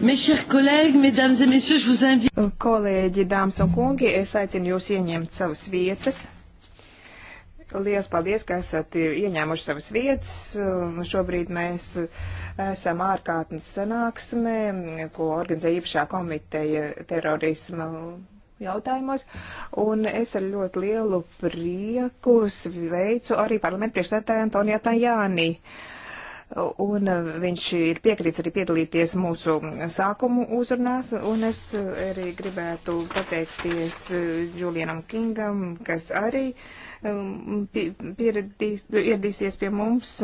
Uh, kolēģi, dāmas un kungi, es aicinu jūs ieņemt savas vietas. Lielas paldies, ka esat uh, ieņēmuši savas vietas. Um, šobrīd mēs uh, esam ārkārtnes sanāksmē, ko organizē īpašā komiteja terorisma jautājumos. Un es ar ļoti lielu prieku sveicu arī parlamentu priekšstādātāju Antoniju Tajāni. Uh, un viņš ir piekrīts arī piedalīties mūsu sākumu uzrunās, un es arī gribētu pateikties Julianam Kingam, kas arī um, pieradīs, ieradīsies pie mums.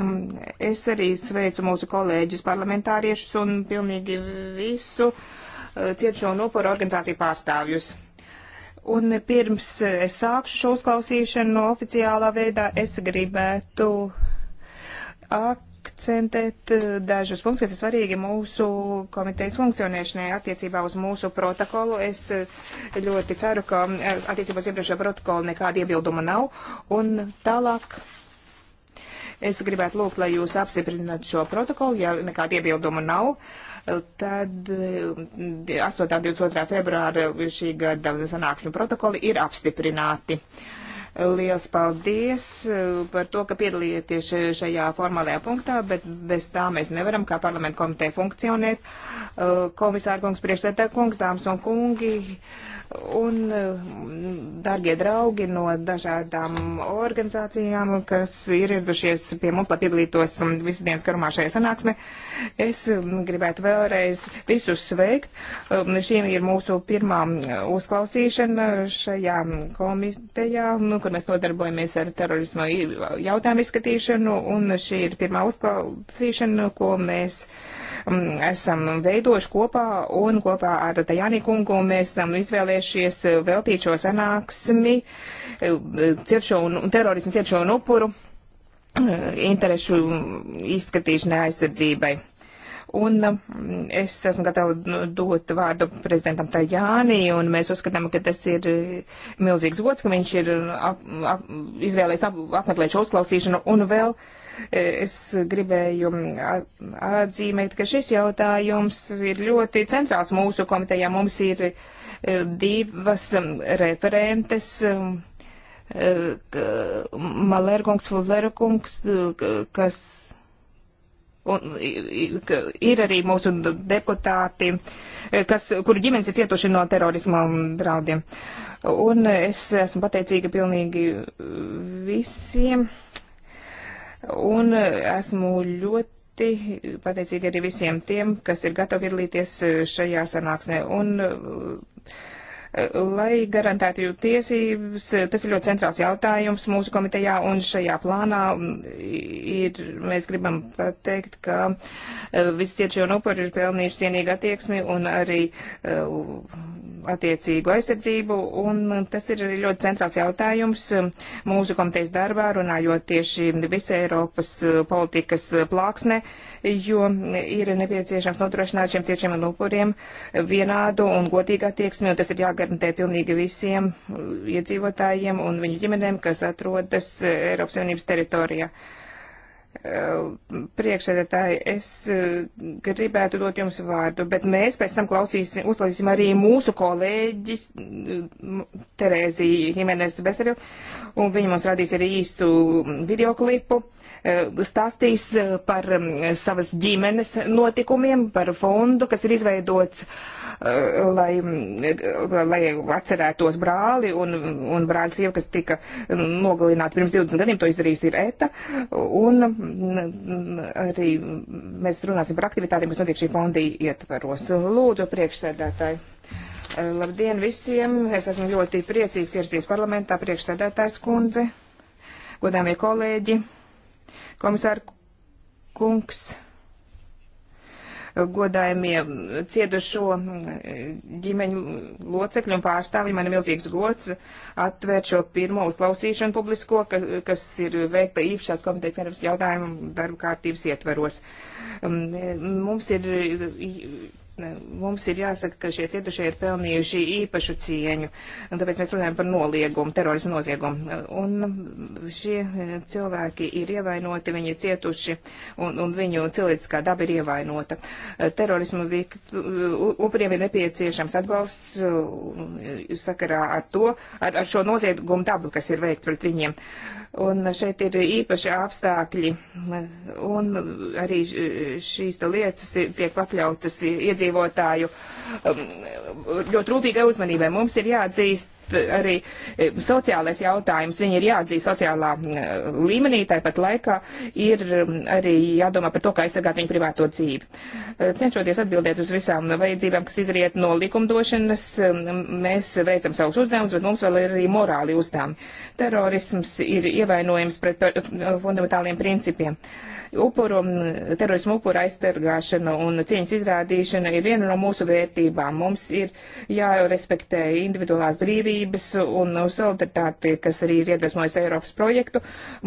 Es arī sveicu mūsu kolēģus parlamentāriešus un pilnīgi visu uh, cietušo un upuru organizāciju pārstāvjus. Un pirms es sākšu šo uzklausīšanu oficiālā veidā, es gribētu ak akcentēt eh, dažus punktus, kas ir svarīgi mūsu komitejas funkcionēšanai attiecībā uz mūsu protokolu. Es eh, ļoti ceru, ka eh, attiecībā uz iepriekšējo protokolu nekāda iebilduma nav. Un tālāk. Es gribētu lūgt, lai jūs apstiprināt šo protokolu, ja nekāda iebilduma nav. Tad 8. un 22. februāra šī gada sanākšņu protokoli ir apstiprināti. Uh, Liels paldies uh, par to, ka piedalījieties šajā formālajā punktā, bet bez tā mēs nevaram kā parlamenta komiteja funkcionēt. Uh, Komisāra kungs, priekšsētā kungs, dāmas un kungi, Un, darbie draugi no dažādām organizācijām, kas ir ieradušies pie mums, lai piedalītos visas dienas garumā šajā sanāksmē, es gribētu vēlreiz visus sveikt. Um, šī ir mūsu pirmā uzklausīšana šajā komitejā, kur mēs nodarbojamies ar terorismu jautājumu izskatīšanu, un šī ir pirmā uzklausīšana, ko mēs. Uh, Mm, esam veidojuši kopā un kopā ar Tajāni kungu mēs esam izvēlējušies eh, veltīt šo sanāksmi eh, cietušo un terorismu cietušo un upuru eh, interešu izskatīšanai aizsardzībai. Un mm, es esmu gatava dot vārdu prezidentam Tajānī, un mēs uzskatām, ka tas ir milzīgs gods, ka viņš ir ap, ap, izvēlējis ap, apmeklēt šo uzklausīšanu. Un vēl uh, Es gribēju atzīmēt, ka šis jautājums ir ļoti centrāls mūsu komitejā. Mums ir eh, divas mm, referentes. Mm, eh, Malērkungs, Fulverkungs, kas un ir arī mūsu deputāti, eh, kas, kuru ģimenes ir cietuši no terorisma draudiem. Un es esmu pateicīga pilnīgi mm, visiem. Un e, esmu ļoti pateicīga arī visiem tiem, kas ir gatavi piedalīties e, šajā sanāksmē. Un, e, lai garantētu jūsu tiesības. Tas ir ļoti centrāls jautājums mūsu komitejā un šajā plānā ir, mēs gribam pateikt, ka visi cietšie un upuri ir pelnījuši cienīgu attieksmi un arī uh, attiecīgu aizsardzību, un tas ir ļoti centrāls jautājums mūsu komitejas darbā, runājot tieši visai Eiropas uh, politikas uh, plāksne, jo ir nepieciešams nodrošināt šiem ciešiem un upuriem vienādu un godīgu attieksmi, un tas ir jāgarantē pilnīgi visiem uh, iedzīvotājiem un viņu ģimenēm, kas atrodas Eiropas Savienības teritorijā. Uh, priekšsēdētāji, es eh, gribētu dot jums vārdu, bet mēs pēc tam klausīsim, uzklausīsim arī mūsu kolēģi mm, Terēziju Himenes Beseru, un viņi mums radīs arī īstu videoklipu. Eh, stāstīs eh, par mm, savas ģimenes notikumiem, par fondu, kas ir izveidots, eh, lai, mm, lai atcerētos brāli un, un brāļa sievu, kas tika mm, nogalināta pirms 20 gadiem, to izdarījusi ir ETA. Un arī mēs runāsim par aktivitātēm, kas notiek šī fonda ietvaros. Lūdzu, priekšsēdētāji. Labdien visiem! Es esmu ļoti priecīgs ierasties parlamentā priekšsēdētājs kundze, godāmie kolēģi komisāra kungs, godājumie ciedušo ģimeņu locekļu un pārstāvji. Man ir milzīgs gods atvērt šo pirmo uzklausīšanu publisko, ka, kas ir veikta īpašās komitejas Eiropas jautājumu darba kārtības ietveros. Um, mums ir mums ir jāsaka, ka šie cietušie ir pelnījuši īpašu cieņu, un tāpēc mēs runājam par noliegumu, terorismu noziegumu. Un šie eh, cilvēki ir ievainoti, viņi ir cietuši, un, un viņu cilvēciskā daba ir ievainota. Eh, terorismu upuriem ir nepieciešams atbalsts eh, sakarā ar to, ar, ar šo noziegumu dabu, kas ir veikt pret viņiem. Uh, Un šeit ir īpaši apstākļi, un arī šīs lietas tiek pakļautas iedzīvotāju um, ļoti rūpīgai uzmanībai. Mums ir jāatzīst arī e, sociālais jautājums. Viņi ir jāatzīst sociālā e, līmenī, tāpat laikā ir arī jādomā par to, kā aizsargāt viņu privāto dzīvi. E, cenšoties atbildēt uz visām vajadzībām, kas izriet no likumdošanas, mēs veicam savus uzdevumus, bet mums vēl ir arī morāli uzdevumi. Terorisms ir ievainojums pret fundamentāliem principiem. Uh, Upuru, terorismu upuru aizstargāšana un cieņas izrādīšana ir viena no mūsu vērtībām. Mums ir jārespektē individuālās brīvības un solidaritāte, kas arī ir iedvesmojas Eiropas projektu.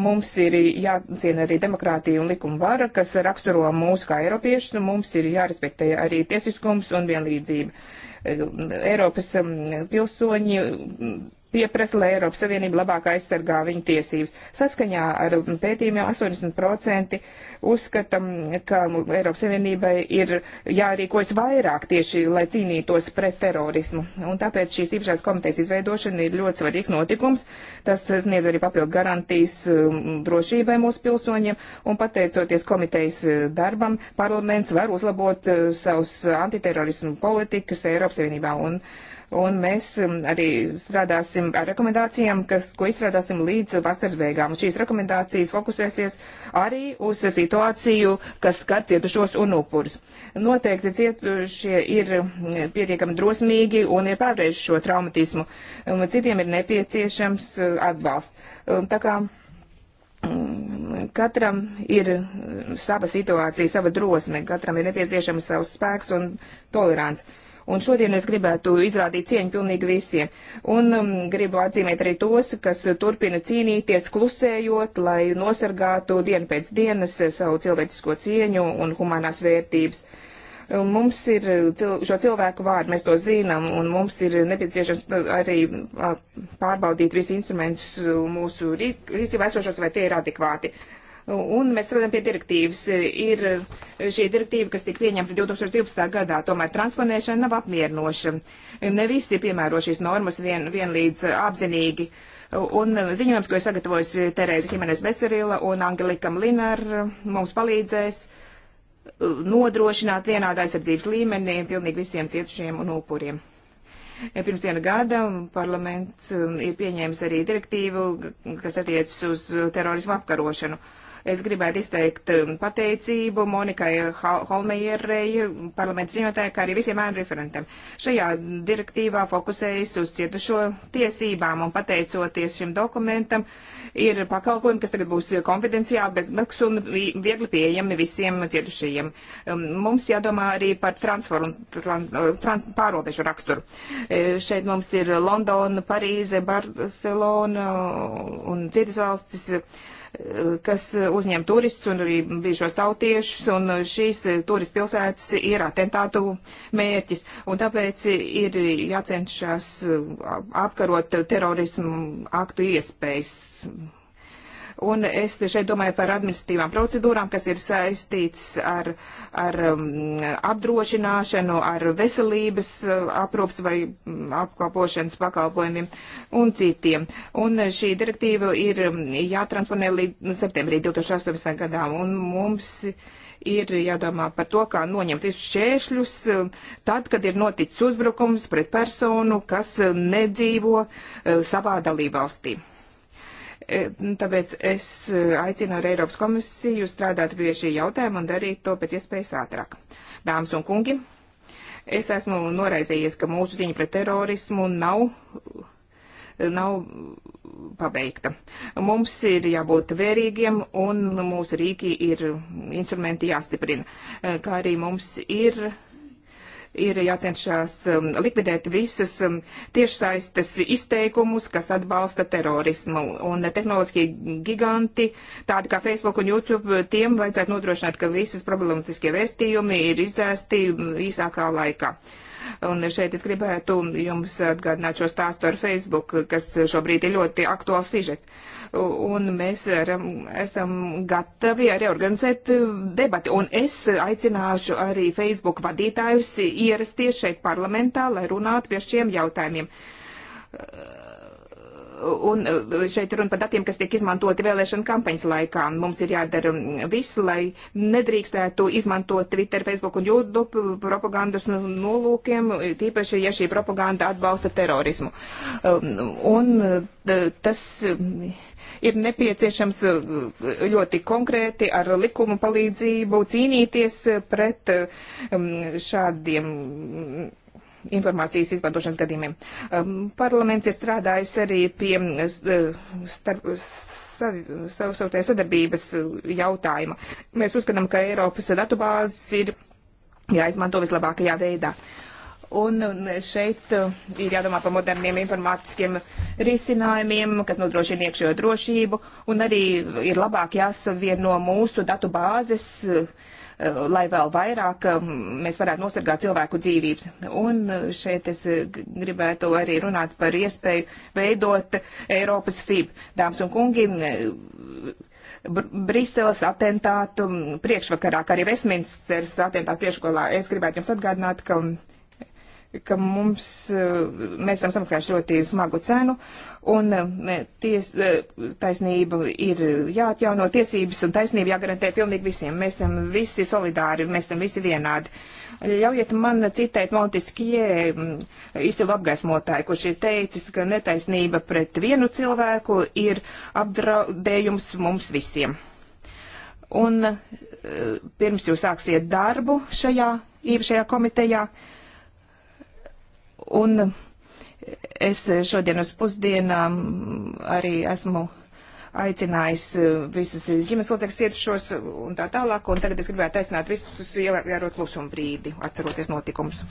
Mums ir jāciena arī demokrātija un likuma vara, kas raksturo mūsu kā Eiropiešus. Mums ir jārespektē arī tiesiskums un vienlīdzība. Eiropas um, pilsoņi pieprasa, lai Eiropas Savienība labāk aizsargā viņu tiesības. Saskaņā ar pētījumiem 80% uzskatam, ka Eiropas Savienībai ir jārīkojas vairāk tieši, lai cīnītos pret terorismu. Un tāpēc šīs īpašās komitejas izveidošana ir ļoti svarīgs notikums. Tas sniedz arī papildu garantijas um, drošībai mūsu pilsoņiem. Un pateicoties komitejas darbam, parlaments var uzlabot uh, savus antiterorismu politikas Eiropas Savienībā. Un, uh, Un mēs um, arī strādāsim ar rekomendācijām, kas, ko izstrādāsim līdz vasaras beigām. Šīs rekomendācijas fokusēsies arī uz situāciju, kas skar cietušos un upurus. Noteikti cietušie ir um, pietiekami drosmīgi un ir pārvarējuši šo traumatismu. Um, citiem ir nepieciešams uh, atbalsts. Tā kā katram ir uh, sava situācija, sava drosme, katram ir nepieciešams savs spēks un tolerants. Un šodien es gribētu izrādīt cieņu pilnīgi visiem. Un um, gribu atzīmēt arī tos, kas turpina cīnīties klusējot, lai nosargātu dienu pēc dienas savu cilvēcisko cieņu un humanās vērtības um, mums ir uh, cil šo cilvēku vārdi, mēs to zinām, un mums ir nepieciešams uh, arī uh, pārbaudīt visi instrumentus mūsu rīcībā esošos, vai tie ir adekvāti. Un mēs strādājam pie direktīvas. Ir eh, šī direktīva, kas tika pieņemta 2012. gadā, tomēr transponēšana nav apmierinoša. Ne visi piemēro šīs normas vien, vienlīdz apzinīgi. Un ziņojums, ko ir sagatavojusi Terēza Himenes Veserila un Angelika Mlinar, mums palīdzēs eh, nodrošināt vienādu aizsardzības līmeni pilnīgi visiem cietušiem un upuriem. Pirms viena gada parlaments eh, ir pieņēmis arī direktīvu, kas attiecas uz terorismu apkarošanu. Uh, Es gribētu izteikt um, pateicību Monikai Holmeierei, parlamenta ziņotājai, kā arī visiem ēnu referentiem. Šajā direktīvā fokusējas uz cietušo tiesībām un pateicoties šim dokumentam ir pakalpojumi, kas tagad būs konfidenciāli, bezmaksas un viegli pieejami visiem cietušajiem. Um, mums jādomā arī par transferu un tran, trans, pārobežu raksturu. E, šeit mums ir Londona, Parīze, Barcelona un citas valstis kas uzņem turistus un arī bijušos tautiešus, un šīs turistu pilsētas ir atentātu mērķis. Un tāpēc ir jācenšas apkarot terorismu aktu iespējas Un es šeit domāju par administratīvām procedūrām, kas ir saistīts ar, ar um, apdrošināšanu, ar veselības uh, aprūps vai mm, apkalpošanas pakalpojumiem un citiem. Un šī direktīva ir um, jātransponē līdz septembrī 2018. gadām. Un mums ir jādomā par to, kā noņemt visus šķēršļus, um, tad, kad ir noticis uzbrukums pret personu, kas nedzīvo uh, savā dalībvalstī. E, tāpēc es e, aicinu ar Eiropas komisiju strādāt pie šī jautājuma un darīt to pēc iespējas ātrāk. Dāmas un kungi, es esmu noraizējies, ka mūsu cīņa pret terorismu nav, nav pabeigta. Mums ir jābūt vērīgiem un mūsu rīki ir instrumenti jāstiprina, e, kā arī mums ir ir jācenšas um, likvidēt visus um, tiešsaistes izteikumus, kas atbalsta terorismu. Un tehnoloģiskie giganti, tādi kā Facebook un YouTube, tiem vajadzētu nodrošināt, ka visas problematiskie vēstījumi ir izēsti um, īsākā laikā. Uh, Un šeit es gribētu jums atgādināt šo stāstu ar Facebook, kas šobrīd ir ļoti aktuāls sižets. Un mēs esam gatavi arī organizēt uh, debati. Un es aicināšu arī Facebook vadītājus ierasties šeit parlamentā, lai runātu pie šiem jautājumiem Un e, šeit runa par datiem, kas tiek izmantoti vēlēšana kampaņas laikā. Mums ir jādara mm, viss, lai nedrīkstētu izmantot Twitter, Facebook un YouTube propagandas nu, nolūkiem, tīpaši, ja šī propaganda atbalsta terorismu. E, un e, tas mm, ir nepieciešams ļoti konkrēti ar likumu palīdzību cīnīties pret šādiem informācijas izmantošanas gadījumiem. Ehm, parlaments ir strādājis arī pie e, starp, savstarpēja sadarbības e, jautājuma. Mēs uzskatām, ka Eiropas datubāzes ir jāizmanto vislabākajā veidā. Un um, šeit e, ir jādomā par moderniem informātiskiem risinājumiem, kas nodrošina iekšējo drošību, un arī ir labāk jāsavieno mūsu datu bāzes uh, lai vēl vairāk um, mēs varētu nosargāt cilvēku dzīvības. Un uh, šeit es uh, gribētu arī runāt par iespēju veidot Eiropas FIB. Dāmas un kungi, uh, Briseles atentātu priekšvakarā, kā arī Vesminsters atentātu priekšvakarā, es gribētu jums atgādināt, ka ka mums, eh, mēs esam samaksājuši ļoti smagu cenu, un eh, ties, eh, taisnība ir jāatjauno tiesības, un taisnība jāgarantē pilnīgi visiem. Mēs esam visi solidāri, mēs esam visi vienādi. Ļaujiet man citēt Monteskie mm, izcilu apgaismotāju, kurš ir teicis, ka netaisnība pret vienu cilvēku ir apdraudējums mums visiem. Un pirms jūs sāksiet darbu šajā īpašajā komitejā, uh, Un es šodien uz pusdienām arī esmu aicinājis uh, visus ģimenes locekļus cietušos un tā tālāk, un tagad es gribētu aicināt visus ievērot klusumu brīdi, atceroties notikumus.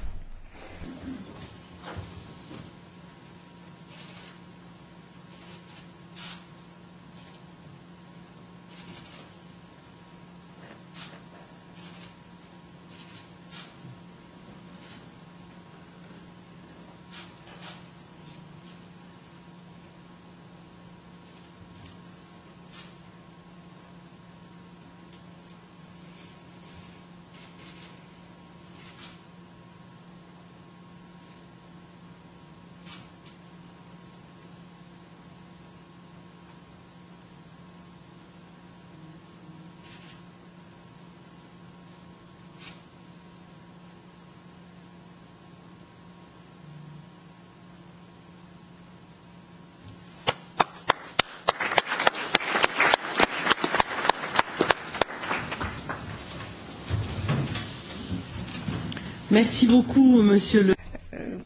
Merci beaucoup, monsieur Le.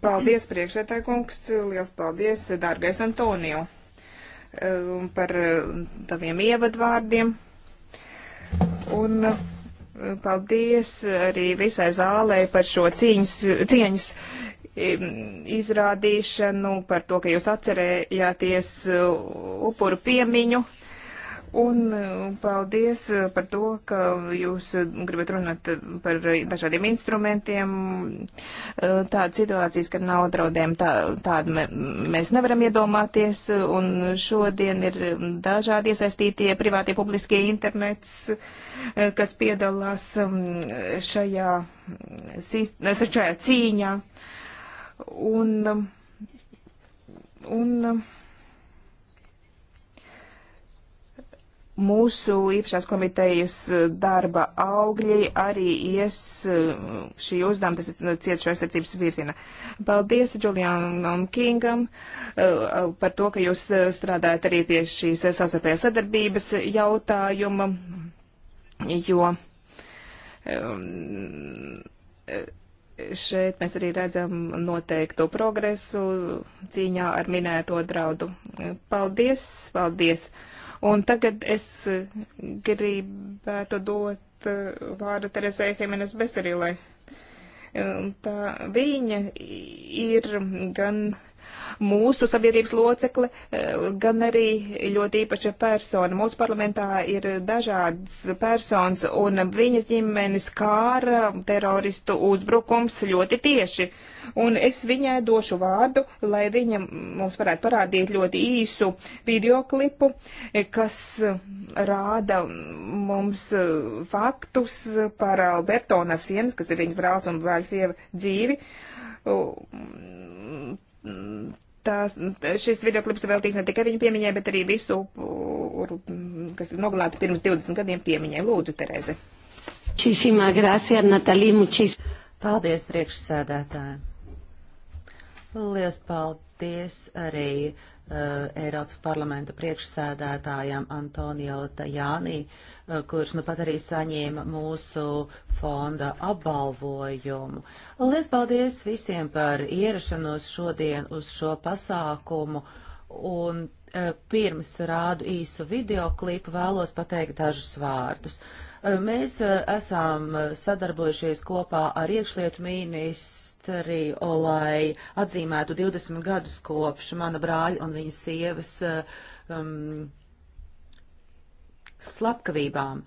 Paldies, priekšētā kungs, liels paldies, dārgais Antonio, um, par um, taviem ievadvārdiem. Un uh, paldies arī visai zālē par šo cīņas, cieņas um, izrādīšanu, par to, ka jūs atcerējāties uh, upuru piemiņu. Un uh, paldies uh, par to, ka jūs uh, gribat runāt par dažādiem instrumentiem. Tāda situācijas, kad nav draudējumi, tā, tādu mēs nevaram iedomāties. Un šodien ir dažādi iesaistītie privātie publiskie internets, kas piedalās um, šajā, šajā cīņā. Un, um, un, um, mūsu īpašās komitejas eh, darba augļi arī ies eh, šī uzdevuma, tas ir nu, cietušo aizsardzības virzienā. Paldies Julianam Kingam eh, par to, ka jūs strādājat arī pie šīs sasarpējās sadarbības jautājuma, jo ehm, šeit mēs arī redzam noteiktu progresu cīņā ar minēto draudu. Paldies, paldies! Un tagad es eh, gribētu dot eh, vārdu Terezai Hemenes Beserilai. Eh, tā viņa ir gan mūsu sabiedrības locekle, gan arī ļoti īpaša persona. Mūsu parlamentā ir dažādas personas, un viņas ģimenes kāra teroristu uzbrukums ļoti tieši un es viņai došu vārdu, lai viņa mums varētu parādīt ļoti īsu videoklipu, kas rāda mums uh, faktus par Alberto Nasienas, kas ir viņas brālis un brāļa sieva dzīvi. Mm, tās, šis videoklips veltīts ne tikai viņu piemiņai, bet arī visu, kas ir nogalēta pirms 20 gadiem piemiņai. Lūdzu, Tereze. Muchísimas gracias, Natalija. Muchis... Paldies, priekšsēdētāji. Lielas paldies arī uh, Eiropas parlamenta priekšsēdētājam Antonio Tajānī, uh, kurš nu pat arī saņēma mūsu fonda apbalvojumu. Lielas paldies visiem par ierašanos šodien uz šo pasākumu. Un uh, pirms rādu īsu videoklipu vēlos pateikt dažus vārdus. Uh, Mēs esam sadarbojušies kopā ar iekšlietu ministriju, lai atzīmētu 20 gadus kopš mana brāļa un viņas sievas um, slepkavībām.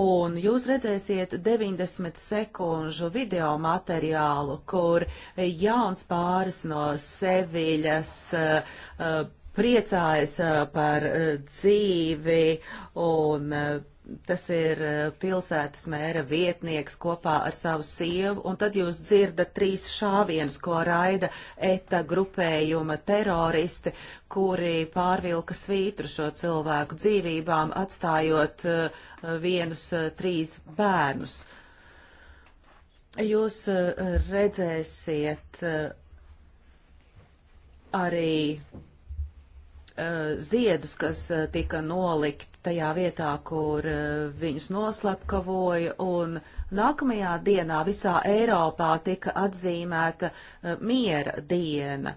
Un jūs redzēsiet 90 sekundžu video materiālu, kur jauns pāris no Seviļas uh, priecājas par dzīvi un uh, tas ir eh, pilsētas mēra vietnieks kopā ar savu sievu, un tad jūs dzirdat trīs šāvienus, ko raida ETA grupējuma teroristi, kuri pārvilka svītru šo cilvēku dzīvībām, atstājot uh, vienus uh, trīs bērnus. Jūs uh, redzēsiet arī Eh, ziedus, kas eh, tika nolikt tajā vietā, kur eh, viņus noslepkavoja, un nākamajā dienā visā Eiropā tika atzīmēta miera diena.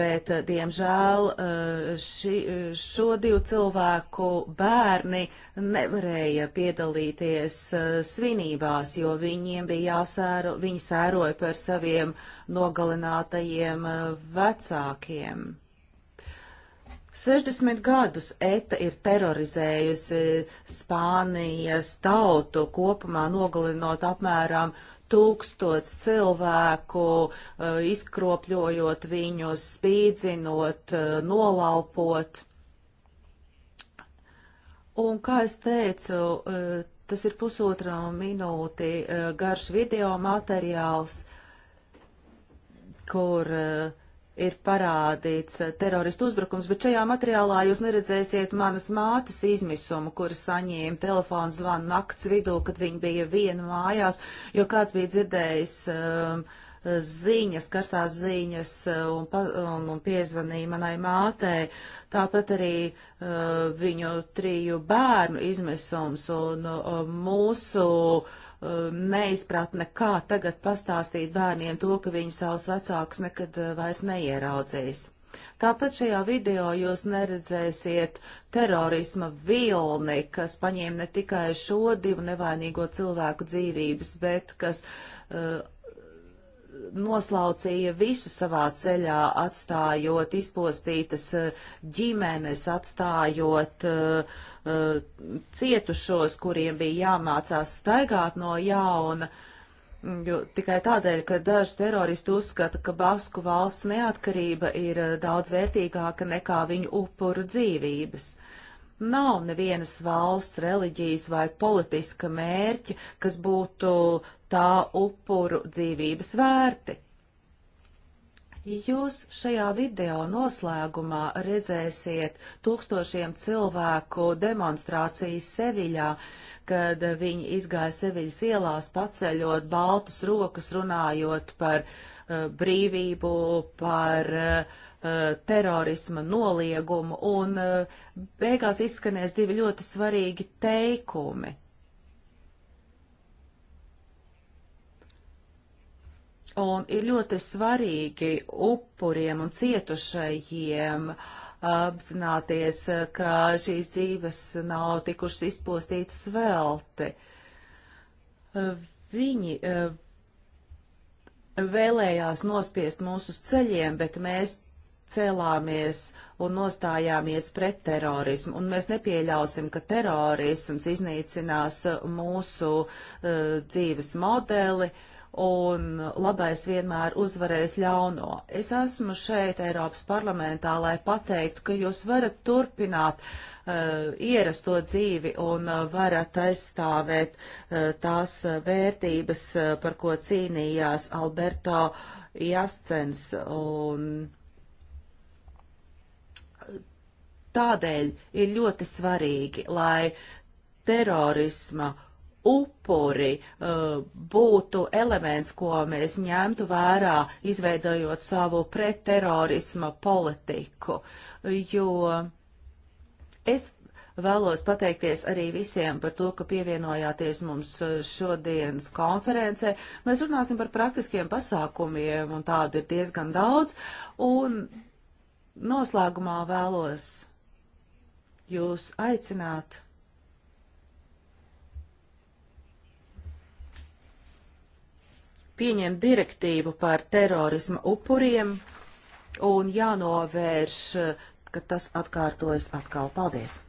Bet, diemžēl, ši, šo divu cilvēku bērni nevarēja piedalīties svinībās, jo viņiem bija jāsēro, viņi sēroja par saviem nogalinātajiem vecākiem. 60 gadus ETA ir terorizējusi Spānijas tautu kopumā nogalinot apmēram tūkstots cilvēku, eh, izkropļojot viņus, spīdzinot, eh, nolaupot. Un, kā es teicu, eh, tas ir pusotrā minūti garš video materiāls, kur uh, ir parādīts teroristu uzbrukums, bet šajā materiālā jūs neredzēsiet manas mātes izmisumu, kuras saņēma telefonu zvanu nakts vidū, kad viņa bija viena mājās, jo kāds bija dzirdējis um, ziņas, karstās ziņas uh, un, un, um, un piezvanīja manai mātei. Tāpat arī uh, viņu triju bērnu izmisums un uh, mūsu uh, Um, neizpratne, kā tagad pastāstīt bērniem to, ka viņi savus vecākus nekad uh, vairs neieraudzīs. Tāpat šajā video jūs neredzēsiet terorisma vilni, kas paņēma ne tikai šo divu nevainīgo cilvēku dzīvības, bet kas uh, noslaucīja visu savā ceļā, atstājot izpostītas uh, ģimenes, atstājot uh, uh, cietušos, kuriem bija jāmācās staigāt no jauna, jo tikai tādēļ, ka daži teroristi uzskata, ka Basku valsts neatkarība ir eh, daudz vērtīgāka nekā viņu upuru dzīvības. Nav nevienas valsts, reliģijas vai politiska mērķa, kas būtu tā upuru dzīvības vērti. Jūs šajā video noslēgumā redzēsiet tūkstošiem cilvēku demonstrācijas Seviļā, kad viņi izgāja Seviļas ielās paceļot baltus rokas, runājot par uh, brīvību, par uh, terorisma noliegumu, un uh, beigās izskanēs divi ļoti svarīgi teikumi. Un ir ļoti svarīgi upuriem un cietušajiem uh, apzināties, uh, ka šīs dzīves nav tikušas izpostītas velti. Uh, viņi vēlējās nospiest mūsu ceļiem, bet mēs cēlāmies un nostājāmies pret terorismu, un mēs nepieļausim, ka terorisms iznīcinās mūsu uh, dzīves modeli, uh, un labais vienmēr uzvarēs ļauno. Es esmu šeit Eiropas parlamentā, lai pateiktu, ka jūs varat turpināt uh, ierasto dzīvi un uh, varat aizstāvēt uh, tās vērtības, uh, par ko cīnījās Alberto Jascens. Un, Tādēļ ir ļoti svarīgi, lai terorisma uh, upuri uh, būtu elements, ko mēs ņemtu vērā, izveidojot savu pretterorisma politiku, jo es vēlos pateikties arī visiem par to, ka pievienojāties mums uh, šodienas konferencē. Mēs runāsim par praktiskiem pasākumiem, un tādu ir diezgan daudz, un noslēgumā vēlos jūs aicināt pieņemt direktīvu par terorisma upuriem un jānovērš, ka tas atkārtojas atkal. Paldies!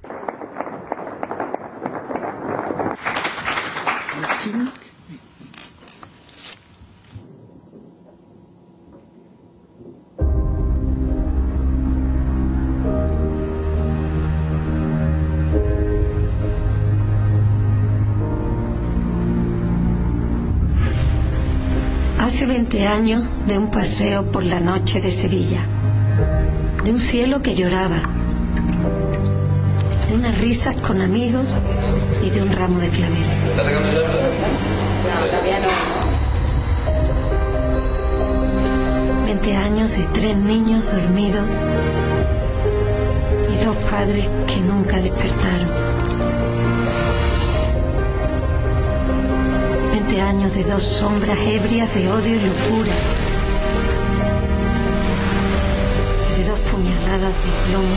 20 años de un paseo por la noche de Sevilla, de un cielo que lloraba, de unas risas con amigos y de un ramo de clavel. ¿Estás sacando el No, todavía no. 20 años de tres niños dormidos y dos padres que nunca despertaron. veinte años de dos sombras ebrias de odio y locura. Y de dos puñaladas de plomo.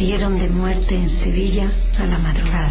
Hirieron de muerte en Sevilla a la madrugada.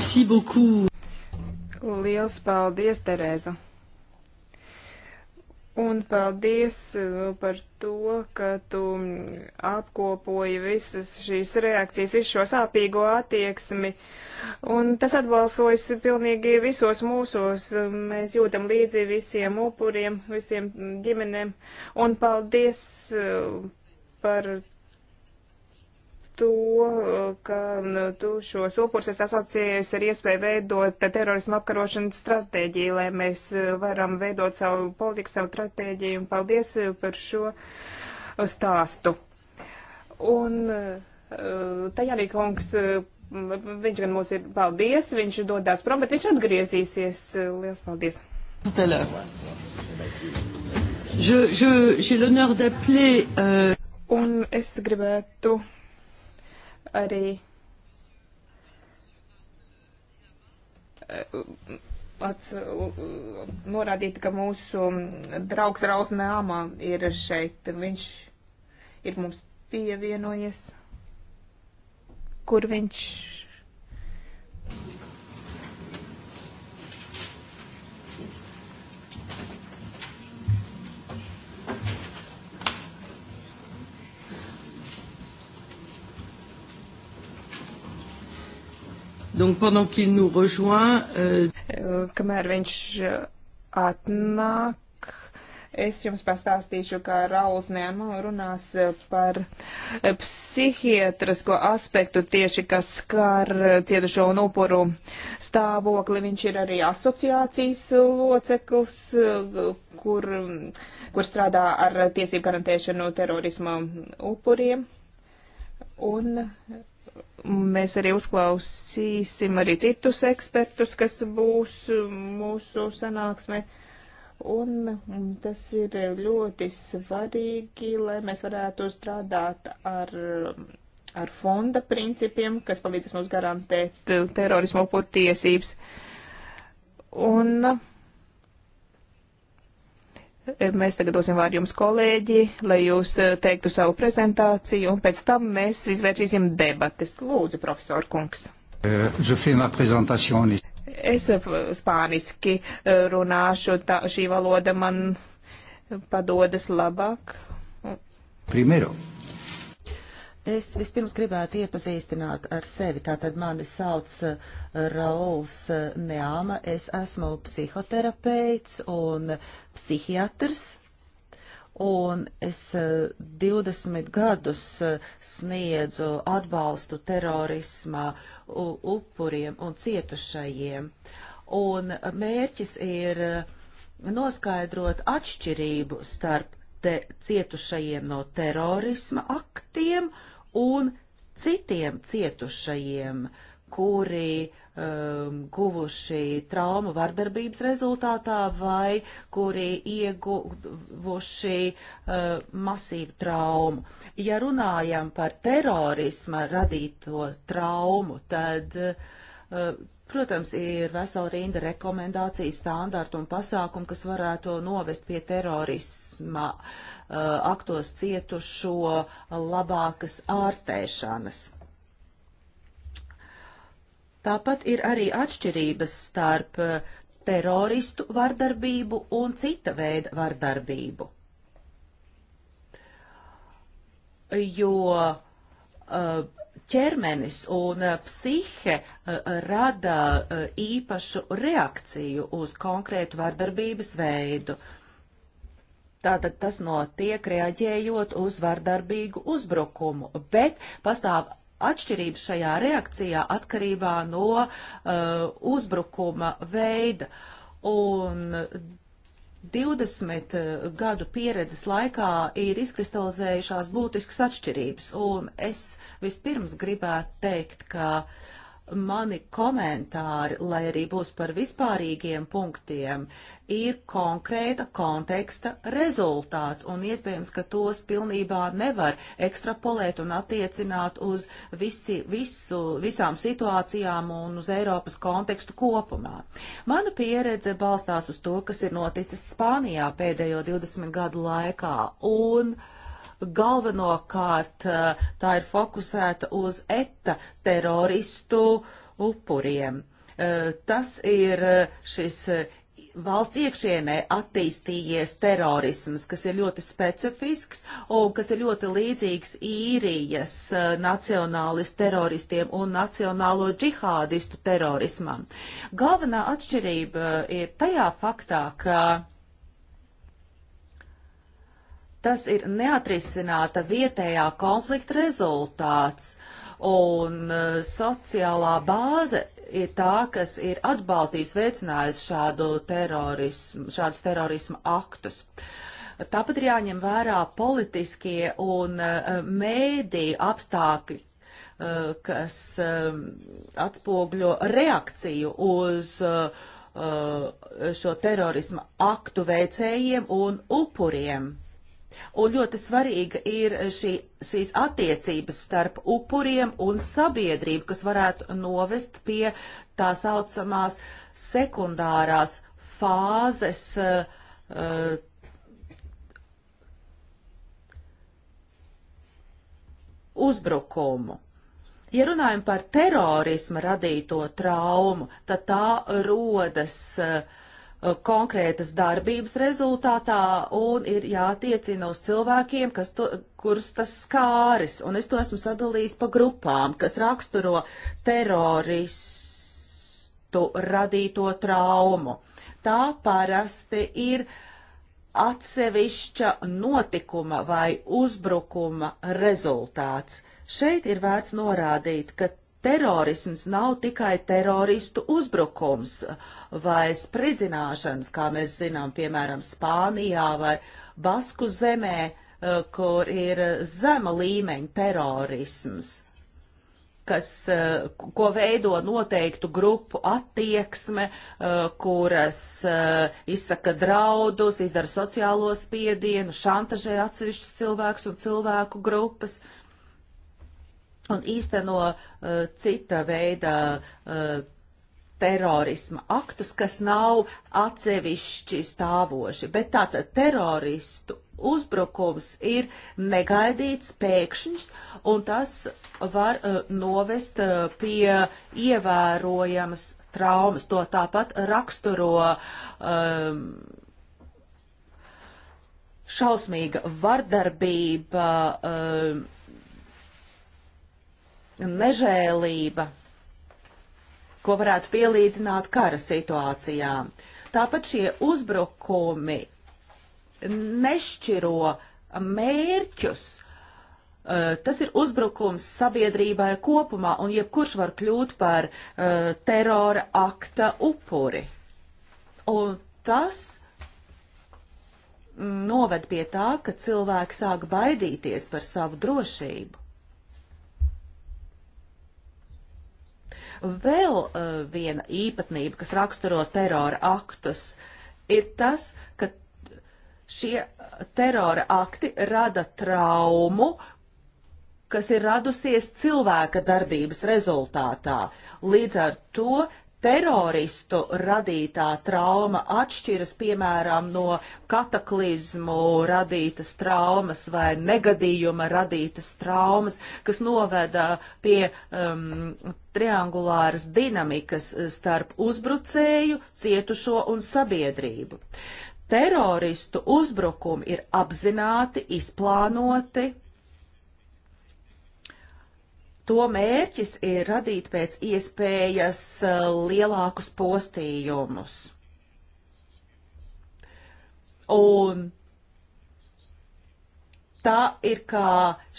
Merci beaucoup. Liels paldies, Tereza. Un paldies uh, par to, ka tu mm, apkopoji visas šīs reakcijas, visu šo sāpīgo attieksmi. Un tas atbalsojas pilnīgi visos mūsos. Uh, mēs jūtam līdzi visiem upuriem, visiem ģimenēm. Un paldies uh, par to, ka nu, tu šos upurus esi asociējies ar iespēju veidot terorismu apkarošanas stratēģiju, lai mēs eh, varam veidot savu politiku, savu stratēģiju, un paldies eh, par šo eh, stāstu. Un Tajānī kungs, viņš gan mūs ir paldies, viņš dodās prom, bet viņš atgriezīsies. Liels paldies! Je, je, j'ai l'honneur d'appeler. Euh... Un es gribētu arī pats eh, norādīt, ka mūsu draugs Raus Nāmā ir šeit. Viņš ir mums pievienojies, kur viņš. Donc pendant qu'il nous rejoint, euh... kamēr viņš atnāk, es jums pastāstīšu, kā Rauls Nēmo runās par psihiatrisko aspektu tieši, kas skar cietušo un upuru stāvokli. Viņš ir arī asociācijas loceklis, kur, kur strādā ar tiesību garantēšanu terorisma upuriem. Un Mēs arī uzklausīsim arī citus ekspertus, kas būs mūsu sanāksmē. Un tas ir ļoti svarīgi, lai mēs varētu strādāt ar, ar fonda principiem, kas palīdzēs mums garantēt terorismu upuru tiesības. Un Mēs tagad dosim vārdu jums, kolēģi, lai jūs eh, teiktu savu prezentāciju, un pēc tam mēs izvērsīsim debates. Lūdzu, profesor Kungs. Euh, es eh, spāniski eh, runāšu, tā, šī valoda man padodas labāk. Primero, Es vispirms gribētu iepazīstināt ar sevi. Tātad mani sauc eh, Rauls eh, Neāma. Es esmu psihoterapeits un psihiatrs. Un es 20 eh, gadus sniedzu atbalstu terorismā upuriem un cietušajiem. Un mērķis ir noskaidrot atšķirību starp te cietušajiem no terorisma aktiem uh, un citiem cietušajiem, kuri um, guvuši traumu vardarbības rezultātā vai kuri ieguvuši uh, masīvu traumu. Ja runājam par terorisma radīto traumu, tad uh, Protams, ir vesela rinda rekomendāciju, standārtu un pasākumu, kas varētu novest pie terorisma Uh, aktos cietušo labākas ārstēšanas. Tāpat ir arī atšķirības starp uh, teroristu vardarbību un cita veida vardarbību. Jo uh, ķermenis un psihe rada īpašu reakciju uz konkrētu vardarbības veidu. Tātad tas notiek reaģējot uz vardarbīgu uzbrukumu, bet pastāv atšķirības šajā reakcijā atkarībā no uh, uzbrukuma veida. Un 20 uh, gadu pieredzes laikā ir izkristalizējušās būtiskas atšķirības, un es vispirms gribētu teikt, ka uh, mani komentāri, lai arī būs par vispārīgiem punktiem, ir konkrēta konteksta rezultāts, un iespējams, ka tos pilnībā nevar ekstrapolēt un attiecināt uz visi, visu, visām situācijām un uz Eiropas kontekstu kopumā. Mana pieredze balstās uz to, kas ir noticis Spānijā pēdējo 20 gadu laikā, un uh, galvenokārt eh, tā ir fokusēta uz ETA teroristu upuriem. Eh, tas ir eh, šis valsts iekšienē attīstījies terorisms, kas ir ļoti specifisks un kas ir ļoti līdzīgs īrijas nacionālistu teroristiem un nacionālo džihādistu terorismam. Galvenā atšķirība ir tajā faktā, ka tas ir neatrisināta vietējā konflikta rezultāts, un eh, sociālā bāze ir tā, kas ir atbalstījis, veicinājis šādu terorismu, šādus terorismu aktus. Tāpat ir jāņem vērā politiskie un eh, mēdī apstākļi, eh, kas atspogļo reakciju uz šo terorismu aktu veicējiem un upuriem. Un ļoti svarīga ir šī, šīs attiecības starp upuriem un sabiedrību, kas varētu novest pie tā saucamās sekundārās fāzes. Uh, uzbrukumu. Ja runājam par terorisma radīto traumu, tad tā rodas uh, Uh, konkrētas darbības rezultātā un ir jātiecina uz cilvēkiem, kas to, kurus tas skāris. Un es to esmu sadalījis pa grupām, kas raksturo teroristu radīto traumu. Tā parasti ir atsevišķa notikuma vai uzbrukuma rezultāts. Šeit ir vērts norādīt, ka Terorisms nav tikai teroristu uzbrukums vai spridzināšanas, kā mēs zinām, piemēram, Spānijā vai Basku zemē, eh, kur ir zema līmeņa terorisms, kas, eh, ko veido noteiktu grupu attieksme, eh, kuras izsaka draudus, izdara sociālo spiedienu, šantažē atsevišķus cilvēkus un cilvēku grupas. Uh, un īsteno uh, cita veida uh, terorisma aktus, kas nav atsevišķi stāvoši. Bet tātad teroristu uzbrukums ir negaidīts, pēkšņs, un tas var uh, novest uh, pie ievērojamas traumas. To tāpat raksturo um, šausmīga vardarbība. Um, mežēlība, ko varētu pielīdzināt kara situācijām. Tāpat šie uzbrukumi nešķiro mērķus. Eh, tas ir uzbrukums sabiedrībai kopumā, un jebkurš var kļūt par uh, terora akta upuri. Un tas mm, noved pie tā, ka cilvēki sāk baidīties par savu drošību. Vēl uh, viena īpatnība, kas raksturo terora aktus, ir tas, ka šie terora akti rada traumu, kas ir radusies cilvēka darbības rezultātā. Līdz ar to teroristu radītā trauma atšķiras, piemēram, no kataklizmu radītas traumas vai negadījuma radītas traumas, kas noveda pie um, triangulāras dinamikas starp uzbrucēju, cietušo un sabiedrību. Teroristu uzbrukumi ir apzināti, izplānoti, To mērķis ir radīt pēc iespējas uh, lielākus postījumus. Un tā ir kā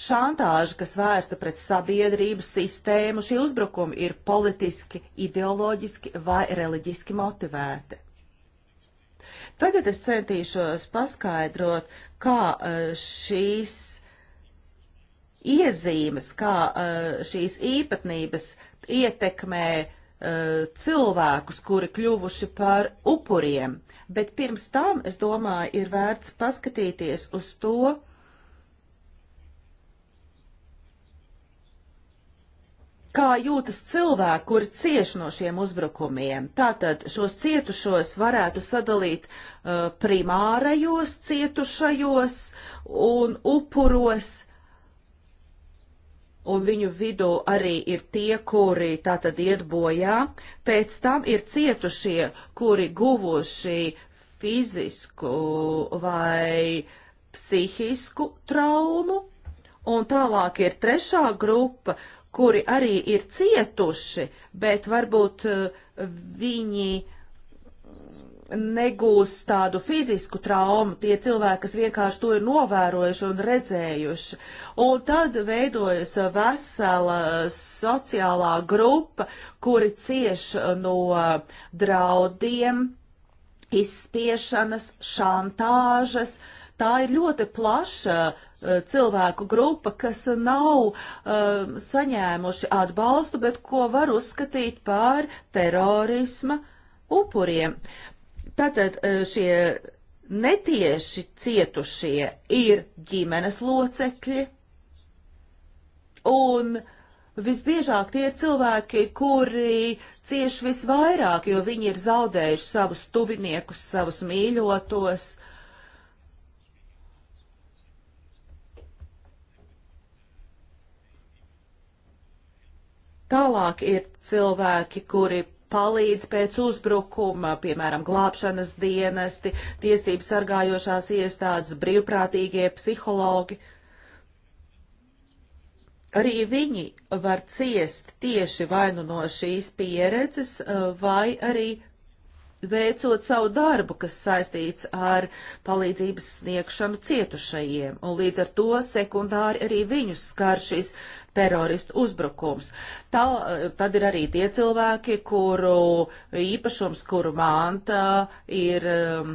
šantāža, kas vērsta pret sabiedrību sistēmu. Šie uzbrukumi ir politiski, ideoloģiski vai reliģiski motivēti. Tagad es centīšos paskaidrot, kā uh, šīs iezīmes, kā eh, šīs īpatnības ietekmē eh, cilvēkus, kuri kļuvuši par upuriem. Bet pirms tam, es domāju, ir vērts paskatīties uz to, kā jūtas cilvēki, kuri cieš no šiem uzbrukumiem. Tātad šos cietušos varētu sadalīt uh, primārajos cietušajos un upuros, un viņu vidū arī ir tie, kuri tātad iet bojā, pēc tam ir cietušie, kuri guvuši fizisku vai psihisku traumu, un tālāk ir trešā grupa, kuri arī ir cietuši, bet varbūt eh, viņi uh, negūs tādu fizisku traumu, tie cilvēki, kas vienkārši to ir novērojuši un redzējuši. Un tad veidojas vesela sociālā grupa, kuri cieš no draudiem, izspiešanas, šantāžas. Tā ir ļoti plaša eh, cilvēku grupa, kas nav um, saņēmuši atbalstu, bet ko var uzskatīt par terorisma upuriem. Tātad e, šie netieši cietušie ir ģimenes locekļi, un visbiežāk tie ir cilvēki, kuri cieši visvairāk, jo viņi ir zaudējuši savus tuviniekus, savus mīļotos. Tālāk ir cilvēki, kuri palīdz pēc uzbrukuma, piemēram, glābšanas dienesti, tiesību sargājošās iestādes, brīvprātīgie psihologi. Arī viņi var ciest tieši vainu no šīs pieredzes eh, vai arī veicot savu darbu, kas saistīts ar palīdzības sniegšanu cietušajiem, un līdz ar to sekundāri arī viņus skar šis teroristu uzbrukums. Tā, tad ir arī tie cilvēki, kuru īpašums, kuru manta ir um,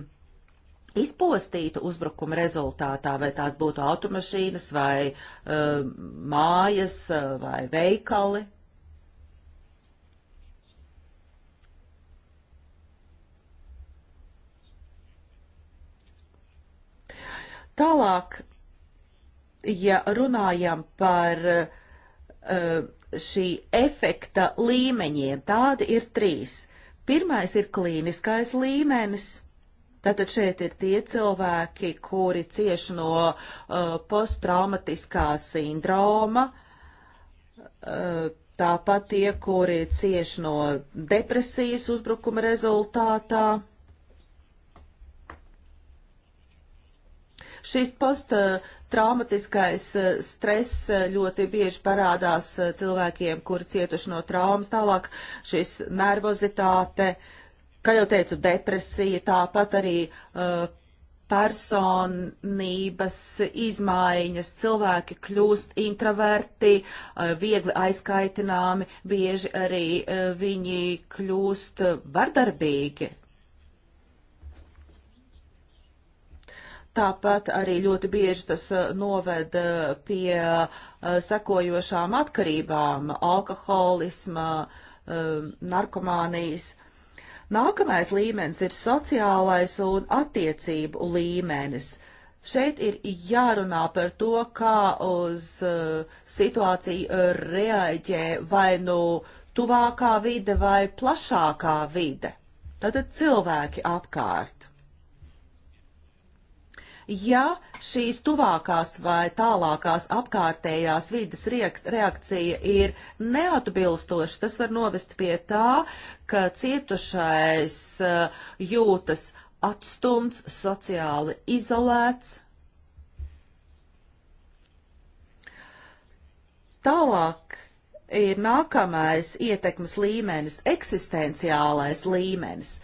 izpostīta uzbrukuma rezultātā, vai tās būtu automašīnas, vai um, mājas, vai veikali, Tālāk, ja runājam par eh, šī efekta līmeņiem, tādi ir trīs. Pirmais ir klīniskais līmenis. Tātad šeit ir tie cilvēki, kuri cieš no uh, posttraumatiskā sindroma, uh, tāpat tie, kuri cieš no depresijas uzbrukuma rezultātā. Uh, Šis posttraumatiskais eh, stress eh, ļoti bieži parādās eh, cilvēkiem, kuri cietuši no traumas, tālāk šis nervozitāte, kā jau teicu, depresija, tāpat arī uh, personības izmaiņas, cilvēki kļūst introverti, viegli aizkaitināmi, bieži arī viņi kļūst vardarbīgi. Tāpat arī ļoti bieži tas uh, noved uh, pie uh, sekojošām atkarībām - alkoholisma, um, narkomānijas. Nākamais līmenis ir sociālais un attiecību līmenis. Šeit ir jārunā par to, kā uz situāciju reaģē vai nu tuvākā vide vai plašākā vide. Tātad cilvēki apkārt. Ja šīs tuvākās vai tālākās apkārtējās vidas reakcija ir neatbilstoša, tas var novest pie tā, ka cietušais eh, jūtas atstumts, sociāli izolēts. Tālāk ir nākamais ietekmes līmenis, eksistenciālais līmenis.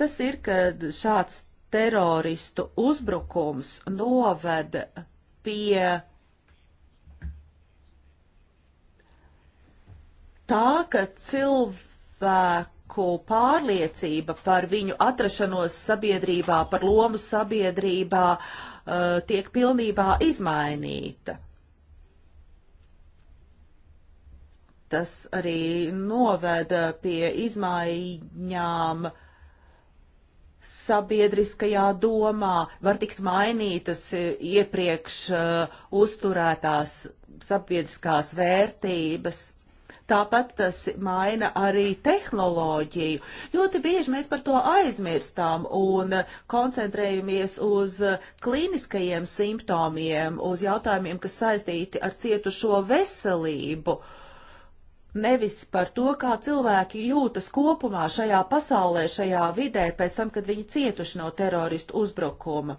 Tas ir, kad šāds teroristu uzbrukums noveda pie tā, ka cilvēku pārliecība par viņu atrašanos sabiedrībā, par lomu sabiedrībā uh, tiek pilnībā izmainīta. Tas arī noveda pie izmaiņām uh, sabiedriskajā domā, var tikt mainītas e, iepriekš uh, uzturētās sabiedriskās vērtības. Tāpat tas maina arī tehnoloģiju. Ļoti bieži mēs par to aizmirstām un koncentrējamies uz klīniskajiem simptomiem, uz jautājumiem, kas saistīti ar cietušo veselību. Uh, nevis par to, kā cilvēki jūtas kopumā šajā pasaulē, šajā vidē, pēc tam, kad viņi cietuši no teroristu uzbrukuma.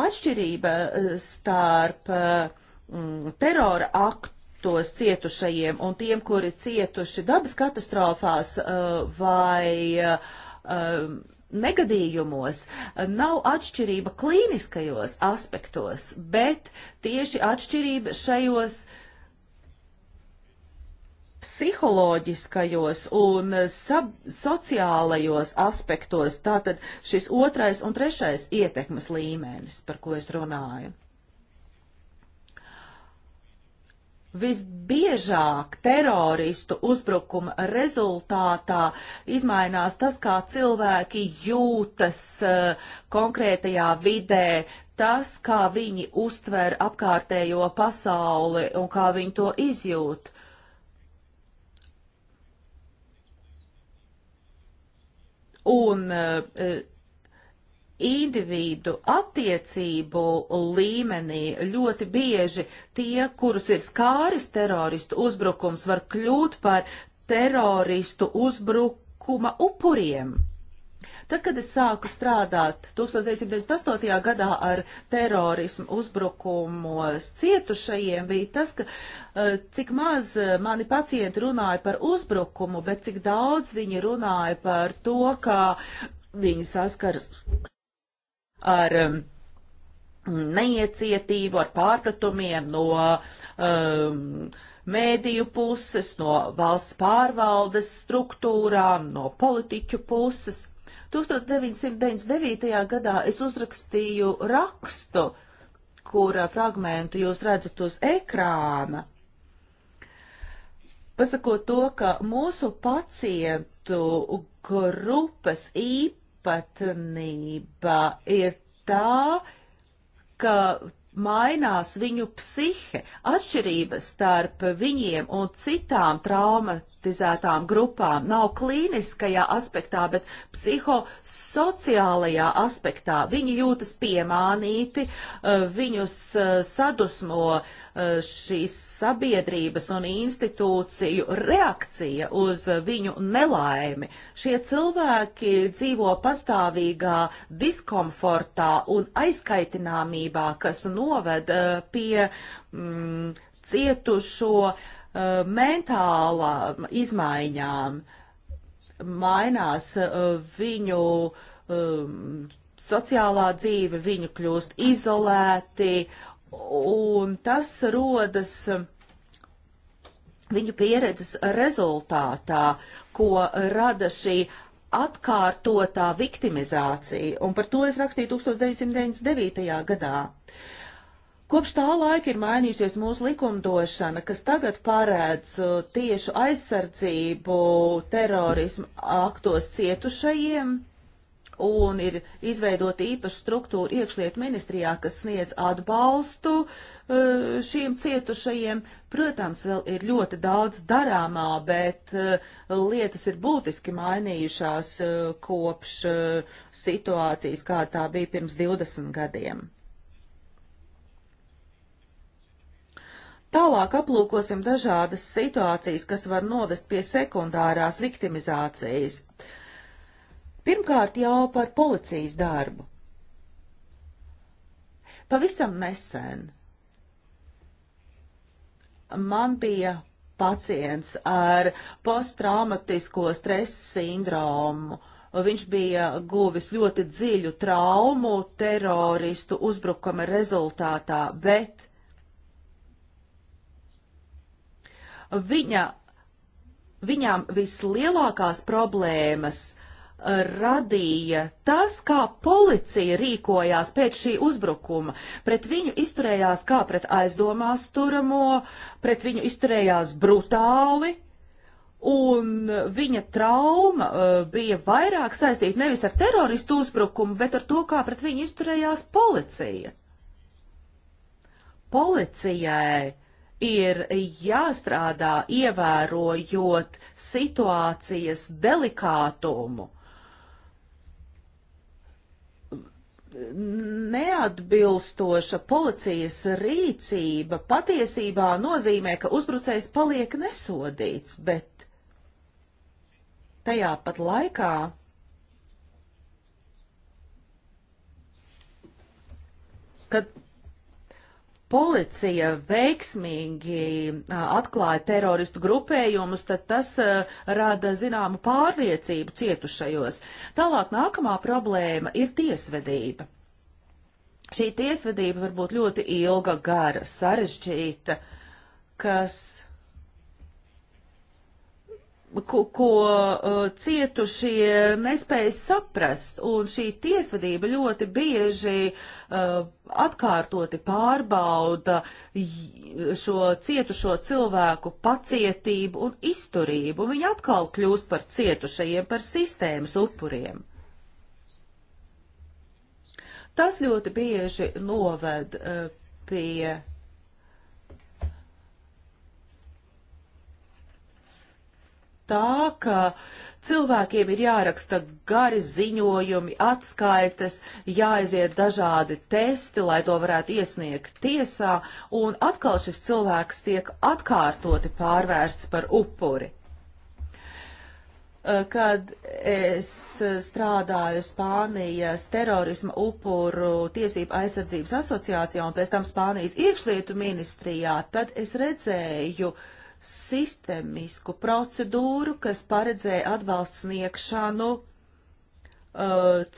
Atšķirība eh, starp eh, mm, terora aktu tos cietušajiem un tiem, kuri cietuši dabas katastrofās eh, vai negadījumos, nav atšķirība klīniskajos aspektos, bet tieši atšķirība šajos uh, psiholoģiskajos un eh, sab, sociālajos aspektos, tātad šis otrais un trešais ietekmes līmenis, par ko es runāju. Visbiežāk teroristu uzbrukuma rezultātā izmainās tas, kā cilvēki jūtas uh, konkrētajā vidē, tas, kā viņi uztver apkārtējo pasauli un kā viņi to izjūt. un eh, eh, individu attiecību līmenī ļoti bieži tie, kurus ir skāris teroristu uzbrukums, var kļūt par teroristu uzbrukuma upuriem. Tad, kad es sāku strādāt 1998. gadā ar terorismu uzbrukumos cietušajiem, bija tas, ka eh, cik maz eh, mani pacienti runāja par uzbrukumu, bet cik daudz viņi runāja par to, kā viņi saskars ar eh, neiecietību, ar pārpratumiem no um, mēdīju puses, no valsts pārvaldes struktūrām, no politiķu puses. 1999. gadā es uzrakstīju rakstu, kura fragmentu jūs redzat uz ekrāna. Pasakot to, ka mūsu pacientu grupas īpatnība ir tā, ka mainās viņu psihe, atšķirības starp viņiem un citām trauma stigmatizētām grupām, nav klīniskajā aspektā, bet psihosociālajā aspektā. Viņi jūtas piemānīti, eh, viņus eh, sadusmo eh, šīs sabiedrības un institūciju reakcija uz viņu nelaimi. Šie cilvēki dzīvo pastāvīgā diskomfortā un aizkaitināmībā, kas noved pie mm, cietušo uh, uh, mentālām izmaiņām, mainās uh, viņu um, sociālā dzīve, viņi kļūst izolēti, un tas rodas viņu pieredzes rezultātā, ko rada šī atkārtotā viktimizācija, un par to es rakstīju 1999. gadā. Kopš tā laika ir mainījusies mūsu likumdošana, kas tagad parēdz uh, tiešu aizsardzību terorismu aktos cietušajiem un ir izveidota īpaša struktūra iekšlietu ministrijā, kas sniedz atbalstu uh, šiem cietušajiem. Protams, vēl ir ļoti daudz darāmā, bet uh, lietas ir būtiski mainījušās kopš situācijas, kā tā bija pirms 20 gadiem. Tālāk aplūkosim dažādas situācijas, kas var novest pie sekundārās viktimizācijas. Pirmkārt jau par policijas darbu. Pavisam nesen man bija pacients ar posttraumatisko stresa sindromu. Viņš bija guvis ļoti dziļu traumu teroristu uzbrukuma rezultātā, bet viņa, viņām vislielākās problēmas eh, radīja tas, kā policija rīkojās pēc šī uzbrukuma. Pret viņu izturējās kā pret aizdomās turamo, pret viņu izturējās brutāli. Un viņa trauma uh, bija vairāk saistīta nevis ar teroristu uzbrukumu, bet ar to, kā pret viņu izturējās policija. Policijai ir jāstrādā ievērojot situācijas delikātumu. neatbilstoša policijas rīcība patiesībā nozīmē, ka uzbrucējs paliek nesodīts, bet tajā pat laikā kad policija veiksmīgi atklāja teroristu grupējumus, tad tas rada zināmu pārliecību cietušajos. Tālāk nākamā problēma ir tiesvedība. Šī tiesvedība var būt ļoti ilga, gara, sarežģīta, kas ko, ko uh, cietušie nespēja saprast, un šī tiesvedība ļoti bieži uh, atkārtoti pārbauda šo cietušo cilvēku pacietību un izturību, un viņi atkal kļūst par cietušajiem, par sistēmas upuriem. Tas ļoti bieži noved uh, pie tā, ka cilvēkiem ir jāraksta gari ziņojumi, atskaites, jāaiziet dažādi testi, lai to varētu iesniegt tiesā, un atkal šis cilvēks tiek atkārtoti pārvērsts par upuri eh, kad es strādāju Spānijas terorisma upuru tiesību aizsardzības asociācijā un pēc tam Spānijas iekšlietu ministrijā, tad es redzēju, uh, sistemisku procedūru, kas paredzēja atbalsts sniegšanu uh,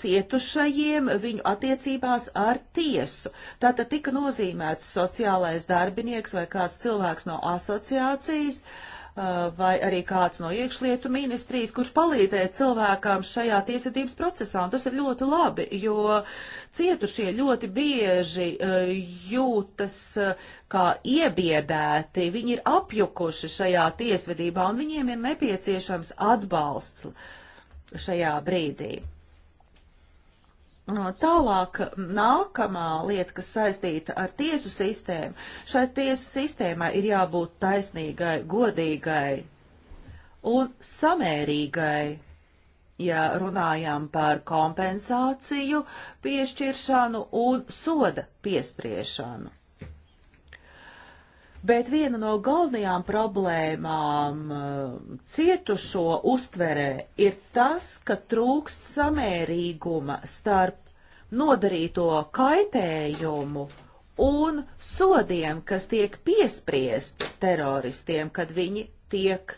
cietušajiem viņu attiecībās ar tiesu. Tātad tika nozīmēts sociālais darbinieks vai kāds cilvēks no asociācijas, uh, Eh, vai arī kāds no iekšlietu ministrijas, kurš palīdzēja cilvēkām šajā tiesvedības procesā. Un tas ir ļoti labi, jo cietušie ļoti bieži eh, jūtas eh, kā iebiedēti, viņi ir apjukuši šajā tiesvedībā un viņiem ir nepieciešams atbalsts šajā brīdī. Tālāk nākamā lieta, kas saistīta ar tiesu sistēmu. Šai tiesu sistēmai ir jābūt taisnīgai, godīgai un samērīgai. Ja runājām par kompensāciju, piešķiršanu un soda piespriešanu. Bet viena no galvenajām problēmām uh, cietušo uztverē ir tas, ka trūkst samērīguma starp nodarīto kaitējumu un sodiem, kas tiek piespriesti teroristiem, kad viņi tiek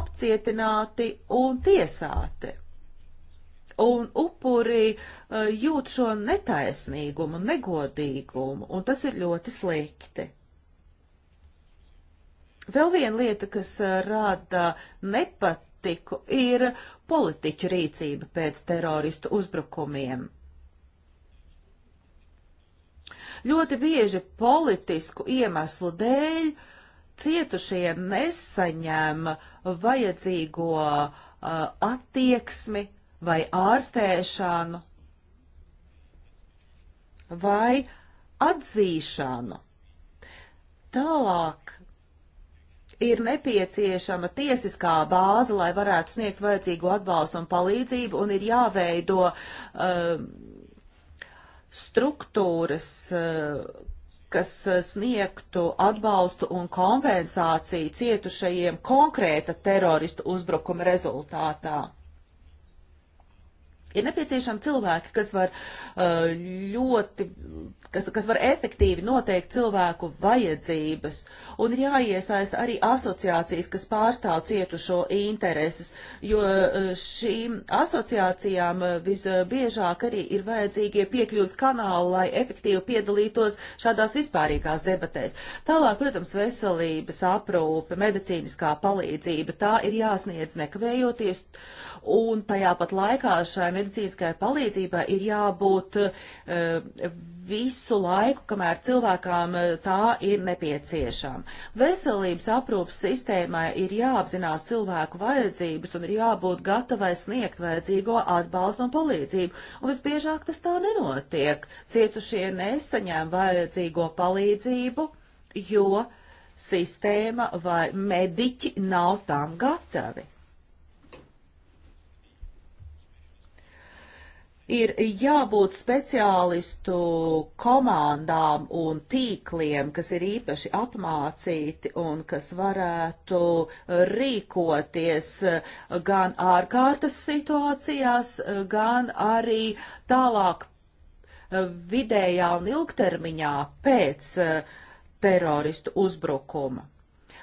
apcietināti un tiesāti. Un upuri uh, jūt šo netaisnīgumu, negodīgumu, un tas ir ļoti slikti. Vēl viena lieta, kas rāda nepatiku, ir politiķu rīcība pēc teroristu uzbrukumiem. Ļoti bieži politisku iemeslu dēļ cietušie nesaņem vajadzīgo uh, attieksmi vai ārstēšanu vai atzīšanu. Tālāk ir nepieciešama tiesiskā bāze, lai varētu sniegt vajadzīgo atbalstu un palīdzību, un ir jāveido uh, struktūras, uh, kas uh, sniegtu atbalstu un kompensāciju cietušajiem konkrēta teroristu uzbrukuma rezultātā. Ir nepieciešami cilvēki, kas var uh, ļoti, kas, kas var efektīvi noteikt cilvēku vajadzības, un ir jāiesaista arī asociācijas, kas pārstāv cietušo intereses, jo uh, šīm asociācijām uh, visbiežāk arī ir vajadzīgie piekļuvs kanāli, lai efektīvi piedalītos šādās vispārīgās debatēs. Tālāk, protams, veselības aprūpe, medicīniskā palīdzība, tā ir jāsniedz nekavējoties, un tajā pat laikā šai medicīniskai palīdzībai ir jābūt eh, visu laiku, kamēr cilvēkām eh, tā ir nepieciešama. Veselības aprūpas sistēmai ir jāapzinās cilvēku vajadzības un ir jābūt gatavai sniegt vajadzīgo atbalstu un palīdzību. Un visbiežāk tas tā nenotiek. Cietušie nesaņēma vajadzīgo palīdzību, jo sistēma vai mediķi nav tam gatavi. ir jābūt speciālistu komandām un tīkliem, kas ir īpaši apmācīti un kas varētu rīkoties gan ārkārtas situācijās, gan arī tālāk vidējā un ilgtermiņā pēc teroristu uzbrukuma.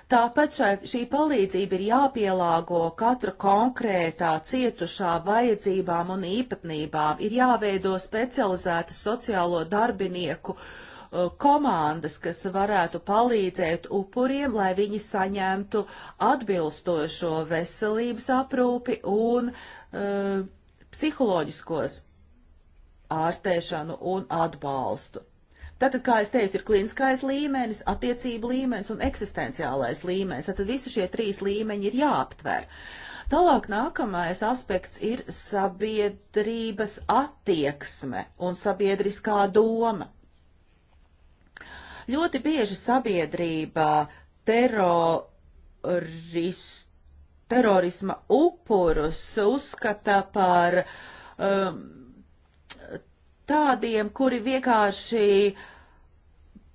Tāpat šai, šī palīdzība ir jāpielāgo katra konkrētā cietušā vajadzībām un īpatnībām, ir jāveido specializētu sociālo darbinieku uh, komandas, kas varētu palīdzēt upuriem, lai viņi saņemtu atbilstošo veselības aprūpi un uh, psiholoģiskos ārstēšanu un atbalstu. Tātad, kā es teicu, ir kliniskais līmenis, attiecību līmenis un eksistenciālais līmenis. Tātad visi šie trīs līmeņi ir jāaptver. Tālāk nākamais aspekts ir sabiedrības attieksme un sabiedriskā doma. Ļoti bieži sabiedrībā teroristu terorisma upurus uzskata par um, tādiem, kuri vienkārši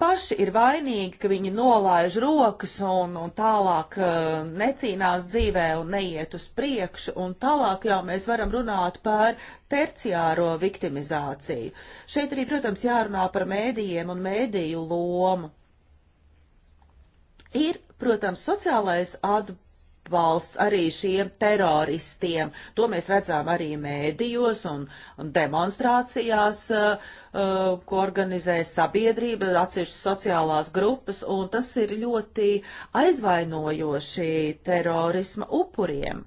paši ir vainīgi, ka viņi nolaiž rokas un, un tālāk uh, necīnās dzīvē un neiet uz priekšu, un tālāk jau mēs varam runāt par terciāro viktimizāciju. Šeit arī, protams, jārunā par mēdījiem un mēdīju lomu. Ir, protams, sociālais atbalsts atbalsts arī šiem teroristiem. To mēs redzām arī mēdījos un, un demonstrācijās, uh, uh, ko organizē sabiedrība, atsevišķas sociālās grupas, un tas ir ļoti aizvainojoši terorisma upuriem.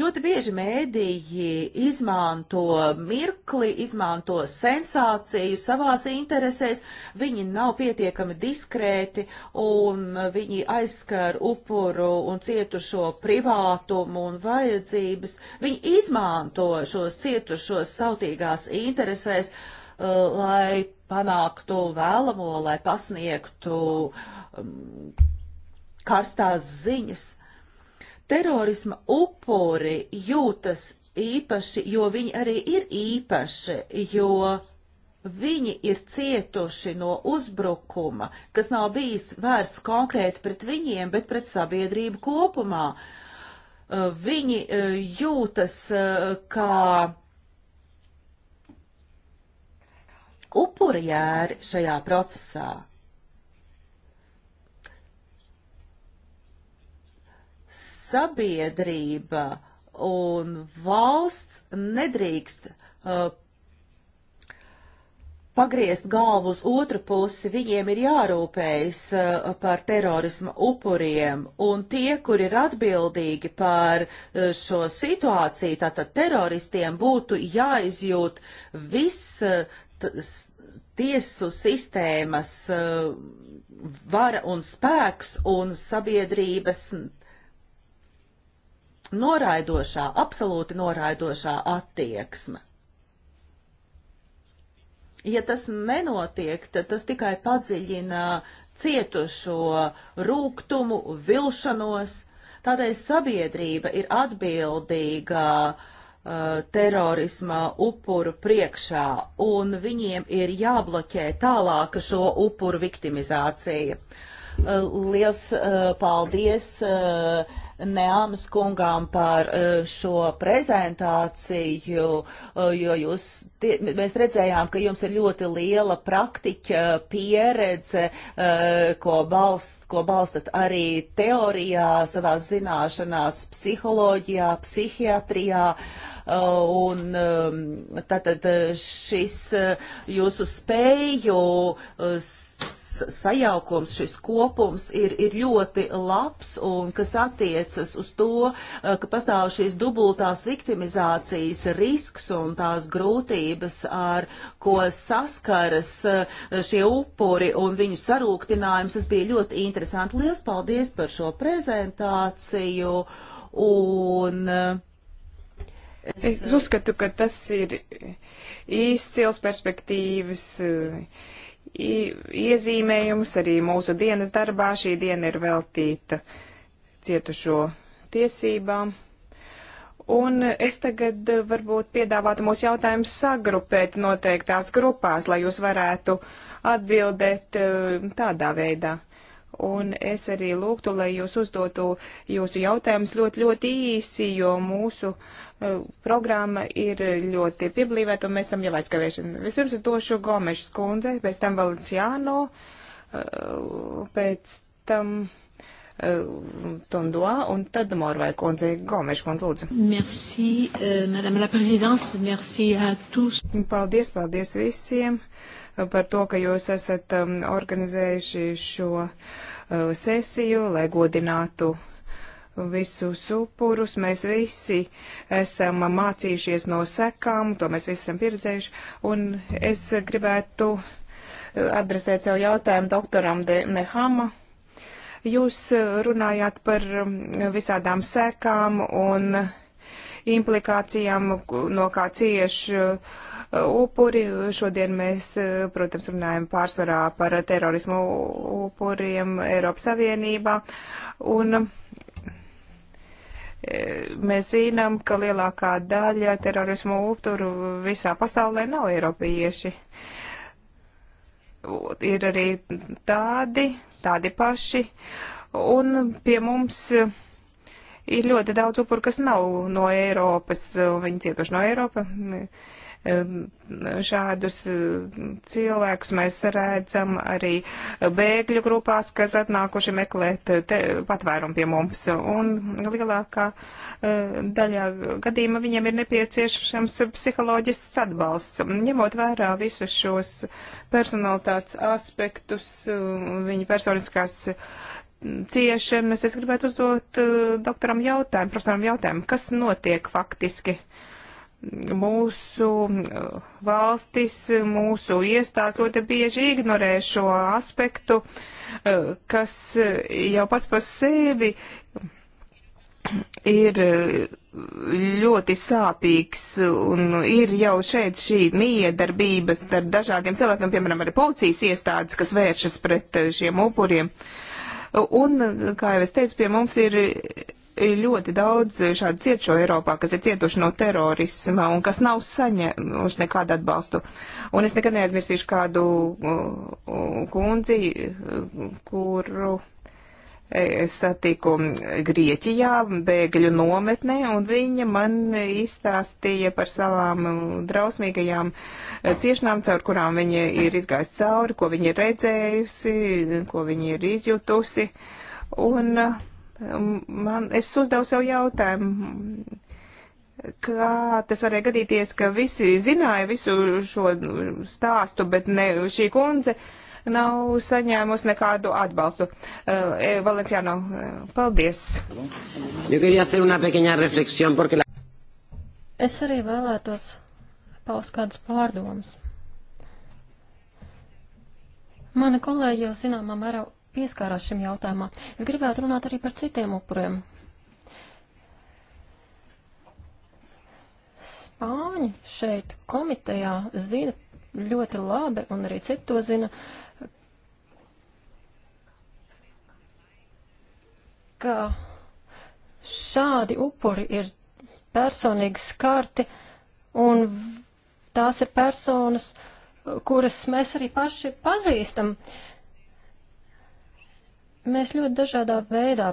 Ļoti bieži mēdīji izmanto mirkli, izmanto sensāciju savās interesēs, viņi nav pietiekami diskrēti un viņi aizskar upuru un cietušo privātumu un vajadzības. Viņi izmanto šos cietušos sautīgās interesēs, uh, lai panāktu vēlamo, lai pasniegtu um, karstās ziņas. Terorisma upuri jūtas īpaši, jo viņi arī ir īpaši, jo viņi ir cietuši no uzbrukuma, kas nav bijis vērsts konkrēti pret viņiem, bet pret sabiedrību kopumā. Uh, viņi uh, jūtas uh, kā upurjēri šajā procesā. sabiedrība un valsts nedrīkst uh, pagriezt galvu uz otru pusi, viņiem ir jārūpējas uh, par terorisma upuriem, un tie, kur ir atbildīgi par uh, šo situāciju, tātad teroristiem, būtu jāizjūt viss uh, tiesu sistēmas uh, vara un spēks un sabiedrības noraidošā, absolūti noraidošā attieksme. Ja tas nenotiek, tad tas tikai padziļina cietušo rūgtumu, vilšanos. Tādēļ sabiedrība ir atbildīga uh, terorisma upuru priekšā, un viņiem ir jābloķē tālāka šo upuru viktimizācija. Uh, liels uh, paldies! Uh, Neāmas kungām par e, šo prezentāciju, e, jo jūs, tie, mēs redzējām, ka jums ir ļoti liela praktiķa e, pieredze, ko, balst, ko balstat arī teorijā, savā zināšanās, psiholoģijā, psihiatrijā. Un tātad šis jūsu spēju sajaukums, šis kopums ir, ir ļoti labs un kas attiecas uz to, eh, ka pastāv šīs dubultās viktimizācijas risks un tās grūtības, ar ko saskaras eh, šie upuri un viņu sarūktinājums. Tas bija ļoti interesanti. Lielas paldies par šo prezentāciju. Un eh, es, es uzskatu, ka tas ir izcils perspektīvas. Uh, iezīmējumus arī mūsu dienas darbā. Šī diena ir veltīta cietušo tiesībām. Un es tagad eh, varbūt piedāvātu mūsu jautājumu sagrupēt noteiktās grupās, lai jūs varētu atbildēt eh, tādā veidā. Un es arī lūgtu, lai jūs uzdotu jūsu jautājumus ļoti, ļoti īsi, jo mūsu uh, Uh, programma ir ļoti pieblīvēta, un mēs esam jau aizkavēšana. Vispirms es došu Gomešas kundze, pēc tam Valenciāno, uh, pēc tam uh, Tondua, un tad Morvai kundze, Gomeša kundze, lūdzu. Merci, madame la présidence, merci à tous. Paldies, paldies visiem par to, ka jūs esat um, organizējuši šo sesiju, lai godinātu visus upurus. Mēs visi esam mācījušies no sekām, to mēs visi esam pieredzējuši. Un es gribētu adresēt sev jautājumu doktoram De Nehama. Jūs runājāt par um, visādām sekām un implikācijām, no kā cieši uh, upuri. Šodien mēs, uh, protams, runājam pārsvarā par terorismu upuriem Eiropas Savienībā. Un, uh, Mēs zinām, ka lielākā daļa terorismu upturu visā pasaulē nav eiropieši. Ir arī tādi, tādi paši, un pie mums ir ļoti daudz upuru, kas nav no Eiropas, viņi cietuši no Eiropas Šādus eh, cilvēkus mēs redzam arī bēgļu grupās, kas atnākuši meklēt eh, te, patvērumu pie mums. Un lielākā eh, daļā gadījumā viņiem ir nepieciešams psiholoģisks atbalsts. Ņemot vērā visus šos personalitātes aspektus, viņa personiskās mm, ciešanas, es gribētu uzdot doktoram jautājumu, profesoram jautājumu, kas notiek faktiski mūsu eh, valstis, mūsu iestādes ļoti bieži ignorē šo aspektu, eh, kas jau pats par sevi ir eh, ļoti sāpīgs un ir jau šeit šī miedarbības starp dažādiem cilvēkiem, piemēram, arī policijas iestādes, kas vēršas pret šiem upuriem. Un, kā jau es teicu, pie mums ir ir ļoti daudz šādu cietušo Eiropā, kas ir cietuši no terorisma un kas nav saņēmuši nekādu atbalstu. Un es nekad neaizmirsīšu kādu uh, uh, kundzi, uh, kuru es satiku Grieķijā, bēgļu nometnē, un viņa man izstāstīja par savām drausmīgajām ciešanām, caur kurām viņa ir izgājusi cauri, ko viņa ir redzējusi, ko viņa ir izjutusi. Un uh, Um, man, es uzdevu sev jautājumu, kā tas varēja gadīties, ka visi zināja visu šo stāstu, bet ne šī kundze nav saņēmusi nekādu atbalstu. Uh, e, Valenciāno, paldies! Es arī vēlētos paust kādas pārdomas. Mani kolēģi jau zināmā mērā pieskārās šim jautājumā. Es gribētu runāt arī par citiem upuriem. Spāņi šeit komitejā zina ļoti labi, un arī citi to zina, ka šādi upuri ir personīgi skarti, un tās ir personas, kuras mēs arī paši pazīstam. Uh, Mēs ļoti dažādā veidā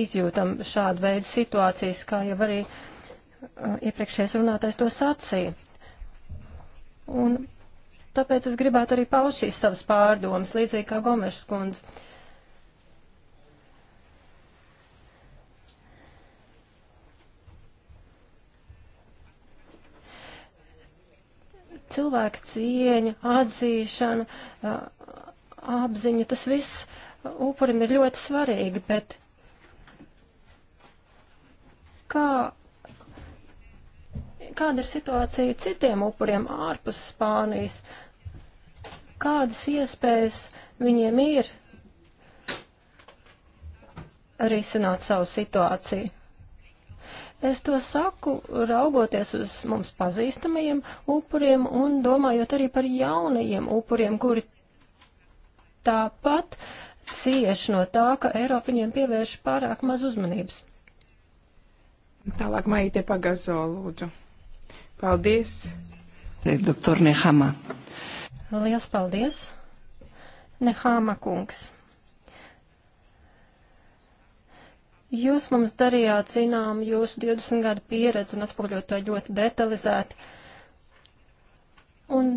izjūtam šādu veidu situācijas, kā jau arī uh, iepriekšējais runātais to sacīja. Un tāpēc es gribētu arī paust šīs savas pārdomas, līdzīgi kā Gomešs kundze. Cilvēka cieņa, atzīšana, uh, apziņa, tas viss upurim ir ļoti svarīgi, bet kā, kāda ir situācija citiem upuriem ārpus Spānijas? Kādas iespējas viņiem ir risināt savu situāciju? Es to saku, raugoties uz mums pazīstamajiem upuriem un domājot arī par jaunajiem upuriem, kuri tāpat uh, cieš no tā, ka Eiropa viņiem pievērš pārāk maz uzmanības. Tālāk maīte pagazo, lūdzu. Paldies. Eh, doktor Nehama. Liels paldies. Nehama kungs. Jūs mums darījāt zinām jūsu 20 gadu pieredzi un atspoguļot to ļoti detalizēti. Un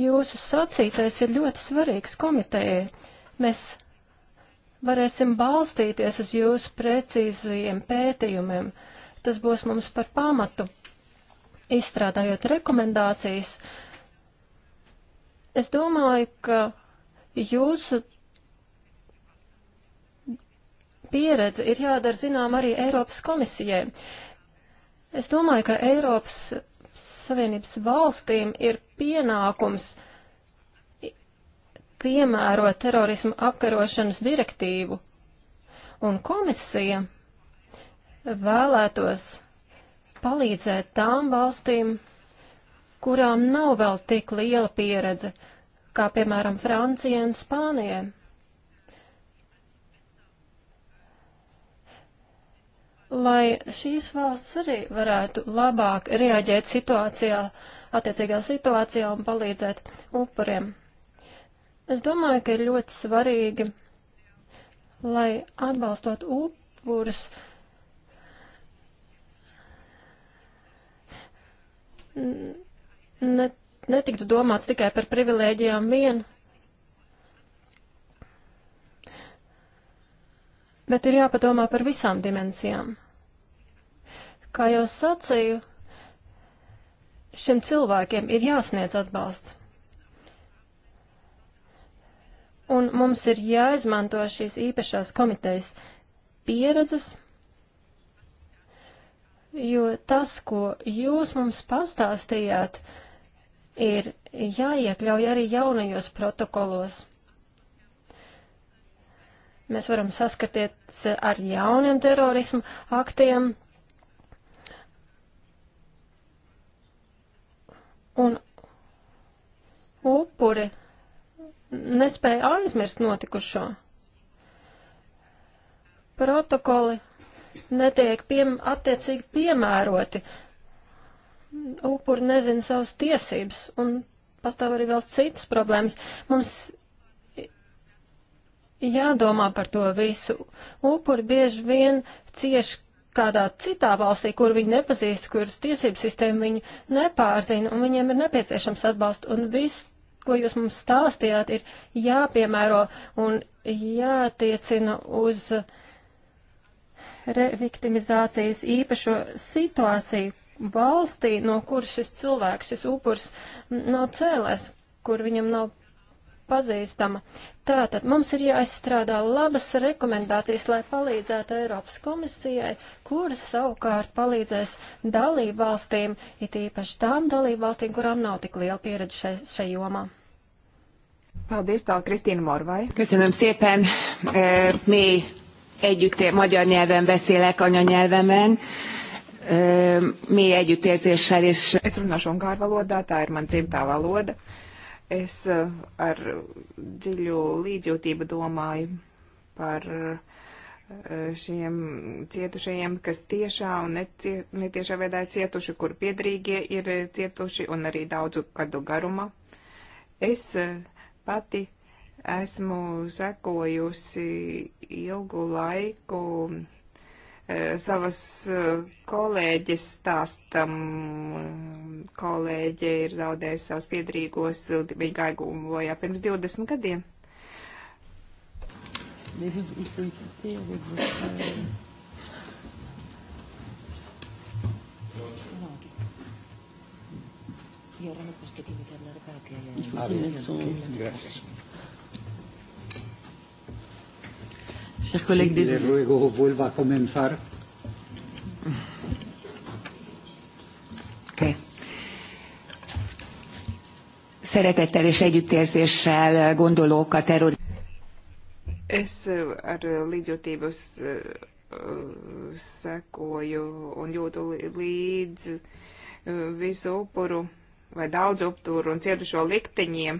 jūsu sacītais ir ļoti svarīgs komitejai mēs varēsim balstīties uz jūsu precīzajiem pētījumiem. Tas būs mums par pamatu. Izstrādājot rekomendācijas, es domāju, ka jūsu pieredze ir jādara zinām arī Eiropas komisijai. Es domāju, ka Eiropas Savienības valstīm ir pienākums uh, piemēro terorismu apkarošanas direktīvu, un komisija vēlētos palīdzēt tām valstīm, kurām nav vēl tik liela pieredze, kā piemēram Francija un Spānija. Lai šīs valsts arī varētu labāk reaģēt situācijā, attiecīgā situācijā un palīdzēt upuriem. Es domāju, ka ir ļoti svarīgi, lai atbalstot upurus, ne, netiktu domāts tikai par privilēģijām vien, bet ir jāpadomā par visām dimensijām. Kā jau sacīju, šiem cilvēkiem ir jāsniedz atbalsts. un mums ir jāizmanto šīs īpašās komitejas pieredzes, jo tas, ko jūs mums pastāstījāt, ir jāiekļauj arī jaunajos protokolos. Mēs varam saskarties ar jauniem terorismu aktiem. Un upuri nespēja aizmirst notikušo. Protokoli netiek piem attiecīgi piemēroti. Upuri nezina savas tiesības, un pastāv arī vēl citas problēmas. Mums jādomā par to visu. Upuri bieži vien cieši kādā citā valstī, kur viņi nepazīst, kuras tiesību sistēmu viņi nepārzina, un viņiem ir nepieciešams atbalsts, un viss ko jūs mums stāstījāt, ir jāpiemēro un jātiecina uz reviktimizācijas īpašo situāciju valstī, no kur šis cilvēks, šis upurs nav cēlēs, kur viņam nav pazīstama. Tātad mums ir jāizstrādā labas rekomendācijas, lai palīdzētu Eiropas komisijai, kuras savukārt palīdzēs dalībvalstīm, it īpaši tām dalībvalstīm, kurām nav tik liela pieredze šai, šai jomā. Paldies, tā Kristīna Morvai. Köszönöm szépen. Mi együtt magyar nyelven beszélek anyanyelvemen. Mi együttérzéssel is. Es runāšu ungāru valodā, tā ir man dzimtā valoda. Es ar dziļu līdzjūtību domāju par šiem cietušajiem, kas tiešā un necie, netiešā veidā ir cietuši, kur piedrīgie ir cietuši un arī daudzu gadu garumā. Es uh, Pati esmu sekojusi ilgu laiku e, savas e, kolēģis stāstam, kolēģi ir zaudējusi savus piedrīgos, viņa gaigumojā pirms 20 gadiem. Mais vous, il faut écouter avec votre... Y ahora no, pues que tiene que hablar para que haya... Ah, bien, eso, gracias. Chers collègues, sí, désolé. Luego vuelva a comenzar. Okay. Szeretettel és együttérzéssel gondolok a terror... Es eh, ar līdzjūtību sekoju un jūtu līdz visu upuru vai daudz upturu un cietušo likteņiem.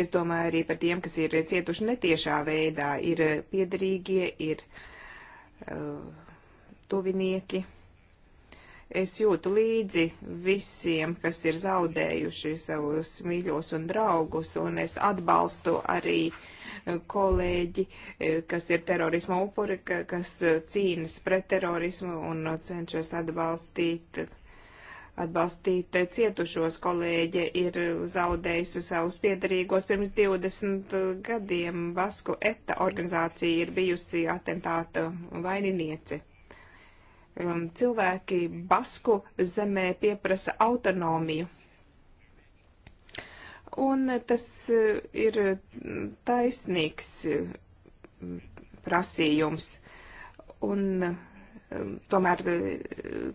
Es domāju arī par tiem, kas ir cietuši netiešā veidā, ir piedarīgie, ir uh, tuvinieki. Es jūtu līdzi visiem, kas ir zaudējuši savus mīļos un draugus, un es atbalstu arī uh, kolēģi, uh, kas ir terorisma upuri, kas uh, cīnas pret terorismu un cenšas atbalstīt atbalstīt cietušos. Kolēģe ir zaudējusi savus piedarīgos pirms 20 gadiem. Basku ETA organizācija ir bijusi atentāta vaininiece. Um, cilvēki Basku zemē pieprasa autonomiju. Un tas uh, ir taisnīgs mm, prasījums. Un uh, Ehm, tomēr eh,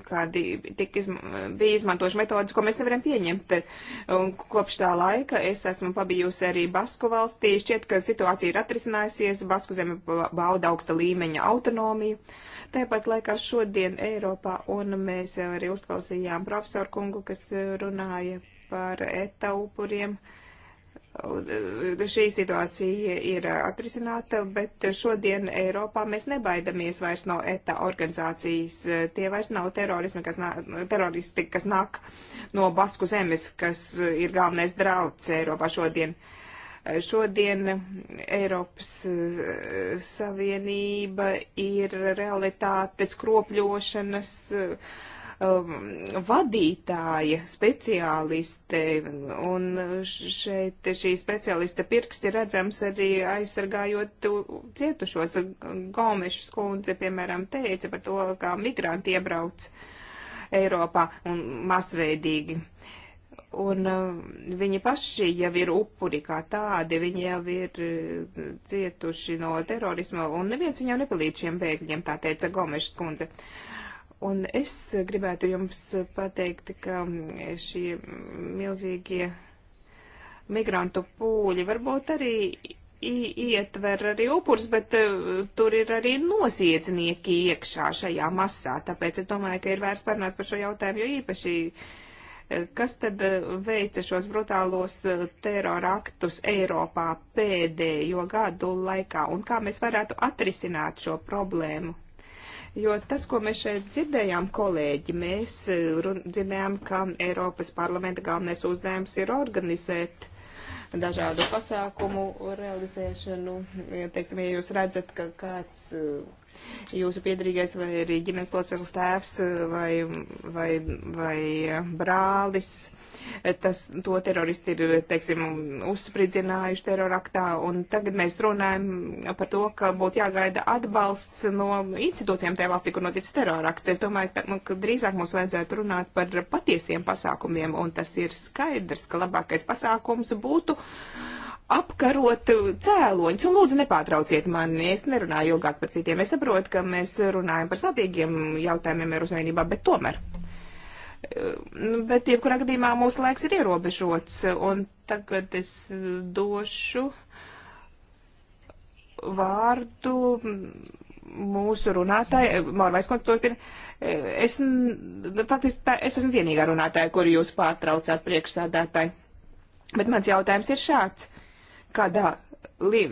kādi tik izma, bija izmantoši metodas, ko mēs nevaram pieņemt. Un kopš tā laika es esmu pabijusi arī Basku valstī. Šķiet, ka situācija ir atrisinājusies, Basku zeme bauda augsta līmeņa autonomiju. Tāpat laikā šodien Eiropā, un mēs arī uzklausījām profesoru kungu, kas eh, runāja par eta upuriem. Uh, šī situācija ir atrisināta, bet šodien Eiropā mēs nebaidamies vairs no ETA organizācijas. Tie vairs nav terorismi, kas nā, teroristi, kas nāk no Basku zemes, kas ir galvenais drauds Eiropā šodien. Šodien Eiropas eh, Savienība ir realitātes kropļošanas. Uh, Um, vadītāja, speciāliste, un šeit šī speciāliste pirks ir redzams arī aizsargājot cietušos. Gomešs kundze, piemēram, teica par to, kā migranti iebrauc Eiropā un masveidīgi. Un um, viņi paši jau ir upuri kā tādi, viņi jau ir uh, cietuši no terorisma, un neviens viņam nepalīdz šiem bēgļiem, tā teica Gomešs kundze. Uh, Un es gribētu jums pateikt, ka mm, šie milzīgie migrantu pūļi varbūt arī ietver arī upurs, bet eh, tur ir arī noziedznieki iekšā šajā masā. Tāpēc es domāju, ka ir vērts parunāt par šo jautājumu, jo īpaši, eh, kas tad eh, veica šos brutālos teroraktus Eiropā pēdējo gadu laikā un kā mēs varētu atrisināt šo problēmu. Jo tas, ko mēs šeit dzirdējām, kolēģi, mēs eh, dzirdējām, ka Eiropas parlamenta galvenais uzdevums ir organizēt dažādu pasākumu realizēšanu. Teiksim, ja jūs redzat, ka kāds eh, jūsu piedarīgais vai arī ģimenes loceklis tēvs eh, vai, vai, vai brālis Tas, to teroristi ir, teiksim, uzspridzinājuši teroraktā, un tagad mēs runājam par to, ka būtu jāgaida atbalsts no institūcijām tajā valstī, kur noticis terorakts. Es domāju, nu, ka drīzāk mums vajadzētu runāt par patiesiem pasākumiem, un tas ir skaidrs, ka labākais pasākums būtu apkarot cēloņus. Un lūdzu, nepārtrauciet mani, es nerunāju ilgāk par citiem. Es saprotu, ka mēs runājam par sāpīgiem jautājumiem Eiropas Savienībā, bet tomēr. Nu, bet, jebkurā gadījumā, mūsu laiks ir ierobežots, un tagad es došu vārdu mūsu runātāja, Mārvais kungs turpina, es, faktiski, tā, es esmu vienīgā runātāja, kuru jūs pārtraucāt priekšsādātāji. Bet mans jautājums ir šāds. Kādā,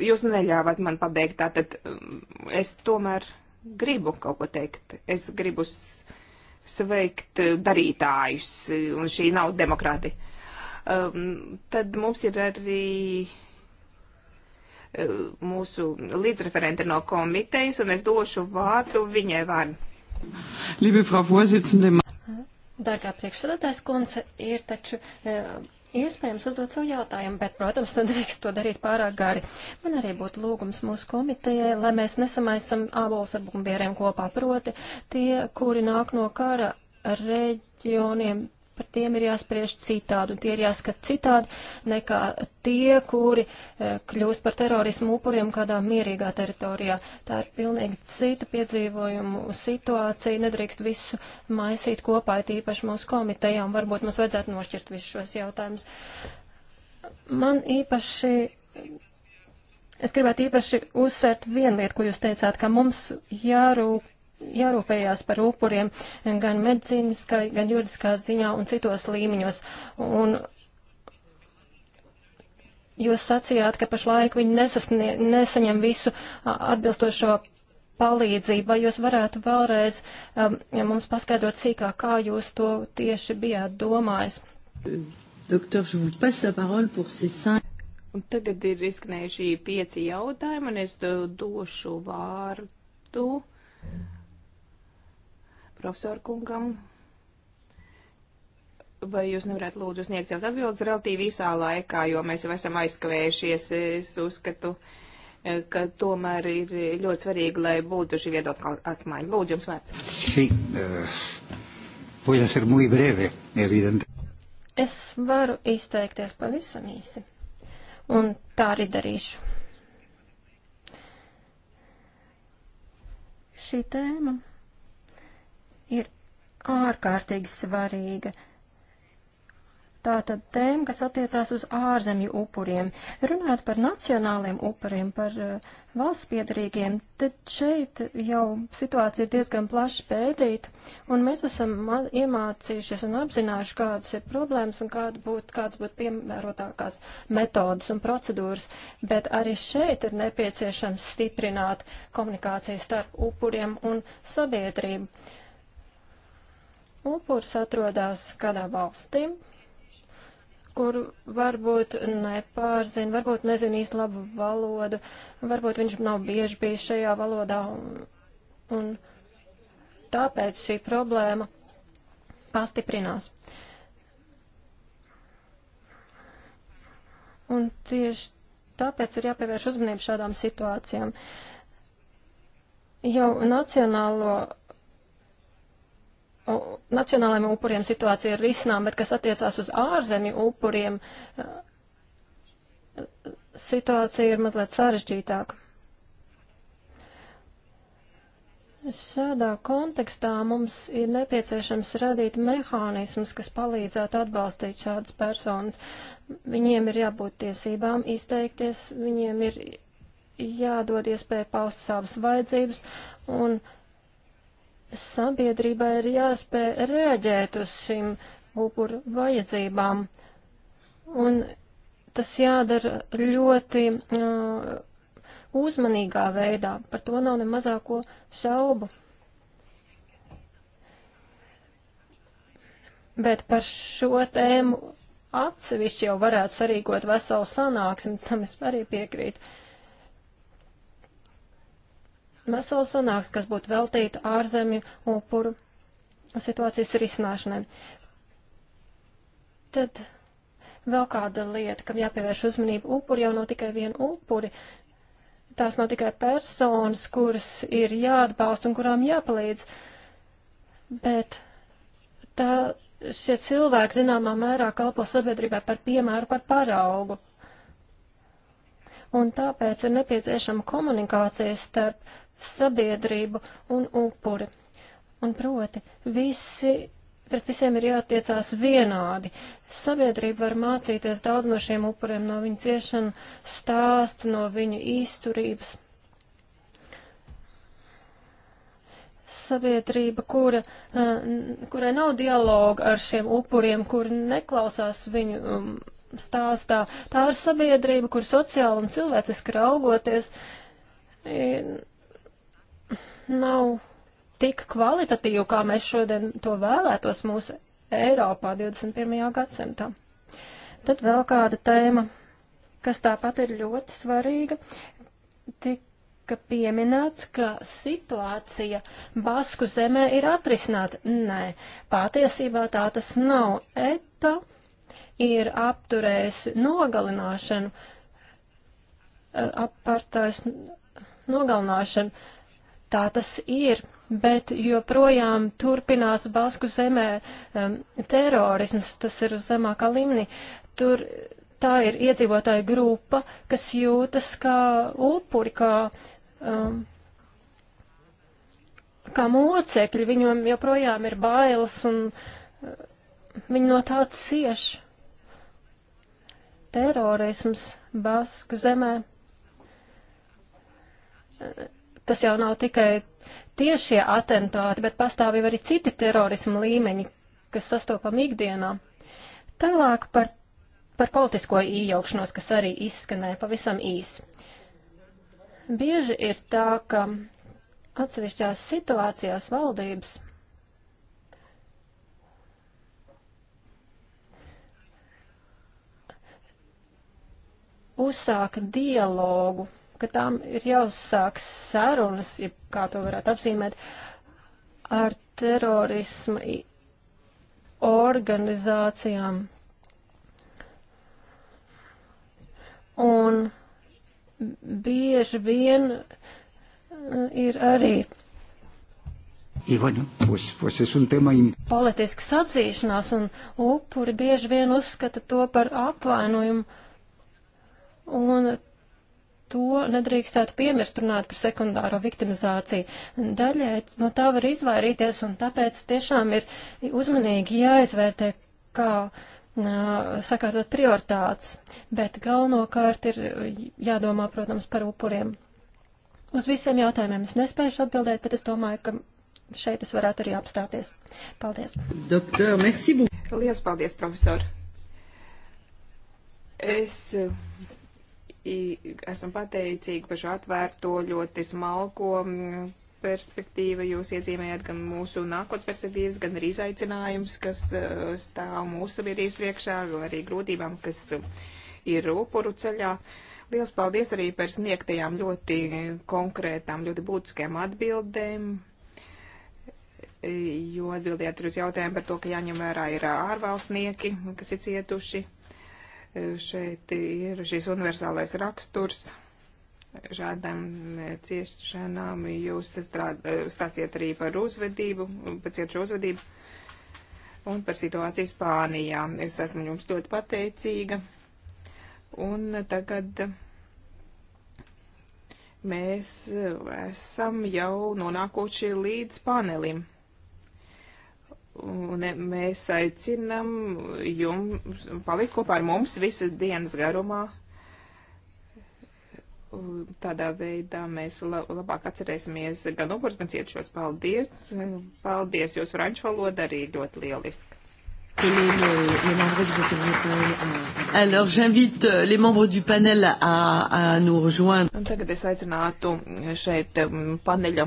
jūs neļāvāt man pabeigt, tātad mm, es tomēr gribu kaut ko teikt. Es gribu sveikt darītājus, un šī nav demokrāti. Um, tad mums ir arī um, mūsu līdzreferente no komitejas, un es došu vārdu viņai vārdu. Liebe Frau Vorsitzende, Dargā priekšsēdētājs kundze, ir taču um, iespējams uzdot savu jautājumu, bet, protams, nedrīkst to darīt pārāk gari. Man arī būtu lūgums mūsu komitejai, lai mēs nesamaisam ābolus ar bumbieriem kopā. Proti, tie, kuri nāk no kara reģioniem, par tiem ir jāspriež citādi, un tie ir jāskat citādi nekā tie, kuri e, kļūst par terorismu upuriem kādā mierīgā teritorijā. Tā ir pilnīgi cita piedzīvojumu situācija, nedrīkst visu maisīt kopā, it īpaši mūsu komitejām, varbūt mums vajadzētu nošķirt visus šos jautājumus. Man īpaši Es gribētu īpaši uzsvērt vienu lietu, ko jūs teicāt, ka mums jārūp, jārūpējās par upuriem gan medicīniskai, gan juridiskā ziņā un citos līmeņos. Un jūs sacījāt, ka pašlaik viņi nesasnie, nesaņem visu atbilstošo palīdzību. Vai jūs varētu vēlreiz um, mums paskaidrot sīkāk, kā jūs to tieši bijāt domājis? Doktor, je vous passe la parole pour ces cinq. Un tagad ir izskanējuši pieci jautājumi, un es došu vārdu profesoru kungam. Vai jūs nevarētu lūdzu sniegt savus atbildes relatīvi īsā laikā, jo mēs jau esam aizkavējušies. Es uzskatu, eh, ka tomēr ir ļoti svarīgi, lai būtu šī viedokļa atmaiņa. Lūdzu, jums vārds. Sí, uh, breve, es varu izteikties pavisam īsi. Un tā arī darīšu. Šī tēma ir ārkārtīgi svarīga. Tātad tēma, kas attiecās uz ārzemju upuriem. Runājot par nacionāliem upuriem, par uh, valsts piedarīgiem, tad šeit jau situācija ir diezgan plaši pētīta, un mēs esam iemācījušies un apzinājuši, kādas ir problēmas un kāda būt, kādas būtu piemērotākās metodas un procedūras, bet arī šeit ir nepieciešams stiprināt komunikāciju starp upuriem un sabiedrību. Uh, upurs atrodas kādā valstī, kur varbūt nepārzina, varbūt nezina īsti labu valodu, varbūt viņš nav bieži bijis šajā valodā, un, un tāpēc šī problēma pastiprinās. Un tieši tāpēc ir jāpievērš uzmanību šādām situācijām. Jau nacionālo nacionālajiem upuriem situācija ir risinām, bet kas attiecās uz ārzemju upuriem, situācija ir mazliet sarežģītāka. Šādā kontekstā mums ir nepieciešams radīt mehānismus, kas palīdzētu atbalstīt šādas personas. Viņiem ir jābūt tiesībām izteikties, viņiem ir jādod iespēja paust savas vajadzības, un sabiedrībai ir jāspēj reaģēt uz šīm upuru vajadzībām. Un tas jādara ļoti uh, uzmanīgā veidā. Par to nav ne mazāko šaubu. Bet par šo tēmu atsevišķi jau varētu sarīkot veselu sanāksmi, tam es arī piekrītu. Uh, vesela sanāks, kas būtu veltīta ārzemju upuru situācijas risināšanai. Tad vēl kāda lieta, kam jāpievērš uzmanība upuri, jau nav tikai viena upuri. Tās nav tikai personas, kuras ir jāatbalsta un kurām jāpalīdz, bet tā, šie cilvēki zināmā mērā kalpo sabiedrībai par piemēru, par paraugu. Un tāpēc ir nepieciešama komunikācija starp sabiedrību un upuri. Un proti, visi, pret visiem ir jātiecās vienādi. Sabiedrība var mācīties daudz no šiem upuriem, no viņu ciešanu stāsta, no viņu izturības. sabiedrība, kura, eh, kurai nav dialoga ar šiem upuriem, kur neklausās viņu um, stāstā. Tā ir sabiedrība, kur sociāli un cilvēciski raugoties nav tik kvalitatīva, kā mēs šodien to vēlētos mūsu Eiropā 21. gadsimtā. Tad vēl kāda tēma, kas tāpat ir ļoti svarīga, tika pieminēts, ka situācija Basku zemē ir atrisināta. Nē, patiesībā tā tas nav. ETA ir apturējusi nogalināšanu, eh, apartais nogalināšanu tā tas ir, bet joprojām turpinās Basku zemē um, terorisms, tas ir uz zemākā līmenī. Tur tā ir iedzīvotāja grupa, kas jūtas kā upuri, kā, um, kā mocekļi, viņiem joprojām ir bailes un uh, viņi no tā cieš. Terorisms Basku zemē tas jau nav tikai tiešie atentāti, bet pastāv jau arī citi terorismu līmeņi, kas sastopam ikdienā. Tālāk par, par politisko iejaukšanos, kas arī izskanēja pavisam īsi. Bieži ir tā, ka atsevišķās situācijās valdības uzsāka dialogu ka tām ir jāuzsāk sarunas, ja kā to varētu apzīmēt, ar terorisma organizācijām. Un bieži vien eh, ir arī Y bueno, pues, pues es un tema Politiska sacīšanās un upuri bieži vien uzskata to par apvainojumu. Un to nedrīkstētu piemirst runāt par sekundāro viktimizāciju. Daļai no tā var izvairīties, un tāpēc tiešām ir uzmanīgi jāizvērtē, kā sakārtot prioritātes, bet galvenokārt ir jādomā, protams, par upuriem. Uz visiem jautājumiem es nespēju atbildēt, bet es domāju, ka šeit es varētu arī apstāties. Paldies. Doktor, merci beaucoup. Lielas paldies, profesor. Es esam pateicīgi par šo atvērto, ļoti smalko mm, perspektīvu. Jūs iezīmējat gan mūsu nākotnes perspektīvas, gan arī izaicinājums, kas eh, stāv mūsu sabiedrības priekšā, arī grūtībām, kas eh, ir upuru ceļā. Liels paldies arī par sniegtajām ļoti konkrētām, ļoti būtiskajām atbildēm eh, jo atbildējāt uz jautājumu par to, ka jāņem vērā ir ārvalstnieki, kas ir cietuši Šeit ir šīs universālais raksturs šādām ciešanām. Jūs stāstiet arī par uzvedību, par cietušu uzvedību un par situāciju Spānijā. Es esmu jums ļoti pateicīga. Un tagad mēs esam jau nonākuši līdz panelim. Un mēs aicinam jums palikt kopā ar mums visas dienas garumā. Tādā veidā mēs labāk atcerēsimies gan upurs, gan cietušos. Paldies! Paldies! Jūs franču valoda arī ļoti lieliski. Alors j'invite euh, les membres du panel à, à nous rejoindre. Un tagad es aicinātu šeit um, paneļa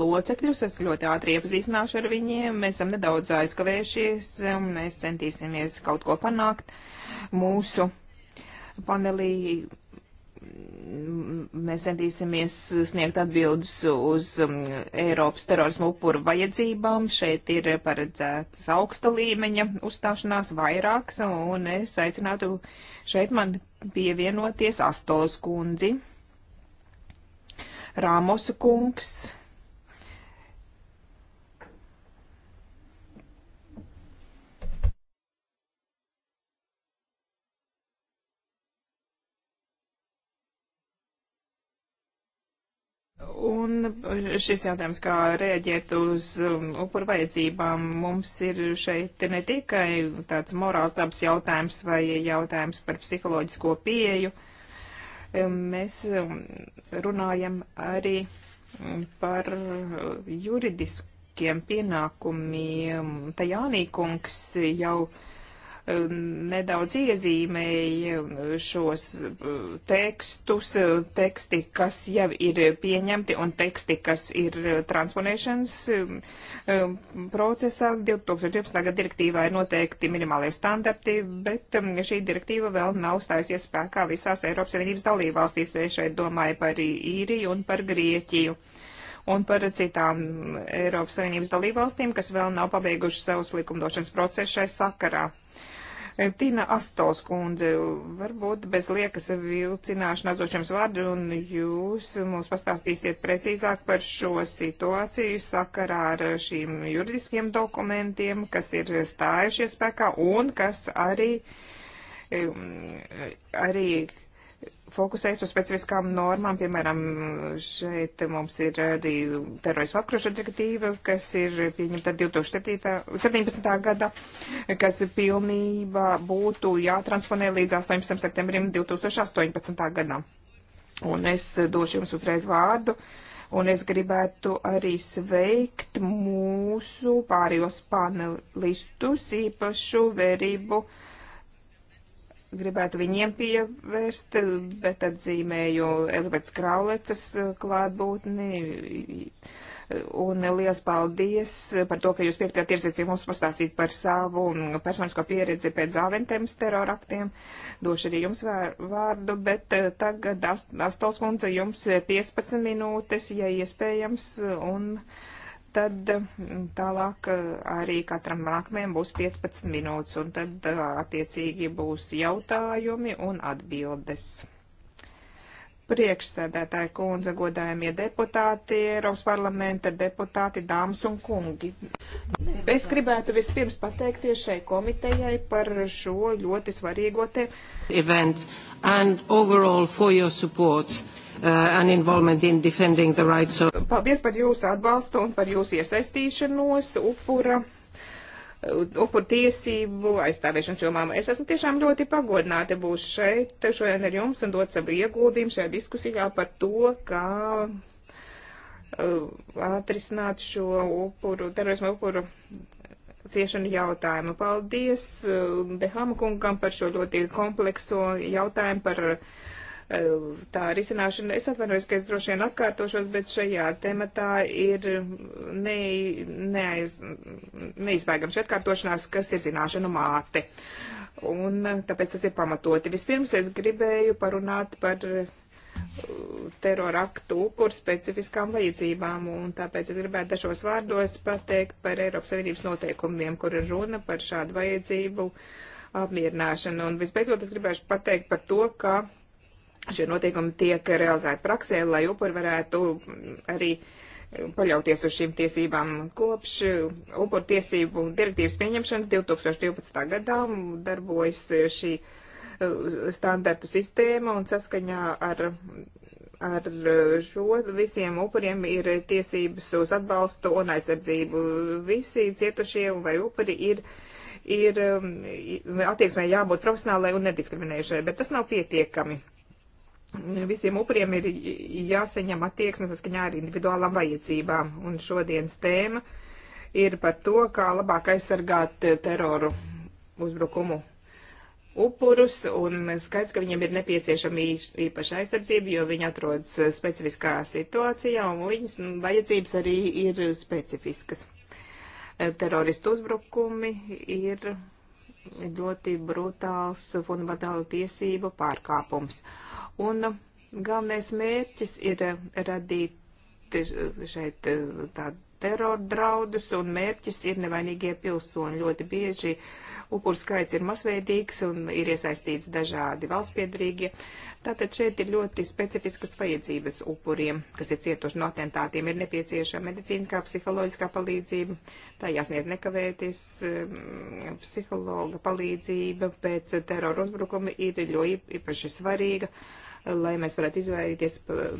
locekļus. Es ļoti ātri iepazīstināšu ar viņiem. Mēs esam nedaudz aizkavējušies un mēs centīsimies kaut ko panākt. Mūsu panelī mēs centīsimies sniegt atbildes uz Eiropas terorismu upuru vajadzībām. Šeit ir paredzētas augsta līmeņa uzstāšanās vairāks, un es aicinātu šeit man pievienoties Astos kundzi, Rāmosu kungs Un šis jautājums, kā rēģēt uz um, upuru vajadzībām, mums ir šeit ne tikai tāds morāls dabas jautājums vai jautājums par psiholoģisko pieeju. Um, mēs um, runājam arī par juridiskiem pienākumiem. Tajānīkungs jau. Uh, nedaudz iezīmēja šos uh, tekstus, uh, teksti, kas jau ir pieņemti un teksti, kas ir uh, transponēšanas um, um, procesā. 2012. gada direktīvā ir noteikti minimālie standarti, bet um, šī direktīva vēl nav stājusies spēkā visās Eiropas Savienības dalībvalstīs. Es šeit domāju par īriju un par Grieķiju un par citām Eiropas Savienības dalībvalstīm, kas vēl nav pabeiguši savus likumdošanas procesu šai sakarā. Tīna Astos kundze, varbūt bez liekas vilcināšanās došams vārdu, un jūs mums pastāstīsiet precīzāk par šo situāciju sakarā ar šīm juridiskiem dokumentiem, kas ir stājušies spēkā un kas arī, um, arī fokusējas uz specifiskām normām. Piemēram, šeit mums ir arī terorismu apkrošana direktīva, kas ir pieņemta 2017. gada, kas pilnībā būtu jātransponē līdz 18. septembrim 2018. gadā. Un es došu jums uzreiz vārdu. Un es gribētu arī sveikt mūsu pārējos panelistus īpašu vērību uh, gribētu viņiem pievērst, bet atzīmēju Elizabetes Kraulecas eh, klātbūtni. Un liels paldies par to, ka jūs piekritāt ierzīt pie mums pastāstīt par savu personisko pieredzi pēc Zaventems teroraktiem. Došu arī jums vārdu, bet eh, tagad Astols kundze jums 15 eh, minūtes, ja iespējams, un tad mm, tālāk eh, arī katram nākamajam būs 15 minūtes, un tad eh, attiecīgi būs jautājumi un atbildes. Priekšsēdētāja kundze, godājumie deputāti, Eiropas parlamenta deputāti, dāmas un kungi. Es gribētu vispirms pateikties šai komitejai par šo ļoti svarīgo te. Events and overall for your support. Uh, Uh, and involvement in defending the rights of. Paldies par jūsu atbalstu un par jūsu iesaistīšanos upura uh, upur tiesību aizstāvēšanas jomām. Es esmu tiešām ļoti pagodināta būs šeit šodien ar jums un dot savu ieguldījumu šajā diskusijā par to, kā uh, atrisināt šo upuru, terorismu upuru ciešanu jautājumu. Paldies Dehama kungam par šo ļoti komplekso jautājumu par uh, tā risināšana. Es atvainojos, ka es droši vien atkārtošos, bet šajā tematā ir ne, neaiz, neizbēgama šī atkārtošanās, kas ir zināšanu māte. Un tāpēc tas ir pamatoti. Vispirms es gribēju parunāt par uh, teroraktu upuru specifiskām vajadzībām, un tāpēc es gribētu dažos vārdos pateikt par Eiropas Savienības noteikumiem, kur ir runa par šādu vajadzību apmierināšanu. Un visbeidzot es gribēšu pateikt par to, ka šie noteikumi tiek realizēti praksē, lai upuri varētu arī paļauties uz šīm tiesībām. Kopš upuru tiesību direktīvas pieņemšanas 2012. gadā darbojas šī uh, standartu sistēma un saskaņā ar, ar šo visiem upuriem ir tiesības uz atbalstu un aizsardzību. Visi cietušie vai upuri ir ir um, attieksmē jābūt profesionālai un nediskriminējušai, bet tas nav pietiekami visiem upuriem ir jāsaņem attieksme saskaņā ar individuālām vajadzībām. Un šodienas tēma ir par to, kā labāk aizsargāt teroru uzbrukumu upurus, un skaidrs, ka viņiem ir nepieciešama īpaša aizsardzība, jo viņi atrodas specifiskā situācijā, un viņas vajadzības arī ir specifiskas. Teroristu uzbrukumi ir ļoti brutāls fundamentālu tiesību pārkāpums. Uh, Un galvenais mērķis ir radīt šeit eh, tādu terora draudus, un mērķis ir nevainīgie pilsoņi. Ļoti bieži upuru skaits ir masveidīgs un ir iesaistīts dažādi valstspiedrīgie. Tātad šeit ir ļoti specifiskas vajadzības upuriem, kas ir cietuši no atentātiem. Ir nepieciešama medicīniskā, psiholoģiskā palīdzība, tā jāsniedz nekavēties, eh, psihologa palīdzība pēc terora uzbrukuma ir ļoti īpaši svarīga. Uh, lai mēs varētu izvairīties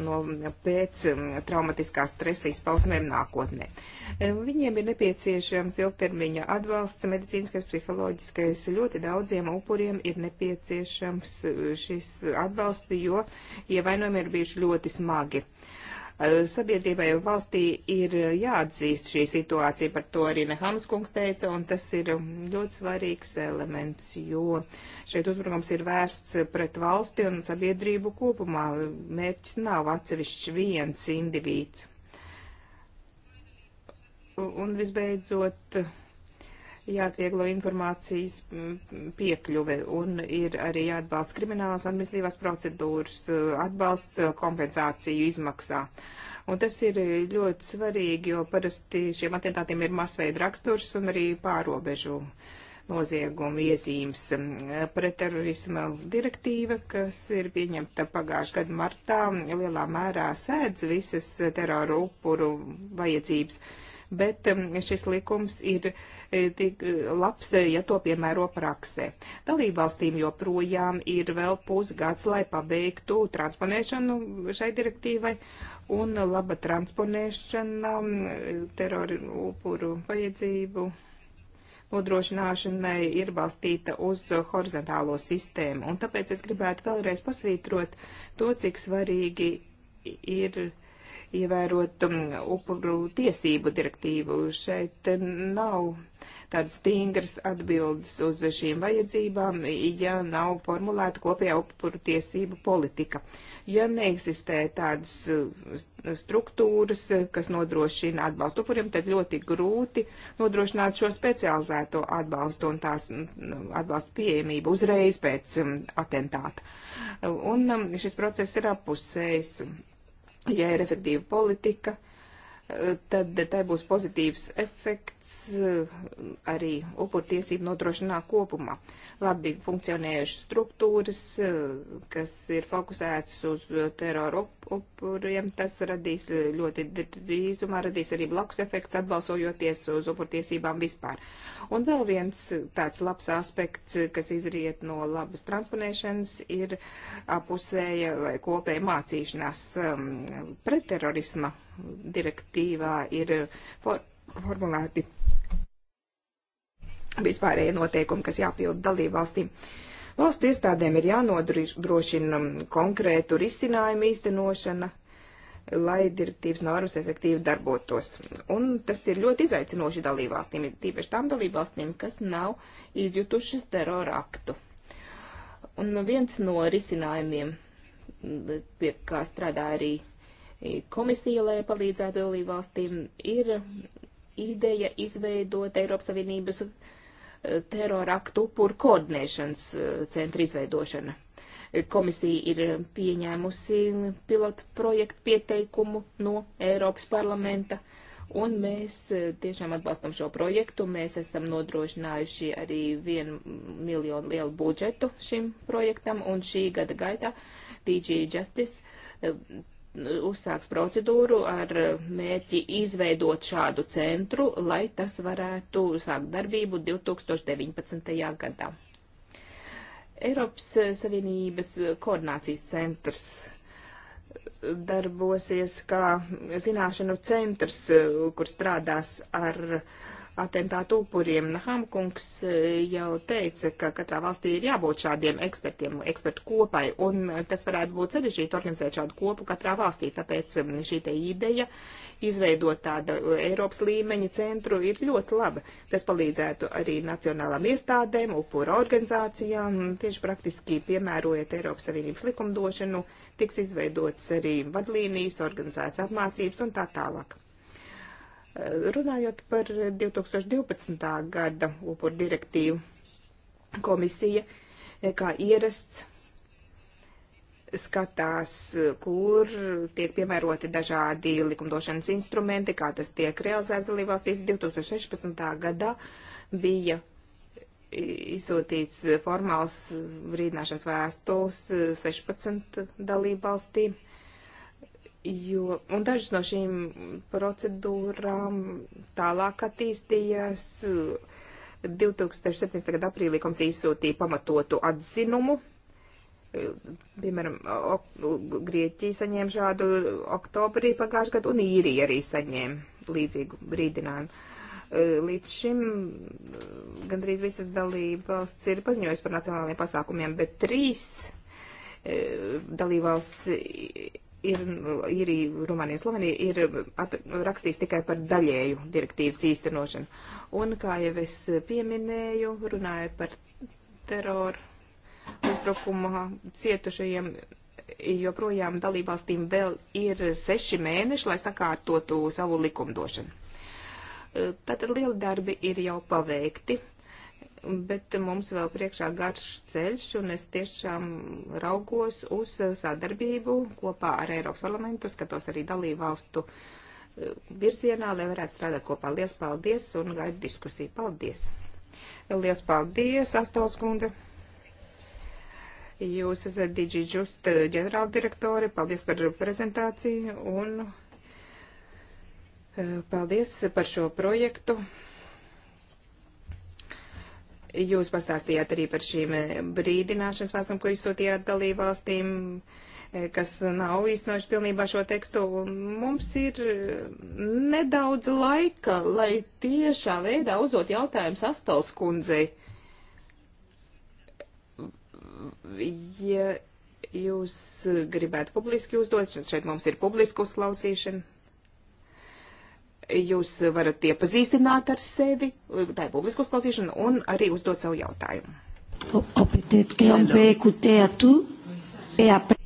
no pēc mm, traumatiskā stresa izpausmēm nākotnē. Viņiem ir nepieciešams ilgtermiņa atbalsts, medicīniskais, psiholoģiskais. Ļoti daudziem upuriem ir nepieciešams mm, šis atbalsts, jo ievainojumi ir bijuši ļoti smagi. Uh, Sabiedrībai valstī ir jāatzīst šī situācija, par to arī Nehams kungs teica, un tas ir ļoti svarīgs elements, jo šeit uzbrukums ir vērsts pret valsti un sabiedrību kopumā. Mērķis nav atsevišķi viens indivīds. Un visbeidzot, jāatvieglo informācijas piekļuve un ir arī jāatbalsta kriminālas un mislīvās procedūras, uh, atbalsts uh, kompensāciju izmaksā. Un tas ir ļoti svarīgi, jo parasti šiem atentātiem ir masveida raksturs un arī pārobežu noziegumu iezīmes pretterorisma direktīva, kas ir pieņemta pagājušā gada martā, lielā mērā sēdz visas terora upuru vajadzības. Uh, bet um, šis likums ir e, tik e, labs, e, ja to piemēro praksē. Dalībvalstīm joprojām ir vēl pusgads, lai pabeigtu transponēšanu šai direktīvai, un laba transponēšana terori upuru vajadzību nodrošināšanai ir balstīta uz horizontālo sistēmu. Un tāpēc es gribētu vēlreiz pasvītrot to, cik svarīgi ir ievērot um, upuru tiesību direktīvu. Šeit um, nav tādas stingras atbildes uz šīm vajadzībām, ja nav formulēta kopējā upuru tiesību politika. Ja neeksistē tādas uh, struktūras, kas nodrošina atbalstu upuriem, tad ļoti grūti nodrošināt šo specializēto atbalstu un tās mm, atbalstu pieejamību uzreiz pēc mm, atentāta. Un um, šis process ir apusējis ja ir efektīva politika, tad tai būs pozitīvs efekts eh, arī upurtiesību nodrošinā kopumā. Labi funkcionējušas struktūras, eh, kas ir fokusētas uz teroru upuriem, tas radīs ļoti drīzumā, radīs arī blakus efekts atbalsojoties uz upurtiesībām vispār. Un vēl viens tāds labs aspekts, kas izriet no labas transponēšanas, ir apusēja vai kopēja mācīšanās ehm, pretterorisma direktīvā ir for formulēti vispārējie noteikumi, kas jāpild dalību valstīm. Valstu iestādēm ir jānodrošina konkrētu risinājumu īstenošana, lai direktīvas normas efektīvi darbotos. Un tas ir ļoti izaicinoši dalībvalstīm, tīpaši tām dalībvalstīm, kas nav izjutušas terora aktu. Un viens no risinājumiem, pie kā strādā arī komisija, lai palīdzētu dalībvalstīm, ir ideja izveidot Eiropas Savienības eh, teroraktu upuru koordinēšanas eh, centra izveidošana. Komisija ir pieņēmusi pilotu projektu pieteikumu no Eiropas parlamenta, un mēs eh, tiešām atbalstam šo projektu. Mēs esam nodrošinājuši arī vienu miljonu lielu budžetu šim projektam, un šī gada gaitā DG Justice uzsāks procedūru ar mērķi izveidot šādu centru, lai tas varētu sākt darbību 2019. gadā. Eiropas Savienības koordinācijas centrs darbosies kā zināšanu centrs, kur strādās ar uh, atentātu upuriem. Hamkungs e, jau teica, ka katrā valstī ir jābūt šādiem ekspertiem, ekspertu kopai, un tas varētu būt sarežģīti organizēt šādu kopu katrā valstī. Tāpēc šī te ideja izveidot tādu Eiropas līmeņa centru ir ļoti laba. Tas palīdzētu arī nacionālām iestādēm, upura organizācijām, tieši praktiski piemērojot Eiropas Savienības likumdošanu, tiks izveidotas arī vadlīnijas, organizētas apmācības un tā tālāk. Runājot par 2012. gada upuru direktīvu, komisija, eh, kā ierasts, skatās, eh, kur tiek piemēroti dažādi likumdošanas instrumenti, kā tas tiek realizēts dalībvalstīs. 2016. gadā bija izsūtīts formāls brīdināšanas vēstules 16 eh, dalībvalstīm jo, un dažas no šīm procedūrām tālāk attīstījās. 2017. gada aprīlī komisija izsūtīja pamatotu atzinumu. Piemēram, Grieķija saņēma šādu oktobrī pagājušajā gadā, un īrija arī saņēma līdzīgu brīdinājumu. Līdz šim gandrīz visas dalībvalsts ir paziņojusi par nacionālajiem pasākumiem, bet trīs eh, dalībvalsts ir, ir Rumānija un Slovenija ir at, rakstījis tikai par daļēju direktīvas īstenošanu. Un, kā jau es pieminēju, runāja par teroru uzbrukumu cietušajiem, joprojām dalībvalstīm vēl ir seši mēneši, lai sakārtotu savu likumdošanu. Tātad lieli darbi ir jau paveikti bet mums vēl priekšā garš ceļš, un es tiešām raugos uz sadarbību kopā ar Eiropas parlamentu, skatos arī dalību valstu eh, virzienā, lai varētu strādāt kopā. Lielas paldies un gaidu diskusiju. Paldies! Lielas paldies, Astovs kundze! Jūs esat DigiJust ģenerāldirektori. Paldies par prezentāciju un eh, paldies par šo projektu. Jūs pastāstījāt arī par šīm eh, brīdināšanas vēstulēm, ko izsūtījāt dalībvalstīm, eh, kas nav īstenojuši pilnībā šo tekstu. Mums ir eh, nedaudz laika, lai tiešā veidā uzdot jautājumu Astols kundzei. Ja jūs gribētu publiski uzdot, šeit mums ir publiska uzklausīšana jūs varat iepazīstināt ar sevi, tā ir publiska uzklausīšana, un arī uzdot savu jautājumu. O, o, peut-être qu'on peut écouter à tout et après.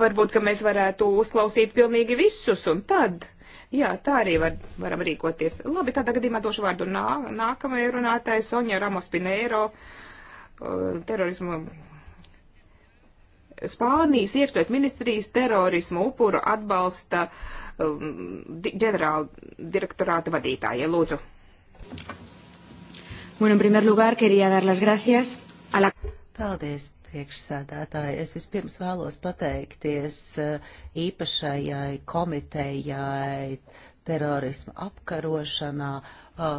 Varbūt, ka mēs varētu uzklausīt pilnīgi visus, un tad, jā, tā arī var, varam rīkoties. Labi, tādā gadījumā došu vārdu nā, nākamajai runātājai Sonja Ramos Pinēro, terorismu Spānijas iekšļiet ministrijas terorismu upuru atbalsta uh, Um, ģenerāla direktorāta vadītājai. Lūdzu. Bueno, en primer lugar, quería dar las gracias a la... Paldies, priekšsādātāji. Es vispirms vēlos pateikties uh, īpašajai komitejai terorismu apkarošanā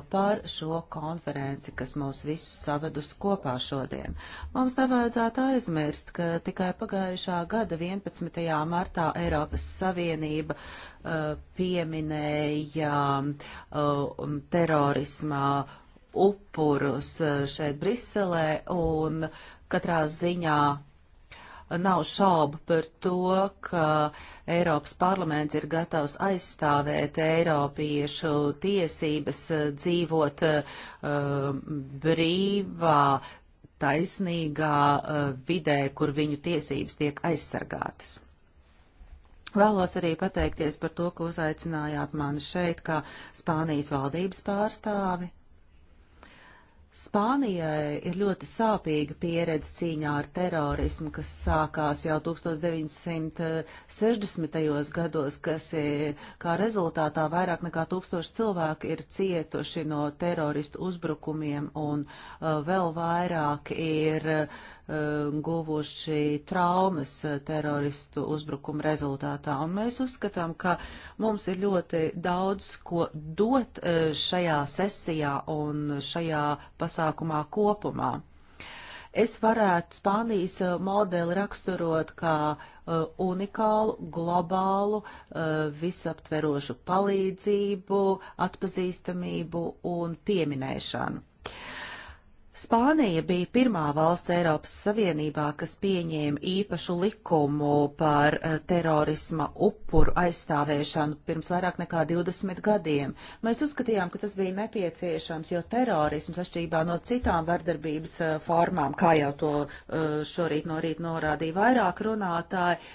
par šo konferenci, kas mūs visus savedus kopā šodien. Mums nevajadzētu aizmirst, ka tikai pagājušā gada 11. martā Eiropas Savienība pieminēja um, terorismā upurus šeit Briselē un katrā ziņā nav šaubu par to, ka Eiropas parlaments ir gatavs aizstāvēt Eiropiešu tiesības dzīvot uh, brīvā, taisnīgā uh, vidē, kur viņu tiesības tiek aizsargātas. Vēlos arī pateikties par to, ka uzaicinājāt mani šeit kā Spānijas valdības pārstāvi Spānijai ir ļoti sāpīga pieredze cīņā ar terorismu, kas sākās jau 1960. gados, kas kā rezultātā vairāk nekā tūkstoši cilvēki ir cietuši no teroristu uzbrukumiem un uh, vēl vairāk ir uh, Um, guvuši traumas uh, teroristu uzbrukuma rezultātā. Un mēs uzskatām, ka mums ir ļoti daudz ko dot uh, šajā sesijā un šajā pasākumā kopumā. Es varētu Spānijas uh, modeli raksturot kā unikālu, globālu, visaptverošu palīdzību, atpazīstamību un pieminēšanu. Uh, Spānija bija pirmā valsts Eiropas Savienībā, kas pieņēma īpašu likumu par eh, terorisma upuru aizstāvēšanu pirms vairāk nekā 20 gadiem. Mēs uzskatījām, ka tas bija nepieciešams, jo terorisms atšķirībā no citām vardarbības eh, formām, kā jau to eh, šorīt no rīta norādīja vairāk runātāji,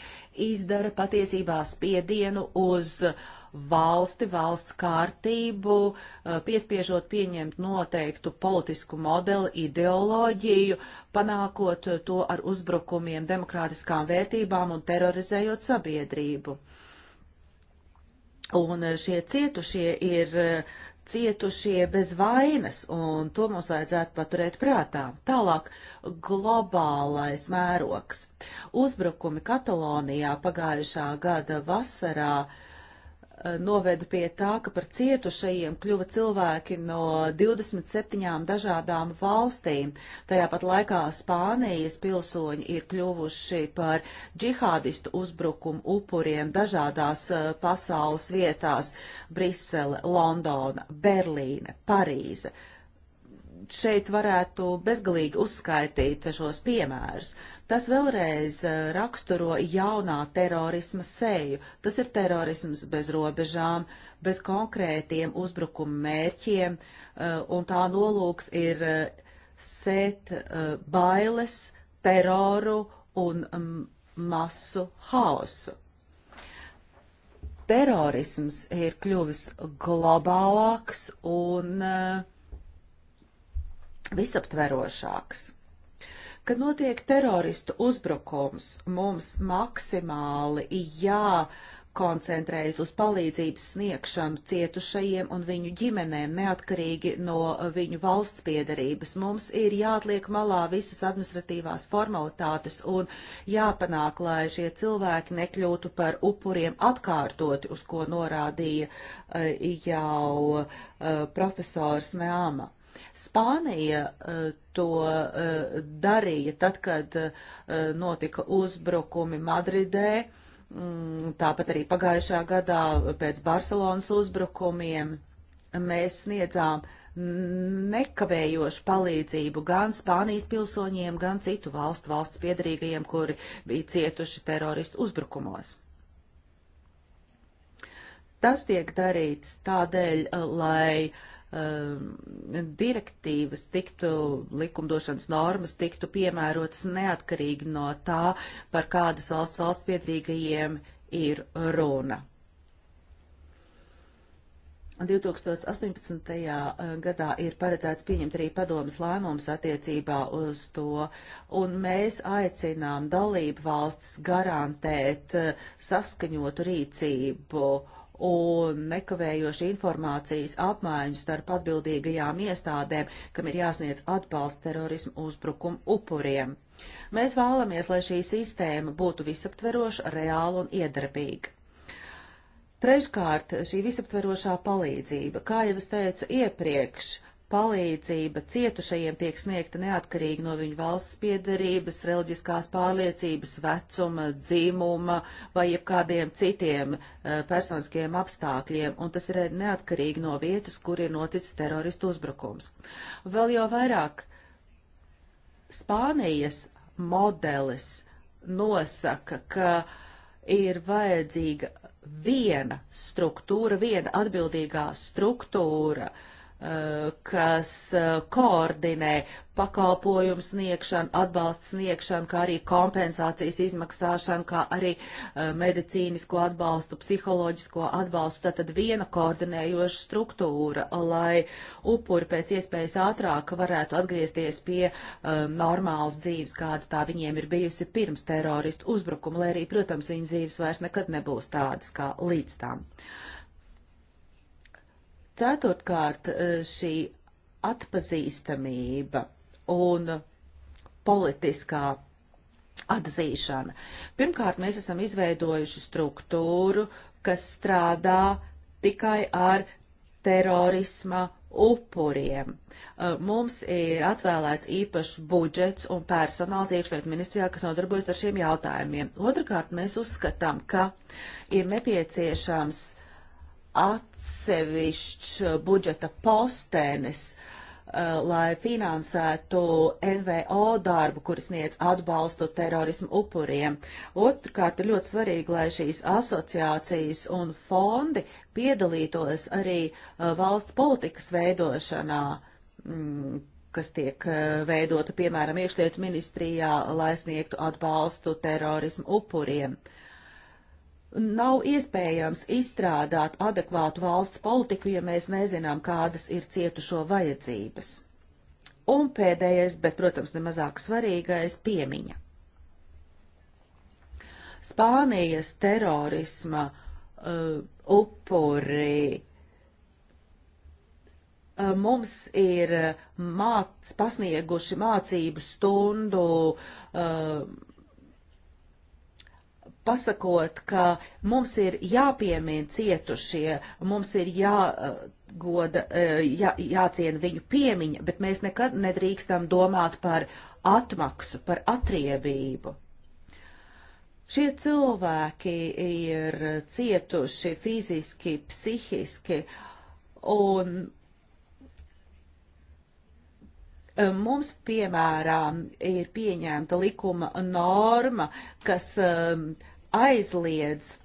izdara patiesībā spiedienu uz uh, valsti, valsts kārtību, eh, piespiežot pieņemt noteiktu politisku modeli, ideoloģiju, panākot to ar uzbrukumiem demokrātiskām vērtībām un terorizējot sabiedrību. Un eh, šie cietušie ir eh, cietušie bez vainas, un to mums vajadzētu paturēt prātā. Tālāk globālais mērogs. Uzbrukumi Katalonijā pagājušā gada vasarā uh, Eh, noveda pie tā, ka par cietušajiem kļuva cilvēki no 27 dažādām valstīm. Tajā pat laikā Spānijas pilsoņi ir kļuvuši par džihādistu uzbrukumu upuriem dažādās eh, pasaules vietās - Brisele, Londona, Berlīne, Parīze. Šeit varētu bezgalīgi uzskaitīt šos piemērus. Tas vēlreiz eh, raksturo jaunā terorisma seju. Tas ir terorisms bez robežām, bez konkrētiem uzbrukuma mērķiem, eh, un tā nolūks ir eh, sēt bailes, teroru un mm, masu haosu. Terorisms ir kļuvis globālāks un visaptverošāks. Kad notiek teroristu uzbrukums, mums maksimāli jā koncentrējas uz palīdzības sniegšanu cietušajiem un viņu ģimenēm, neatkarīgi no viņu valsts piedarības. Mums ir jāatliek malā visas administratīvās formalitātes un jāpanāk, lai šie cilvēki nekļūtu par upuriem atkārtoti, uz ko norādīja eh, jau eh, profesors Neama. Spānija e, to e, darīja tad, kad e, notika uzbrukumi Madridē, mm, tāpat arī pagājušā gadā pēc Barcelonas uzbrukumiem mēs sniedzām nekavējošu palīdzību gan Spānijas pilsoņiem, gan citu valstu valsts piedarīgajiem, kuri bija cietuši teroristu uzbrukumos. Tas tiek darīts tādēļ, lai uh, Um, direktīvas tiktu, likumdošanas normas tiktu piemērotas neatkarīgi no tā, par kādas valsts valsts piedrīgajiem ir runa. 2018. Uh, gadā ir paredzēts pieņemt arī padomas lēmums attiecībā uz to, un mēs aicinām dalību valstis garantēt uh, saskaņotu rīcību uh, un nekavējoši informācijas apmaiņu starp atbildīgajām iestādēm, kam ir jāsniedz atbalsts terorismu uzbrukumu upuriem. Mēs vēlamies, lai šī sistēma būtu visaptveroša, reāla un iedarbīga. Treškārt, šī visaptverošā palīdzība, kā jau es teicu iepriekš, uh, palīdzība cietušajiem tiek sniegta neatkarīgi no viņu valsts piedarības, reliģiskās pārliecības, vecuma, dzimuma vai jebkādiem citiem uh, personiskiem apstākļiem, un tas ir neatkarīgi no vietas, kur ir noticis teroristu uzbrukums. Vēl jau vairāk Spānijas modelis nosaka, ka ir vajadzīga viena struktūra, viena atbildīgā struktūra, uh, Eh, kas eh, koordinē pakalpojumu sniegšanu, atbalstu sniegšanu, kā arī kompensācijas izmaksāšanu, kā arī eh, medicīnisko atbalstu, psiholoģisko atbalstu. Tātad viena koordinējoša struktūra, lai upuri pēc iespējas ātrāk varētu atgriezties pie um, normālas dzīves, kāda tā viņiem ir bijusi pirms teroristu uzbrukuma, lai arī, protams, viņu dzīves vairs nekad nebūs tādas kā līdz tām. Uh, Ceturtkārt, e, šī atpazīstamība un politiskā atzīšana. Pirmkārt, mēs esam izveidojuši struktūru, kas strādā tikai ar terorisma upuriem. E, mums ir atvēlēts īpašs budžets un personāls iekšlietu ministrijā, kas nodarbojas ar šiem jautājumiem. Otrakārt, mēs uzskatām, ka ir nepieciešams atsevišķs uh, budžeta postenis, uh, lai finansētu NVO darbu, kuras sniedz atbalstu terorismu upuriem. Otrkārt, ir ļoti svarīgi, lai šīs asociācijas un fondi piedalītos arī uh, valsts politikas veidošanā mm, kas tiek veidota, piemēram, iekšlietu ministrijā, lai sniegtu atbalstu terorismu upuriem. Uh, nav iespējams izstrādāt adekvātu valsts politiku, ja mēs nezinām, kādas ir cietušo vajadzības. Un pēdējais, bet, protams, nemazāk svarīgais - piemiņa. Spānijas terorisma uh, upuri uh, mums ir uh, māc, pasnieguši mācību stundu uh, pasakot, ka mums ir jāpiemina cietušie, mums ir jāgoda, eh, eh, jā, jāciena viņu piemiņa, bet mēs nekad nedrīkstam domāt par atmaksu, par atriebību. Šie cilvēki ir cietuši fiziski, psihiski, un eh, mums, piemēram, ir pieņemta likuma norma, kas aizliedz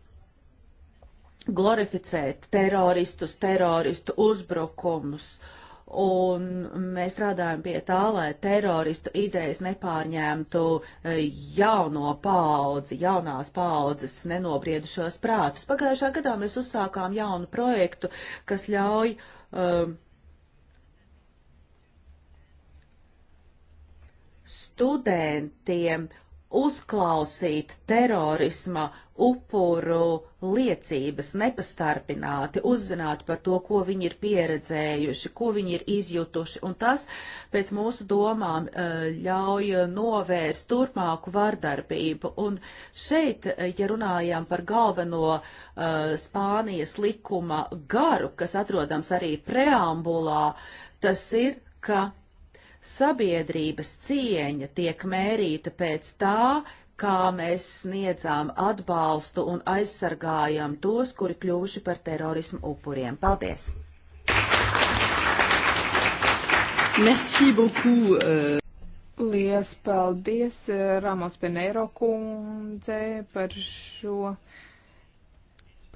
glorificēt teroristus, teroristu uzbrukumus. Un mēs strādājam pie tā, lai teroristu idejas nepārņemtu e, jauno paudzi, jaunās paudzes nenobriedušos prātus. Pagājušā gadā mēs uzsākām jaunu projektu, kas ļauj um, studentiem uh, uzklausīt terorisma upuru liecības nepastarpināti, uzzināt par to, ko viņi ir pieredzējuši, ko viņi ir izjutuši, un tas, pēc mūsu domām, eh, ļauj novērst turpmāku vardarbību. Un šeit, eh, ja runājām par galveno uh, Spānijas likuma garu, kas atrodams arī preambulā, tas ir, ka Sabiedrības cieņa tiek mērīta pēc tā, kā mēs sniedzām atbalstu un aizsargājam tos, kuri kļuvuši par terorismu upuriem. Paldies! Merci beaucoup! Uh... Lies paldies euh, Ramos Peneiro kundze par šo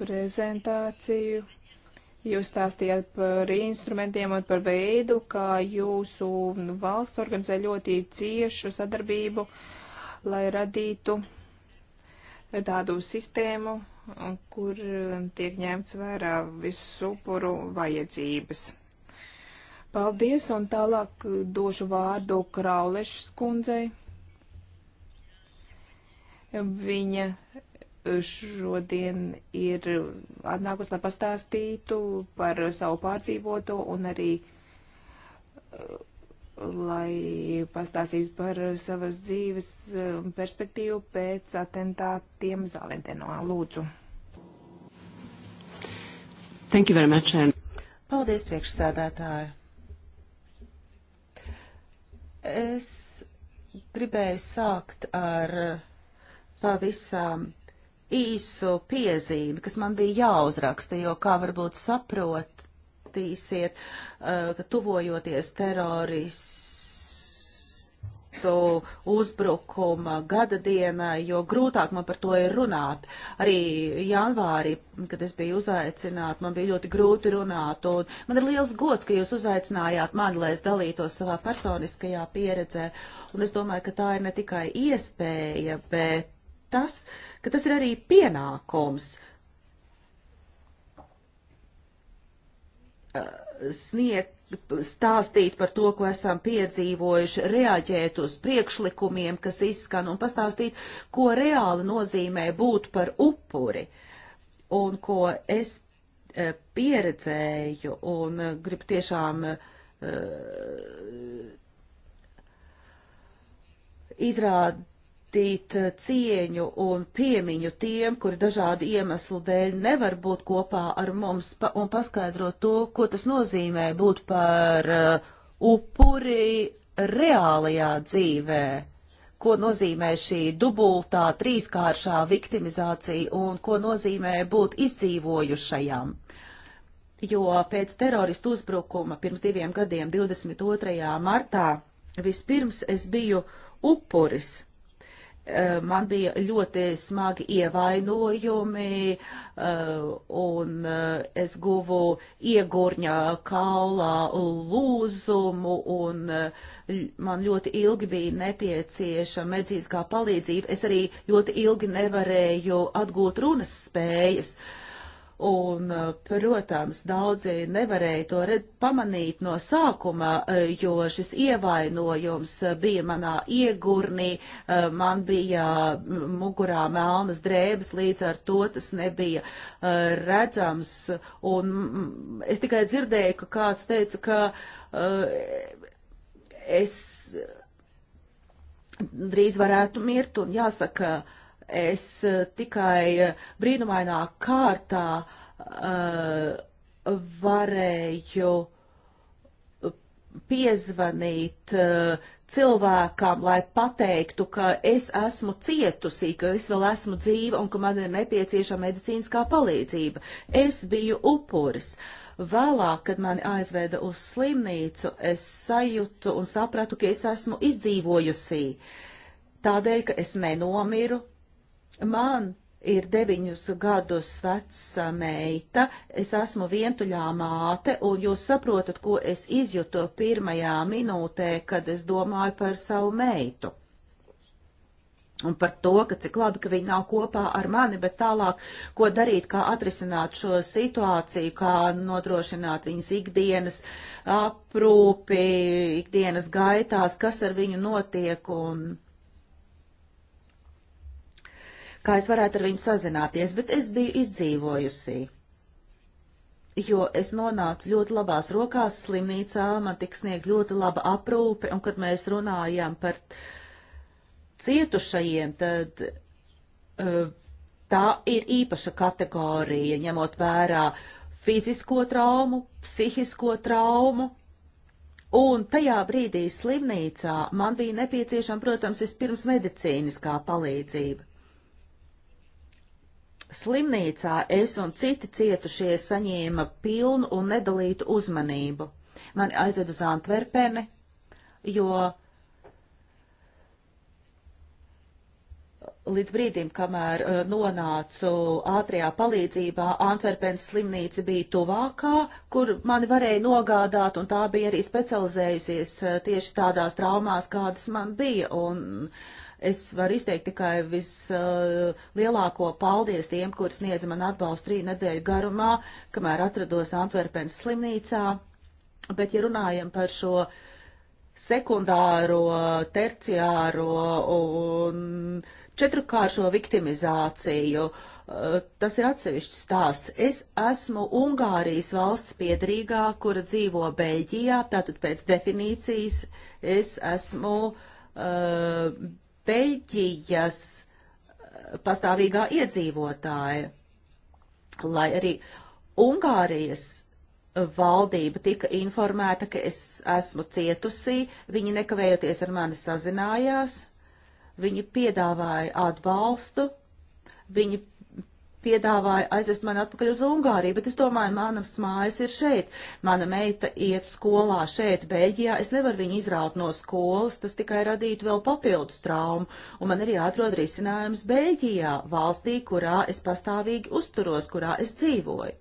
prezentāciju. Jūs stāstījāt par instrumentiem un par veidu, kā jūsu valsts organizē ļoti ciešu sadarbību, lai radītu tādu sistēmu, kur tiek ņemts vērā visu upuru vajadzības. Paldies, un tālāk došu vārdu Kraulešas kundzei. Viņa šodien ir atnākusi, lai pastāstītu par savu pārdzīvoto un arī lai pastāstītu par savas dzīves um, perspektīvu pēc atentātiem Zalentenoā. Lūdzu. Thank you very much. And... Paldies, priekšsēdētāji. Es gribēju sākt ar uh, pavisam īsu piezīmi, kas man bija jāuzraksta, jo, kā varbūt saprotīsiet, eh, ka tuvojoties teroristu uzbrukuma gada dienai, jo grūtāk man par to ir runāt. Arī janvārī, kad es biju uzaicināta, man bija ļoti grūti runāt, un man ir liels gods, ka jūs uzaicinājāt mani, lai es dalītos savā personiskajā pieredzē, un es domāju, ka tā ir ne tikai iespēja, bet tas, ka tas ir arī pienākums uh, sniegt stāstīt par to, ko esam piedzīvojuši, reaģēt uz priekšlikumiem, kas izskan, un pastāstīt, ko reāli nozīmē būt par upuri, un ko es uh, pieredzēju un uh, gribu tiešām uh, izrādīt veltīt eh, cieņu un piemiņu tiem, kuri dažādu iemeslu dēļ nevar būt kopā ar mums pa un paskaidrot to, ko tas nozīmē būt par uh, upuri reālajā dzīvē, ko nozīmē šī dubultā, trīskāršā viktimizācija un ko nozīmē būt izdzīvojušajam. Jo pēc teroristu uzbrukuma pirms diviem gadiem, 22. martā, vispirms es biju upuris Eh, man bija ļoti smagi ievainojumi, eh, un eh, es guvu iegurņā kaulā lūzumu, un man ļoti ilgi bija nepieciešama medicīniskā palīdzība. Es arī ļoti ilgi nevarēju atgūt runas spējas. Uh, Un, eh, protams, daudzi nevarēja to red, pamanīt no sākuma, eh, jo šis ievainojums eh, bija manā iegurnī, man bija mm, mugurā melnas drēbes, līdz ar to tas nebija redzams. Un mm, es tikai dzirdēju, ka kāds teica, ka es drīz varētu mirt, un jāsaka, ka es eh, tikai eh, brīnumainā kārtā uh, varēju piezvanīt uh, cilvēkam, lai pateiktu, ka es esmu cietusī, ka es vēl esmu dzīva un ka man ir nepieciešama medicīniskā palīdzība. Es biju upuris. Vēlāk, kad mani aizveda uz slimnīcu, es sajūtu un sapratu, ka es esmu izdzīvojusī. Tādēļ, ka es nenomiru, Man ir deviņus gadus veca meita, es esmu vientuļā māte, un jūs saprotat, ko es izjūtu pirmajā minūtē, kad es domāju par savu meitu. Un par to, ka cik labi, ka viņi nav kopā ar mani, bet tālāk, ko darīt, kā atrisināt šo situāciju, kā nodrošināt viņas ikdienas aprūpi, ikdienas gaitās, kas ar viņu notiek un kā es varētu ar viņu sazināties, bet es biju izdzīvojusī, jo es nonācu ļoti labās rokās slimnīcā, man tik sniegt ļoti laba aprūpe, un kad mēs runājām par cietušajiem, tad uh, tā ir īpaša kategorija, ņemot vērā fizisko traumu, psihisko traumu, Un tajā brīdī slimnīcā man bija nepieciešama, protams, vispirms medicīniskā palīdzība. Slimnīcā es un citi cietušie saņēma pilnu un nedalītu uzmanību. Mani aizved uz Antverpeni, jo līdz brīdim, kamēr eh, nonācu ātrijā palīdzībā, Antverpens slimnīca bija tuvākā, kur mani varēja nogādāt, un tā bija arī specializējusies eh, tieši tādās traumās, kādas man bija. Un, uh, Es varu izteikt tikai vislielāko paldies tiem, kur sniedz man atbalstu trīs nedēļu garumā, kamēr atrados Antverpenes slimnīcā. Bet, ja runājam par šo sekundāro, terciāro un četrukāršo viktimizāciju, tas ir atsevišķs stāsts. Es esmu Ungārijas valsts piedrīgā, kura dzīvo Beļģijā, tātad pēc definīcijas es esmu uh, Beļģijas eh, pastāvīgā iedzīvotāja, lai arī Ungārijas eh, valdība tika informēta, ka es esmu cietusī, viņi nekavējoties ar mani sazinājās, viņi piedāvāja atbalstu, viņi piedāvāja aizvest mani atpakaļ uz Ungāriju, bet es domāju, manas mājas ir šeit. Mana meita iet skolā šeit, Bēģijā. Es nevaru viņu izraut no skolas, tas tikai radītu vēl papildus traumu. Un man ir jāatrod risinājums Bēģijā, valstī, kurā es pastāvīgi uzturos, kurā es dzīvoju.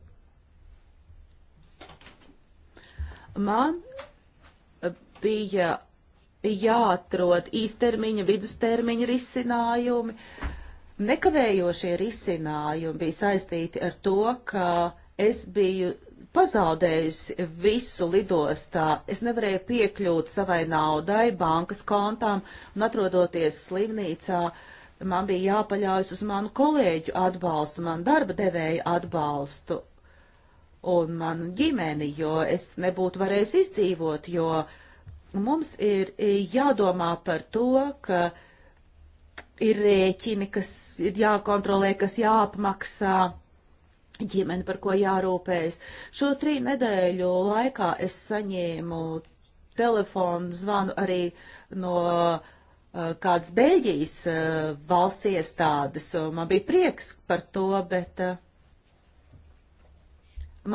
Man eh, bija jāatrod īstermiņa, vidustermiņa risinājumi. Uh, Nekavējošie risinājumi bija saistīti ar to, ka es biju pazaudējusi visu lidostā. Es nevarēju piekļūt savai naudai, bankas kontām un atrodoties slimnīcā. Man bija jāpaļaujas uz manu kolēģu atbalstu, manu darba devēju atbalstu un manu ģimeni, jo es nebūtu varējis izdzīvot, jo mums ir jādomā par to, ka uh, ir rēķini, kas ir jākontrolē, kas jāapmaksā, ģimene, par ko jārūpējas. Šo trīs nedēļu laikā es saņēmu telefonu zvanu arī no uh, kādas Beļģijas uh, valsts iestādes. Man bija prieks par to, bet uh,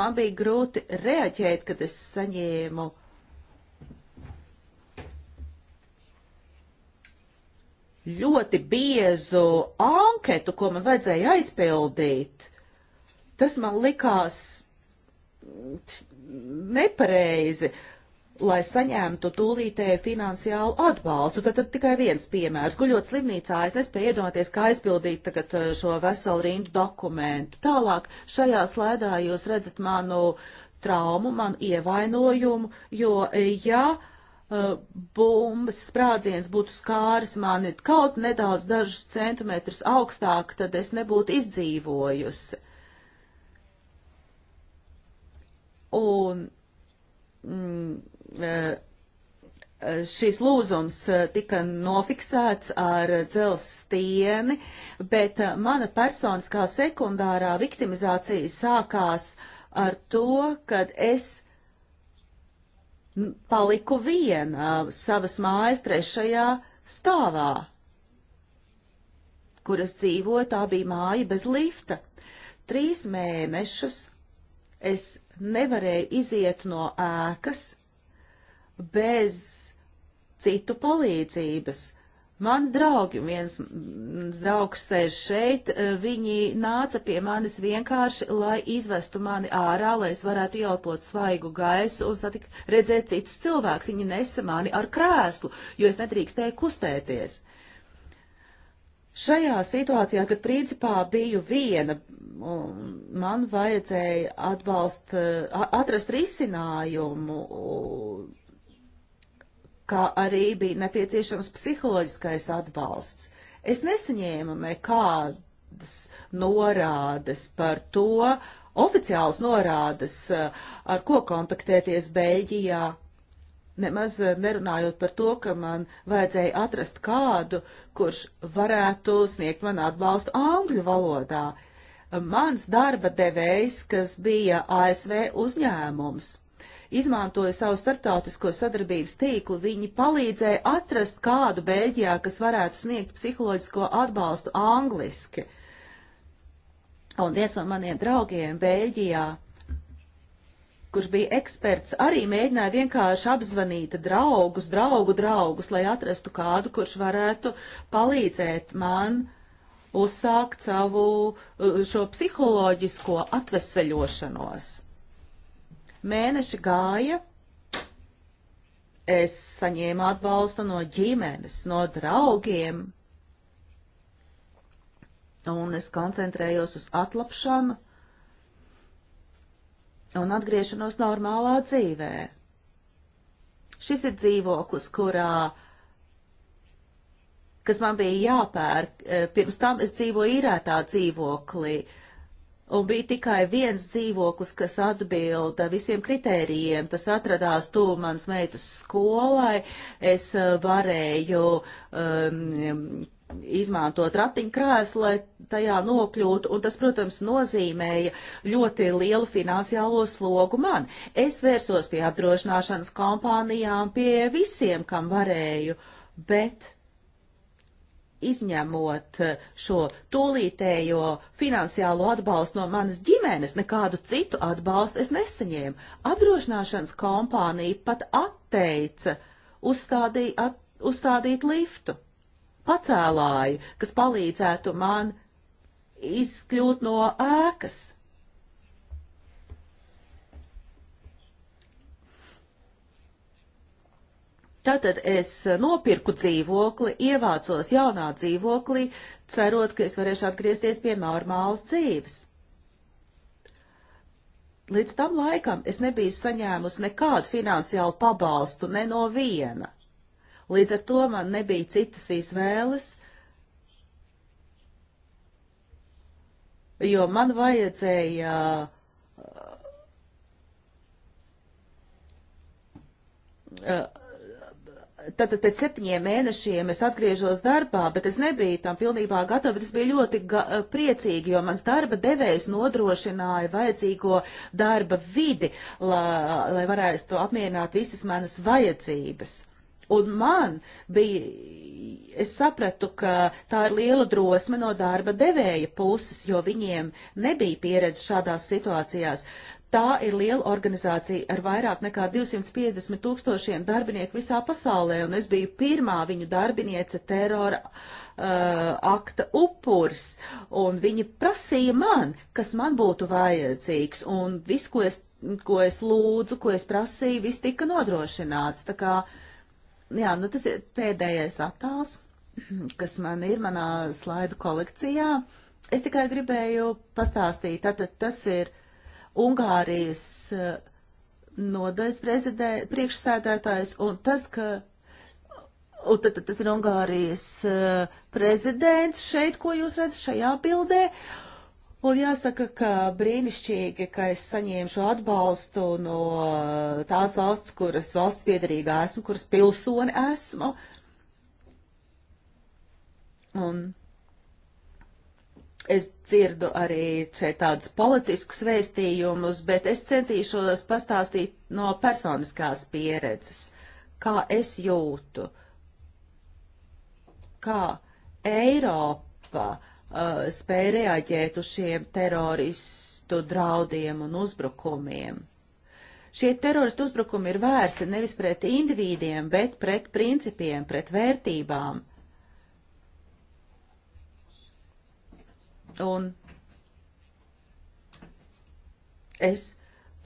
man bija grūti reaģēt, kad es saņēmu ļoti biezu anketu, ko man vajadzēja aizpildīt, tas man likās nepareizi, lai saņemtu tūlītēju finansiālu atbalstu. Tad, tad tikai viens piemērs. Guļot slimnīcā, es nespēju iedomāties, kā aizpildīt tagad eh, šo veselu rindu dokumentu. Tālāk šajā slēdā jūs redzat manu traumu, manu ievainojumu, jo ja. Uh, Uh, bumbas sprādziens būtu skāris mani kaut nedaudz dažus centimetrus augstāk, tad es nebūtu izdzīvojusi. Un mm, uh, šīs lūzums uh, tika nofiksēts ar dzels stieni, bet mana personiskā sekundārā viktimizācija sākās ar to, kad es paliku viena savas mājas trešajā stāvā, kur es dzīvoju, tā bija māja bez lifta. Trīs mēnešus es nevarēju iziet no ēkas bez citu palīdzības. Man draugi, viens draugs sēž šeit, e, viņi nāca pie manis vienkārši, lai izvestu mani ārā, lai es varētu ielpot svaigu gaisu un satikt, redzēt citus cilvēkus. Viņi nesa mani ar krēslu, jo es nedrīkstēju kustēties. Šajā situācijā, kad principā biju viena, man vajadzēja atbalst, e, atrast risinājumu kā arī bija nepieciešams psiholoģiskais atbalsts. Es nesaņēmu nekādas norādes par to, oficiāls norādes, ar ko kontaktēties Beļģijā, nemaz nerunājot par to, ka man vajadzēja atrast kādu, kurš varētu sniegt man atbalstu angļu valodā. Mans darba devējs, kas bija ASV uzņēmums, izmantoja savu starptautisko sadarbības tīklu, viņi palīdzēja atrast kādu Beļģijā, kas varētu sniegt psiholoģisko atbalstu angliski. Un viens no maniem draugiem Beļģijā, kurš bija eksperts, arī mēģināja vienkārši apzvanīt draugus, draugu draugus, lai atrastu kādu, kurš varētu palīdzēt man uzsākt savu uh, šo psiholoģisko atveseļošanos. Mēneši gāja, es saņēmu atbalstu no ģimenes, no draugiem, un es koncentrējos uz atlapšanu un atgriešanos normālā dzīvē. Šis ir dzīvoklis, kurā, kas man bija jāpērk, eh, pirms tam es dzīvoju īrētā dzīvoklī, uh, un bija tikai viens dzīvoklis, kas atbilda visiem kritērijiem. Tas atradās tuvu manas meitas skolai. Es eh, varēju um, izmantot ratiņkrēslu, lai tajā nokļūtu, un tas, protams, nozīmēja ļoti lielu finansiālo slogu man. Es vērsos pie apdrošināšanas kompānijām, pie visiem, kam varēju, bet izņemot eh, šo tūlītējo finansiālo atbalstu no manas ģimenes, nekādu citu atbalstu es nesaņēmu. Apdrošināšanas kompānija pat atteica uzstādī, at, uzstādīt liftu, pacēlāju, kas palīdzētu man izkļūt no ēkas. Tātad es nopirku dzīvokli, ievācos jaunā dzīvoklī, cerot, ka es varēšu atgriezties pie normālas dzīves. Līdz tam laikam es nebiju saņēmusi nekādu finansiālu pabalstu, ne no viena. Līdz ar to man nebija citas izvēles, jo man vajadzēja uh, uh, Tātad pēc septiņiem mēnešiem es atgriežos darbā, bet es nebiju tam pilnībā gatava, bet es biju ļoti eh, priecīgi, jo mans darba devējs nodrošināja vajadzīgo darba vidi, lai, lai varētu apmierināt visas manas vajadzības. Un man bija, es sapratu, ka tā ir liela drosme no darba devēja puses, jo viņiem nebija pieredze šādās situācijās. Uh, Tā ir liela organizācija ar vairāk nekā 250 tūkstošiem darbinieku visā pasaulē, un es biju pirmā viņu darbiniece terora uh, akta upurs, un viņi prasīja man, kas man būtu vajadzīgs, un viss, ko es, ko es lūdzu, ko es prasīju, viss tika nodrošināts. Tā kā, jā, nu tas ir pēdējais attēls, kas man ir manā slaidu kolekcijā. Es tikai gribēju pastāstīt, tātad tas ir Ungārijas eh, nodaļas priekšsēdētājs, un tas, ka un tad, tad tas ir Ungārijas eh, prezidents šeit, ko jūs redzat šajā bildē. Un jāsaka, ka brīnišķīgi, ka es saņēmu šo atbalstu no eh, tās valsts, kuras valsts piedarīgā esmu, kuras pilsoni esmu. Un Es dzirdu arī šeit tādus politiskus vēstījumus, bet es centīšos pastāstīt no personiskās pieredzes, kā es jūtu, kā Eiropa uh, spēja reaģēt uz šiem teroristu draudiem un uzbrukumiem. Šie teroristu uzbrukumi ir vērsti nevis pret indivīdiem, bet pret principiem, pret vērtībām Un es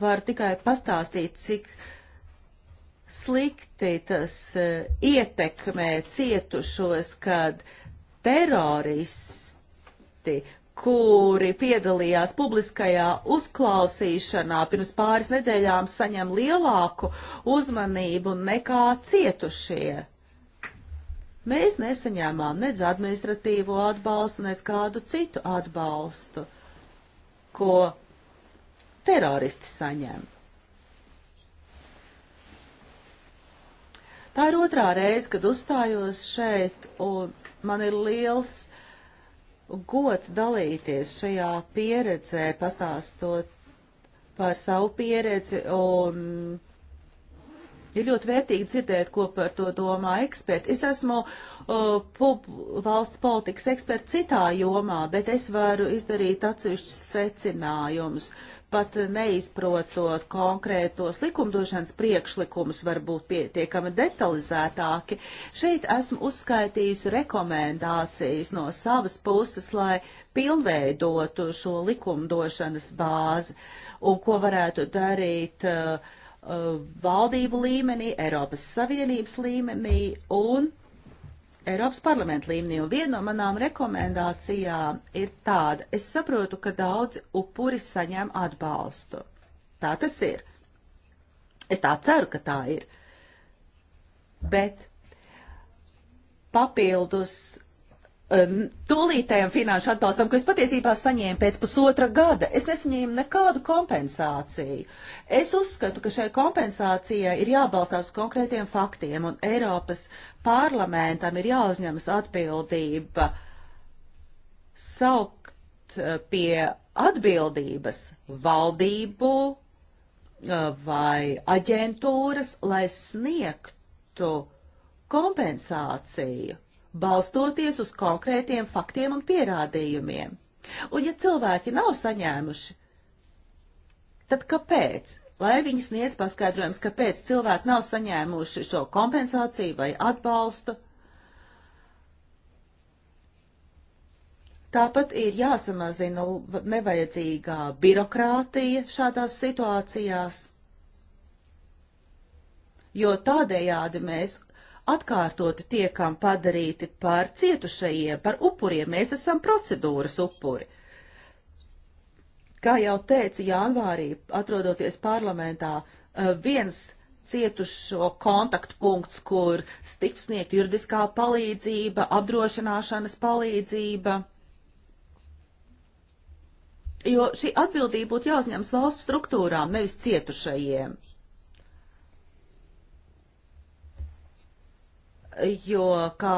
varu tikai pastāstīt, cik slikti tas eh, ietekmē cietušos, kad teroristi kuri piedalījās publiskajā uzklausīšanā pirms pāris nedēļām, saņem lielāku uzmanību nekā cietušie. Mēs nesaņēmām nedz administratīvo atbalstu, nedz kādu citu atbalstu, ko teroristi saņem. Tā ir otrā reize, kad uzstājos šeit, un man ir liels gods dalīties šajā pieredzē, pastāstot par savu pieredzi un Ir ļoti vērtīgi dzirdēt, ko par to domā eksperti. Es esmu uh, pub, valsts politikas eksperts citā jomā, bet es varu izdarīt atsevišķus secinājumus. Pat neizprotot konkrētos likumdošanas priekšlikumus, varbūt pietiekami detalizētāki. Šeit esmu uzskaitījusi rekomendācijas no savas puses, lai pilnveidotu šo likumdošanas bāzi un ko varētu darīt uh, Uh, valdību līmenī, Eiropas Savienības līmenī un Eiropas parlamenta līmenī. Un viena no manām rekomendācijām ir tāda, es saprotu, ka daudzi upuri saņem atbalstu. Tā tas ir. Es tā ceru, ka tā ir. Bet papildus um, tūlītējam finanšu atbalstam, ko es patiesībā saņēmu pēc pusotra gada. Es nesaņēmu nekādu kompensāciju. Es uzskatu, ka šai kompensācijai ir jābalstās uz konkrētiem faktiem, un Eiropas parlamentam ir jāuzņemas atbildība saukt uh, pie atbildības valdību uh, vai aģentūras, lai sniegtu kompensāciju balstoties uz konkrētiem faktiem un pierādījumiem. Un ja cilvēki nav saņēmuši, tad kāpēc? Lai viņi sniedz paskaidrojums, kāpēc cilvēki nav saņēmuši šo kompensāciju vai atbalstu. Tāpat ir jāsamazina nevajadzīgā birokrātija šādās situācijās, jo tādējādi mēs atkārtoti tiekam padarīti par cietušajiem, par upuriem. Mēs esam procedūras upuri. Kā jau teicu, janvārī, atrodoties parlamentā, eh, viens cietušo kontaktpunkts, kur tiks sniegt juridiskā palīdzība, apdrošināšanas palīdzība. Jo šī atbildība būtu jāuzņemas valsts struktūrām, nevis cietušajiem. jo kā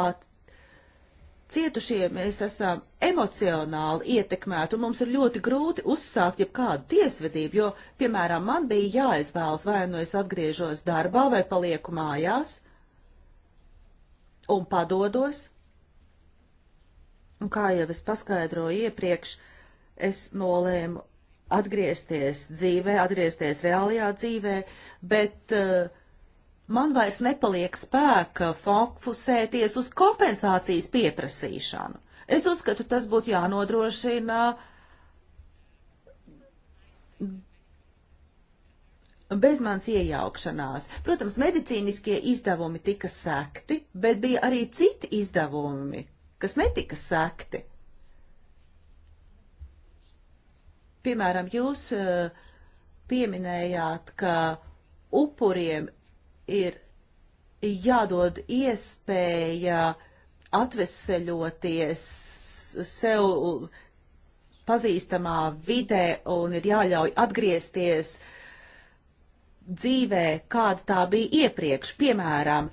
cietušie mēs esam emocionāli ietekmēti, un mums ir ļoti grūti uzsākt jebkādu tiesvedību, jo, piemēram, man bija jāizvēlas, vai nu es atgriežos darbā, vai palieku mājās un padodos. Un kā jau es paskaidroju iepriekš, es nolēmu atgriezties dzīvē, atgriezties reālajā dzīvē, bet uh, man vairs nepaliek spēka fokusēties uz kompensācijas pieprasīšanu. Es uzskatu, tas būtu jānodrošina bez mans iejaukšanās. Protams, medicīniskie izdevumi tika sekti, bet bija arī citi izdevumi, kas netika sekti. Piemēram, jūs eh, pieminējāt, ka upuriem ir jādod iespēja atveseļoties sev pazīstamā vidē un ir jāļauj atgriezties dzīvē, kāda tā bija iepriekš. Piemēram,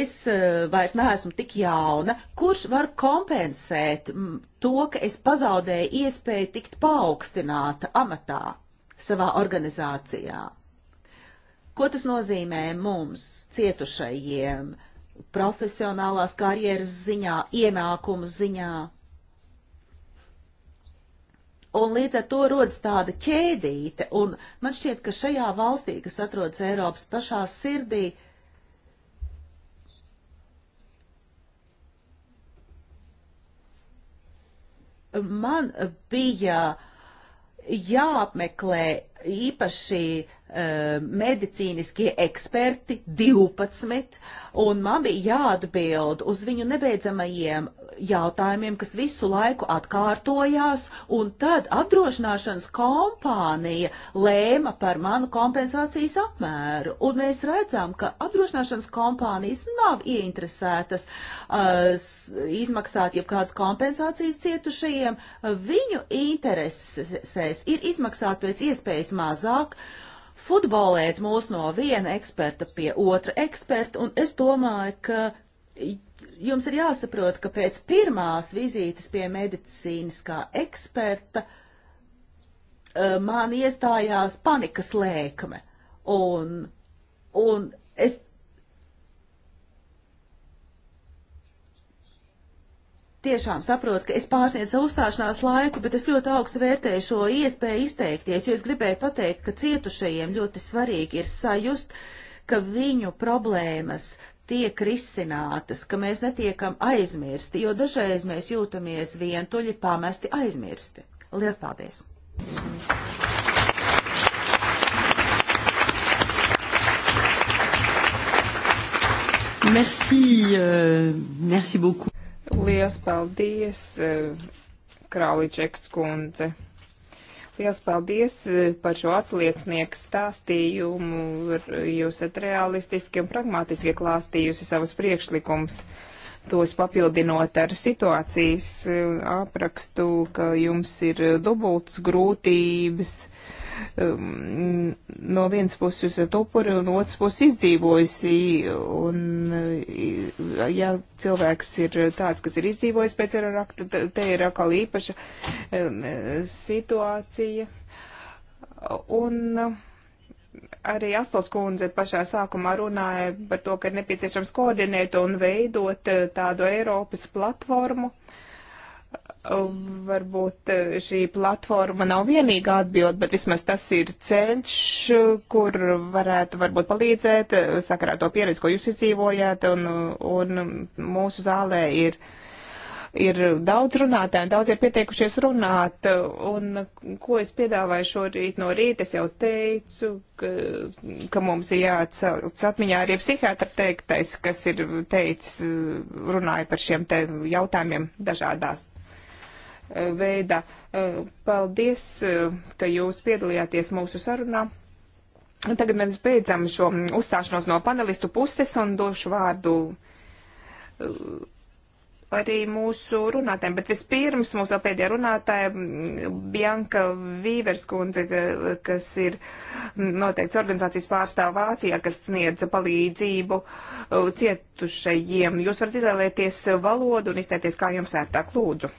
es eh, vairs neesmu tik jauna, kurš var kompensēt mm, to, ka es pazaudēju iespēju tikt paaugstināta amatā savā organizācijā. Ko tas nozīmē mums, cietušajiem, profesionālās karjeras ziņā, ienākumu ziņā? Un līdz ar to rodas tāda ķēdīte, un man šķiet, ka šajā valstī, kas atrodas Eiropas pašā sirdī, man bija jāapmeklē īpaši uh, medicīniskie eksperti, 12, un man bija jāatbild uz viņu nebeidzamajiem jautājumiem, kas visu laiku atkārtojās, un tad apdrošināšanas kompānija lēma par manu kompensācijas apmēru. Un mēs redzam, ka apdrošināšanas kompānijas nav ieinteresētas uh, izmaksāt jebkādas kompensācijas cietušajiem. Viņu interesēs ir izmaksāt pēc iespējas mazāk, futbolēt mūs no viena eksperta pie otra eksperta, un es domāju, ka jums ir jāsaprot, ka pēc pirmās vizītes pie medicīniskā eksperta eh, man iestājās panikas lēkme. Un, un es tiešām saprotu, ka es pārsniedzu savu uzstāšanās laiku, bet es ļoti augstu vērtēju šo iespēju izteikties, jo es gribēju pateikt, ka cietušajiem ļoti svarīgi ir sajust, ka viņu problēmas tiek risinātas, ka mēs netiekam aizmirsti, jo dažreiz mēs jūtamies vientuļi pamesti aizmirsti. Lielas paldies! Merci, uh, merci beaucoup. Lielas paldies, uh, Krauličeks kundze. Liels paldies e, par šo atsliecnieku stāstījumu. Jūs esat realistiski un pragmatiski klāstījusi savus priekšlikumus. Uh, tos papildinot ar situācijas eh, aprakstu, ka jums ir dubultas grūtības. Um, no vienas puses jūs esat upuri, un otras puses izdzīvojusi. Un, eh, ja cilvēks ir tāds, kas ir izdzīvojis pēc erorakta, tad te ir atkal īpaša eh, situācija. Un, arī Astos kundze pašā sākumā runāja par to, ka ir nepieciešams koordinēt un veidot eh, tādu Eiropas platformu. Varbūt eh, šī platforma nav vienīgā atbild, bet vismaz tas ir ceļš, kur varētu varbūt palīdzēt, eh, sakarā to pieredzi, ko jūs izdzīvojāt, un, un mūsu zālē ir uh, ir daudz runātāju, daudz ir pieteikušies runāt, un ko es piedāvāju šorīt no rīta, es jau teicu, ka, ka mums ir jāatcauc atmiņā arī psihiatra teiktais, kas ir teicis, runāja par šiem te jautājumiem dažādās e, veidā. E, paldies, e, ka jūs piedalījāties mūsu sarunā. Un tagad mēs beidzam šo uzstāšanos no panelistu puses un došu vārdu arī mūsu runātājiem, bet vispirms mūsu pēdējā runātāja Bianka Vīverskundze, kas ir noteikts organizācijas pārstāv Vācijā, kas sniedz palīdzību cietušajiem. Jūs varat izvēlēties valodu un izteikties, kā jums ērtāk lūdzu.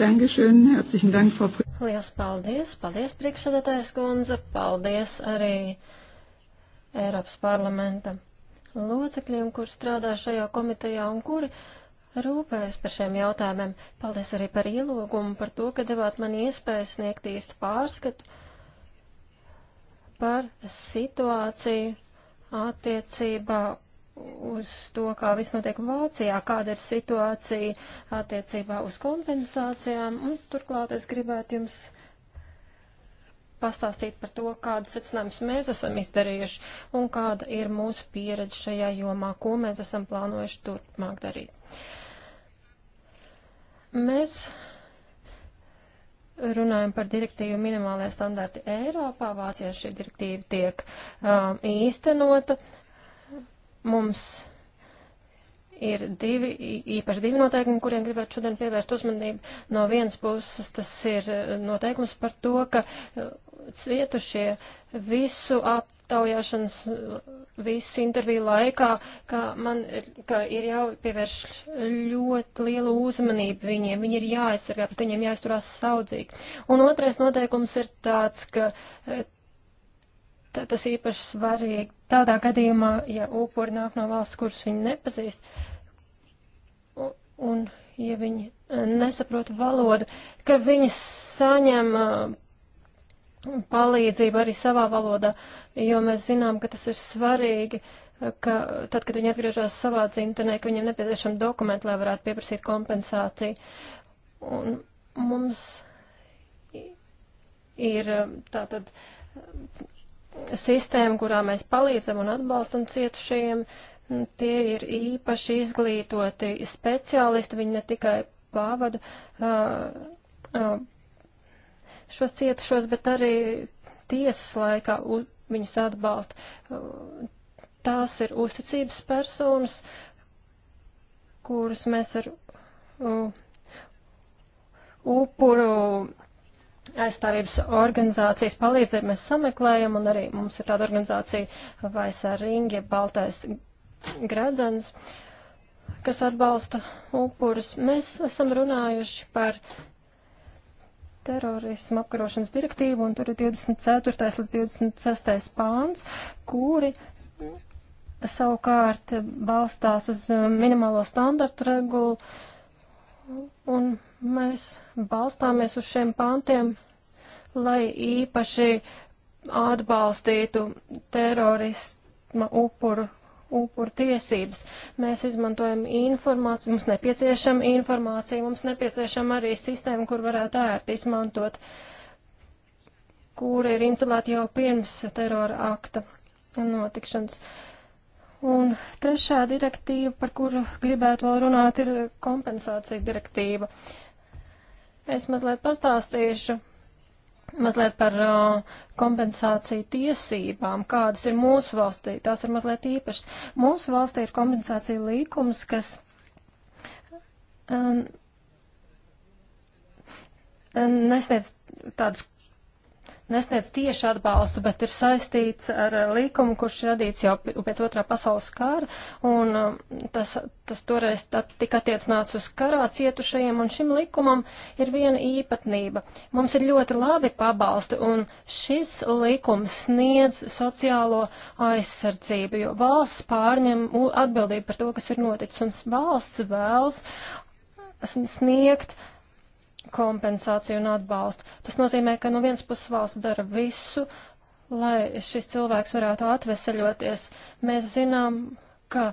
Dankeschön, herzlichen Dank, Frau Liels paldies, paldies priekšsēdētājs Gonza, paldies arī Eiropas parlamentam locekļiem, kur strādā šajā komitejā un kuri rūpējas par šiem jautājumiem. Paldies arī par ielūgumu, par to, ka devāt man iespēju sniegt īstu pārskatu par situāciju attiecībā uz to, kā viss notiek Vācijā, kāda ir situācija attiecībā uz kompensācijām. Un turklāt es gribētu jums pastāstīt par to, kādu secinājumus mēs esam izdarījuši un kāda ir mūsu pieredze šajā jomā, ko mēs esam plānojuši turpmāk darīt. Mēs runājam par direktīvu minimālajā standarti Eiropā. Vācijā šī direktīva tiek um, īstenota. Mums ir divi, īpaši divi noteikumi, kuriem gribētu šodien pievērst uzmanību. No vienas puses tas ir eh, noteikums par to, ka eh, cietušie visu aptaujāšanas, visu interviju laikā, ka man ka ir jau pievērš ļoti lielu uzmanību viņiem, viņi ir jāaizsargā, pret viņiem jāizturās saudzīgi. Un otrais noteikums ir tāds, ka eh, tas īpaši svarīgi tādā gadījumā, ja upuri nāk no valsts, kuras viņi nepazīst, un, un ja viņi e, nesaprot valodu, ka viņi saņem e, palīdzību arī savā valodā, jo mēs zinām, ka tas ir svarīgi, e, ka tad, kad viņi atgriežas savā dzimtenē, ka viņiem nepieciešama dokumenta, lai varētu pieprasīt kompensāciju. Un mums ir tātad sistēma, kurā mēs palīdzam un atbalstam cietušajiem, mm, tie ir īpaši izglītoti speciālisti, viņi ne tikai pavada šos cietušos, bet arī tiesas laikā viņus atbalsta. Tās ir uzticības personas, kuras mēs ar upuru aizstāvības organizācijas palīdzību mēs sameklējam, un arī mums ir tāda organizācija Vaisā Ringi, Baltais Gradzens, kas atbalsta upurus. Mēs esam runājuši par terorismu apkarošanas direktīvu, un tur ir 24. līdz 26. pāns, kuri savukārt balstās uz minimālo standartu regulu, un Mēs balstāmies uz šiem pantiem, lai īpaši atbalstītu terorisma upuru upuru tiesības. Mēs izmantojam informāciju, mums nepieciešama informācija, mums nepieciešama arī sistēma, kur varētu ērti izmantot, kura ir instalēta jau pirms terora akta notikšanas. Un trešā direktīva, par kuru gribētu vēl runāt, ir kompensācija direktīva. Uh, Es mazliet pastāstīšu mazliet par uh, kompensāciju tiesībām, kādas ir mūsu valstī. Tās ir mazliet īpašas. Mūsu valstī ir kompensācija līkums, kas um, nesniedz tādus nesniedz tieši atbalstu, bet ir saistīts ar eh, līkumu, kurš ir radīts jau pēc otrā pasaules kara, un eh, tas, tas toreiz tika attiecināts uz karā cietušajiem, un šim likumam ir viena īpatnība. Mums ir ļoti labi pabalsti, un šis likums sniedz sociālo aizsardzību, jo valsts pārņem atbildību par to, kas ir noticis, un valsts vēlas sniegt uh, kompensāciju un atbalstu. Tas nozīmē, ka no nu, vienas puses valsts dara visu, lai šis cilvēks varētu atveseļoties. Mēs zinām, ka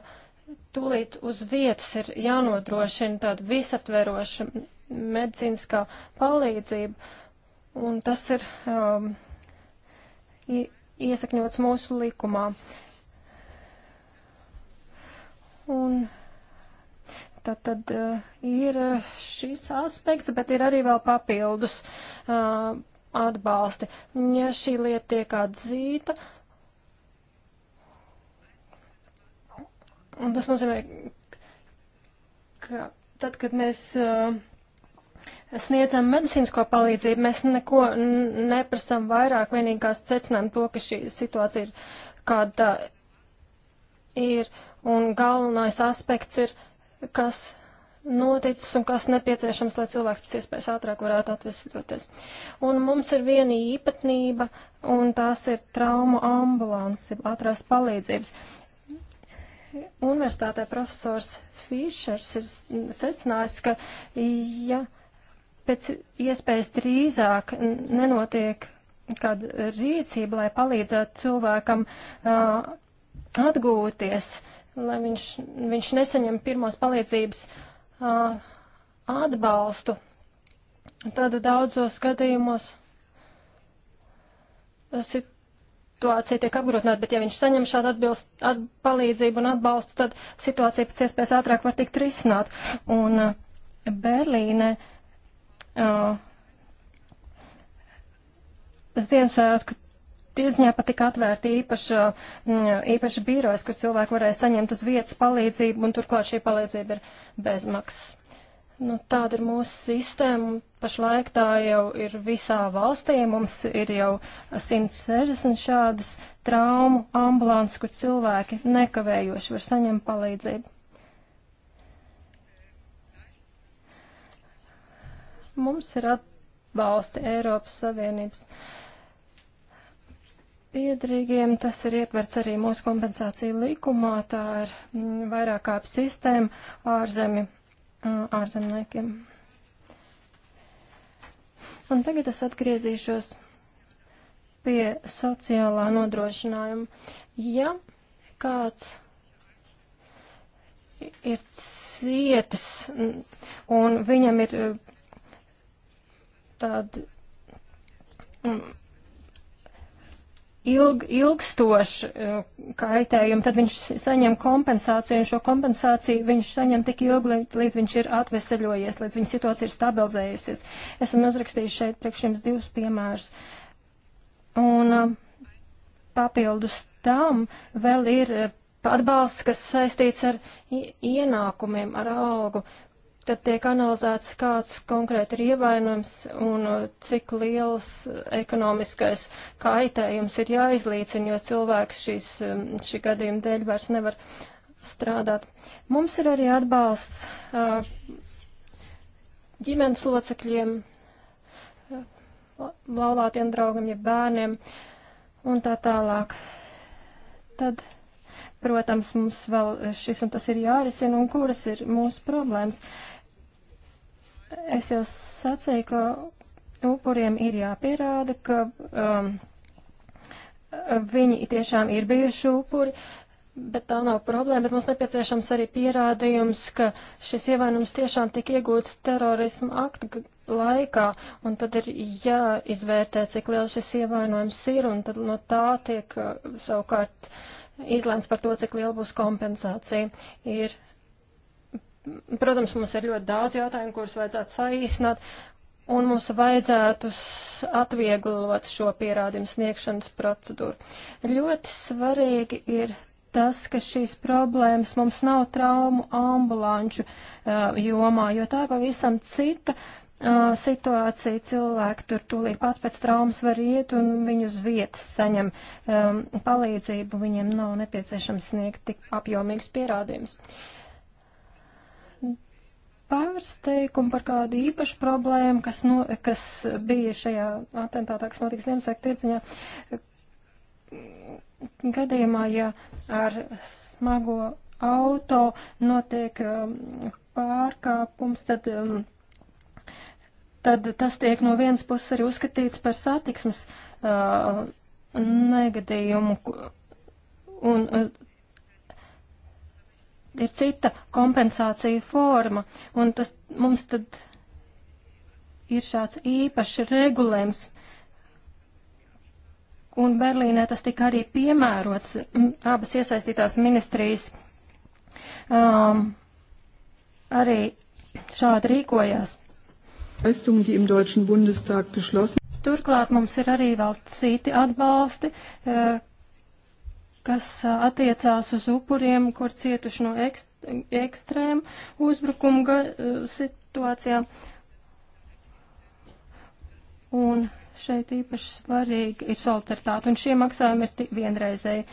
tūlīt uz vietas ir jānodrošina tāda visatveroša medicīniskā palīdzība, un tas ir um, iesakņots mūsu likumā. Un Tad, tad eh, ir eh, šis aspekts, bet ir arī vēl papildus uh, atbalsti. Ja šī lieta tiek atzīta, un tas nozīmē, ka tad, kad mēs uh, sniedzam medicīnisko palīdzību, mēs neko neprasam vairāk, vienīgās secinām to, ka šī situācija ir kāda ir, un galvenais aspekts ir kas noticis un kas nepieciešams, lai cilvēks pēc iespējas ātrāk varētu atvesļoties. Un mums ir viena īpatnība, un tās ir traumu ambulansi, ātrās palīdzības. Universitātē profesors Fišers ir secinājis, ka ja pēc iespējas drīzāk nenotiek kāda rīcība, lai palīdzētu cilvēkam uh, atgūties, uh, lai viņš, viņš nesaņem pirmās palīdzības uh, atbalstu. Tad daudzos gadījumos situācija tiek apgrūtināta, bet ja viņš saņem šādu atbilst, at, palīdzību un atbalstu, tad situācija pēc iespējas ātrāk var tikt risināt. Un uh, Berlīne uh, Ziemassvētku Tiesņā patika atvērta īpaša, īpaša birojas, kur cilvēki varēja saņemt uz vietas palīdzību, un turklāt šī palīdzība ir bezmaksas. Nu, tāda ir mūsu sistēma. Pašlaik tā jau ir visā valstī. Mums ir jau 160 šādas traumu ambulances, kur cilvēki nekavējoši var saņemt palīdzību. Mums ir atbalsti Eiropas Savienības. Uh, piedrīgiem. Tas ir ietverts arī mūsu kompensācija likumā. Tā ir mm, vairāk kāp sistēma ārzemi, mm, ārzemniekiem. Un tagad es atgriezīšos pie sociālā nodrošinājuma. Ja kāds ir cietis mm, un viņam ir tāda ilg, ilgstoši eh, kaitējumi, tad viņš saņem kompensāciju, un šo kompensāciju viņš saņem tik ilgi, līdz viņš ir atveseļojies, līdz viņa situācija ir stabilizējusies. Esam uzrakstījis šeit priekš jums divus piemērus. Un eh, papildus tam vēl ir eh, atbalsts, kas saistīts ar ienākumiem, ar algu tad tiek analizēts, kāds konkrēti ir ievainojums un uh, cik liels ekonomiskais kaitējums ir jāizlīdzina, jo cilvēks šīs, um, šī gadījuma dēļ vairs nevar strādāt. Mums ir arī atbalsts uh, ģimenes locekļiem, uh, laulātiem draugiem, ja bērniem un tā tālāk. Tad Protams, mums vēl šis un tas ir jārisina, un kuras ir mūsu problēmas. Es jau sacīju, ka upuriem ir jāpierāda, ka um, viņi tiešām ir bijuši upuri, bet tā nav problēma, bet mums nepieciešams arī pierādījums, ka šis ievainums tiešām tika iegūts terorismu aktu laikā, un tad ir jāizvērtē, cik liels šis ievainojums ir, un tad no tā tiek uh, savukārt. Uh, izlēms par to, cik liela būs kompensācija. Ir, protams, mums ir ļoti daudz jautājumu, kurus vajadzētu saīsināt, un mums vajadzētu atvieglot šo pierādījumu sniegšanas procedūru. Ļoti svarīgi ir tas, ka šīs problēmas mums nav traumu ambulanču uh, jomā, jo tā pavisam cita uh, situācija. Cilvēki tur tūlīt pat pēc traumas var iet un viņi uz vietas saņem um, palīdzību. Viņiem nav nepieciešams sniegt tik apjomīgs pierādījums. Pārsteigumu par kādu īpašu problēmu, kas, no, kas bija šajā atentātā, kas notika Ziemassvētku tirdziņā, gadījumā, ja ar smago auto notiek um, pārkāpums, tad um, tad tas tiek no vienas puses arī uzskatīts par satiksmes uh, negadījumu. Un, uh, ir cita kompensācija forma, un tas mums tad ir šāds īpašs regulējums. Un Berlīnē tas tika arī piemērots abas iesaistītās ministrijas. Um, arī šādi rīkojās. Leistungen, die im Deutschen Bundestag beschlossen. Turklāt mums ir arī vēl citi atbalsti, eh, kas eh, attiecās uz upuriem, kur cietuši no ekstrēmu uzbrukumu eh, situācijām. Un šeit īpaši svarīgi ir solidaritāte, un šie maksājumi ir vienreizēji.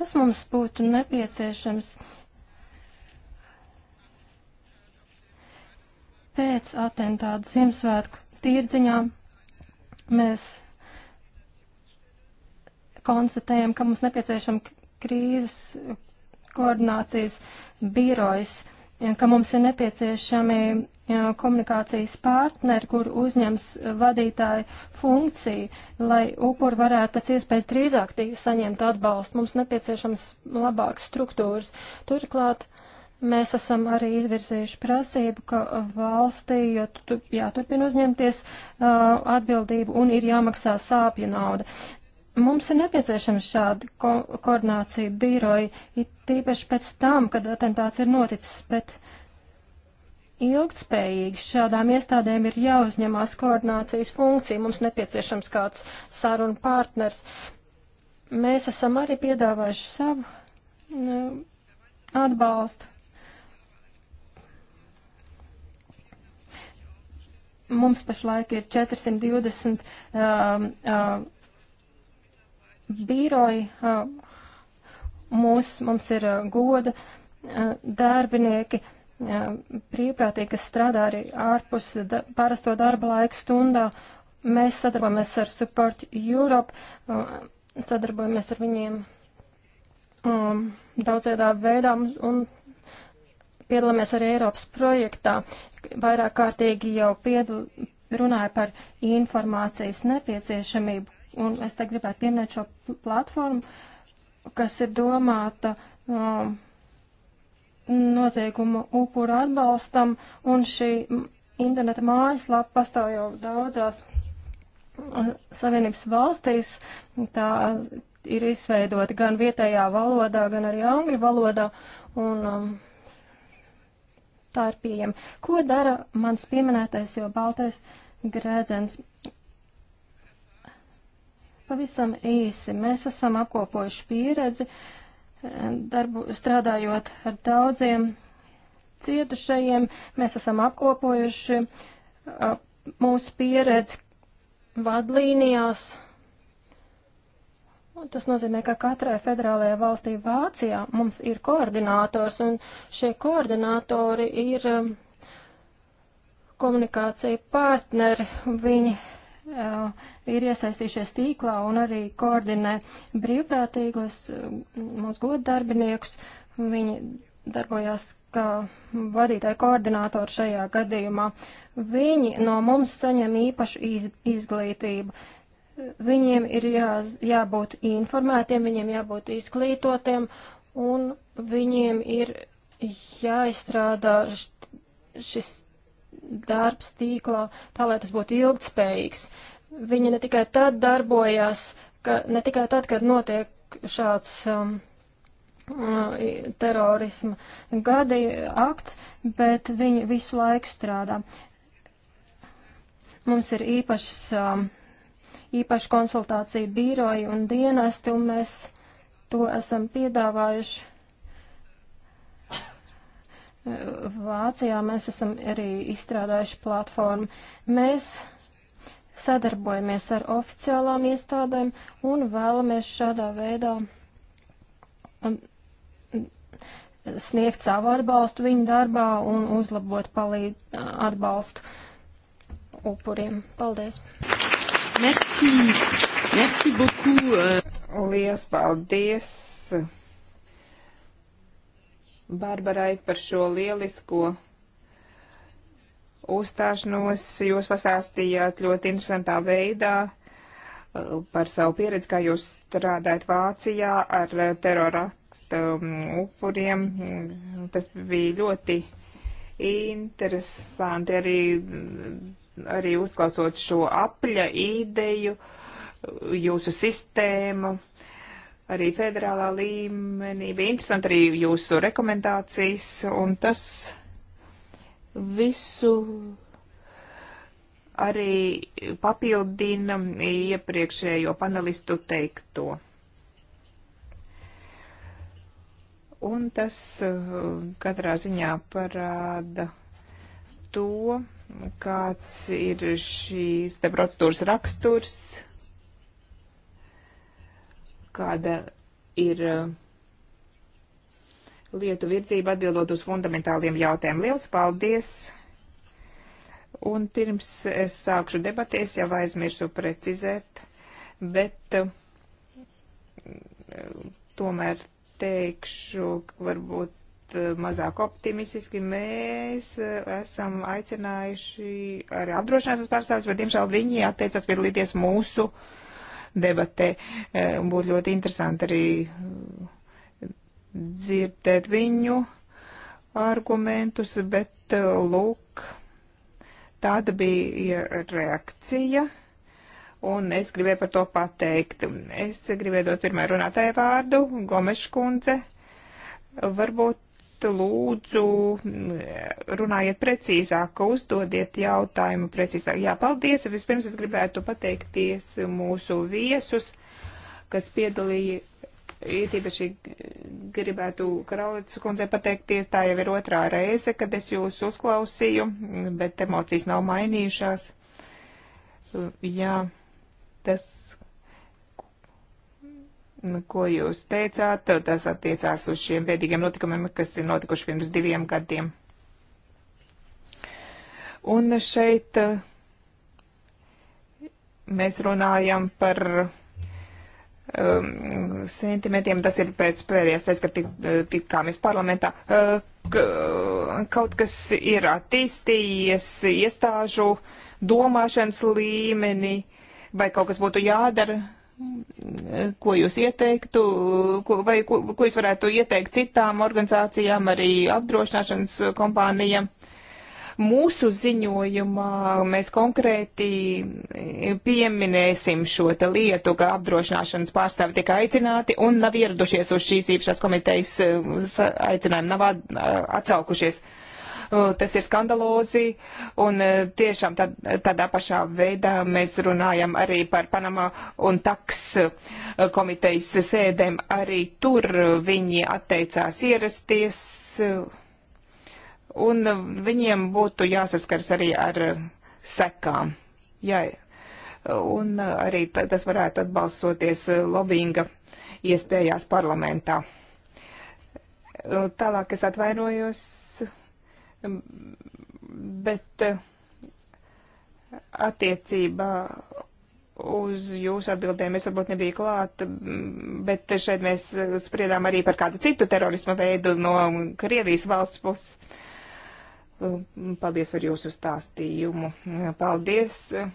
Kas mums būtu nepieciešams? pēc atentāta Ziemassvētku tirdziņā mēs konstatējam, ka mums nepieciešama krīzes koordinācijas birojas, ka mums ir nepieciešami komunikācijas partneri, kur uzņems vadītāju funkciju, lai upuri varētu pēc iespējas drīzāk saņemt atbalstu. Mums nepieciešams labākas struktūras. Turklāt Mēs esam arī izvirzījuši prasību, ka valstī tu, jāturpina uzņemties uh, atbildību un ir jāmaksā sāpju nauda. Mums ir nepieciešama šāda ko koordinācija biroja, it tīpaši pēc tam, kad atentāts ir noticis, bet ilgtspējīgi šādām iestādēm ir jāuzņemās koordinācijas funkcija. Mums nepieciešams kāds sarunu partners. Mēs esam arī piedāvājuši savu. Uh, atbalstu. mums pašlaik ir 420 uh, um, uh, bīroji, uh, mūs, mums ir uh, goda uh, darbinieki, uh, brīvprātīgi, kas strādā arī ārpus da parasto darba laiku stundā. Mēs sadarbojamies ar Support Europe, uh, sadarbojamies ar viņiem um, daudzēdā veidā un piedalāmies arī Eiropas projektā, vairāk kārtīgi jau piedal, runāja par informācijas nepieciešamību, un es te gribētu pieminēt šo platformu, kas ir domāta um, noziegumu upuru atbalstam, un šī interneta mājaslapa pastāv jau daudzās uh, Savienības valstīs. Tā uh, ir izveidota gan vietējā valodā, gan arī angļu valodā, un um, tā ir pieejama. Ko dara mans pieminētais, jo baltais grēdzens? Pavisam īsi. Mēs esam apkopojuši pieredzi, darbu, strādājot ar daudziem cietušajiem. Mēs esam apkopojuši mūsu pieredzi vadlīnijās Un tas nozīmē, ka katrai federālajai valstī Vācijā mums ir koordinators, un šie koordinatori ir um, komunikācija partneri. Viņi uh, ir iesaistījušies tīklā un arī koordinē brīvprātīgos um, mūsu goddarbiniekus. Viņi darbojās kā vadītāji koordinātori šajā gadījumā. Viņi no mums saņem īpašu iz, izglītību. Uh, Viņiem ir jā, jābūt informētiem, viņiem jābūt izglītotiem un viņiem ir jāizstrādā šis darbs tīklā tā, lai tas būtu ilgtspējīgs. Viņi ne tikai tad darbojās, ka, ne tikai tad, kad notiek šāds um, uh, terorisma gadi akts, bet viņi visu laiku strādā. Mums ir īpašs um, īpaši konsultāciju bīroji un dienesti, un mēs to esam piedāvājuši. Vācijā mēs esam arī izstrādājuši platformu. Mēs sadarbojamies ar oficiālām iestādēm un vēlamies šādā veidā um, sniegt savu atbalstu viņu darbā un uzlabot palīdz atbalstu upuriem. Paldies! Merci. Merci beaucoup. Euh. Lielas paldies Barbarai par šo lielisko uzstāšanos. Jūs pasāstījāt ļoti interesantā veidā uh, par savu pieredzi, kā jūs strādājat Vācijā ar terorakstu um, upuriem. Tas bija ļoti interesanti arī arī uzklausot šo apļa ideju, jūsu sistēmu, arī federālā līmenī. Bija interesanti arī jūsu rekomendācijas, un tas visu arī papildina iepriekšējo panelistu teikto. Un tas eh, katrā ziņā parāda to, kāds ir šīs te procedūras raksturs, kāda ir uh, lietu virzība atbildot uz fundamentāliem jautājumiem. Liels paldies! Un pirms es sākšu debati, es jau aizmirsu precizēt, bet uh, tomēr teikšu, varbūt Eh, mazāk optimistiski. Mēs eh, esam aicinājuši arī apdrošināšanas pārstāvis, bet, diemžēl, viņi atteicās piedalīties mūsu debatē. Eh, būtu ļoti interesanti arī dzirdēt viņu argumentus, bet, lūk, tāda bija reakcija. Un es gribēju par to pateikt. Es gribēju dot pirmai runātāju vārdu, Gomeškundze. Varbūt lūdzu runājiet precīzāk, uzdodiet jautājumu precīzāk. Jā, paldies. Vispirms es gribētu pateikties mūsu viesus, kas piedalīja. Ietīpaši gribētu Karalītas kundzei pateikties, tā jau ir otrā reize, kad es jūs uzklausīju, bet emocijas nav mainījušās. Jā, tas, Nu, ko jūs teicāt, tas attiecās uz šiem bēdīgiem notikumiem, kas ir notikuši pirms diviem gadiem. Un šeit eh, mēs runājam par um, sentimentiem, tas ir pēc pēdējās reizes, kad tik, eh, tikāmies parlamentā. Eh, kaut kas ir attīstījies iestāžu domāšanas līmeni, vai kaut kas būtu jādara ko jūs ieteiktu, ko, vai ko, ko jūs varētu ieteikt citām organizācijām, arī apdrošināšanas kompānijām? Mūsu ziņojumā mēs konkrēti pieminēsim šo lietu, ka apdrošināšanas pārstāvi tiek aicināti un nav ieradušies uz šīs īpašās komitejas eh, aicinājumu, nav atcelkušies. Uh, Uh, tas ir skandalozi, un uh, tiešām tad, tādā pašā veidā mēs runājam arī par Panamā un taks uh, komitejas sēdēm. Arī tur viņi atteicās ierasties, un viņiem būtu jāsaskars arī ar sekām. Jā, un arī tas varētu atbalstoties lobbyinga iespējās parlamentā. Tālāk es atvainojos bet eh, attiecībā uz jūsu atbildēm es varbūt nebiju klāt, bet šeit mēs spriedām arī par kādu citu terorisma veidu no Krievijas valsts puses. Paldies par jūsu stāstījumu. Paldies eh,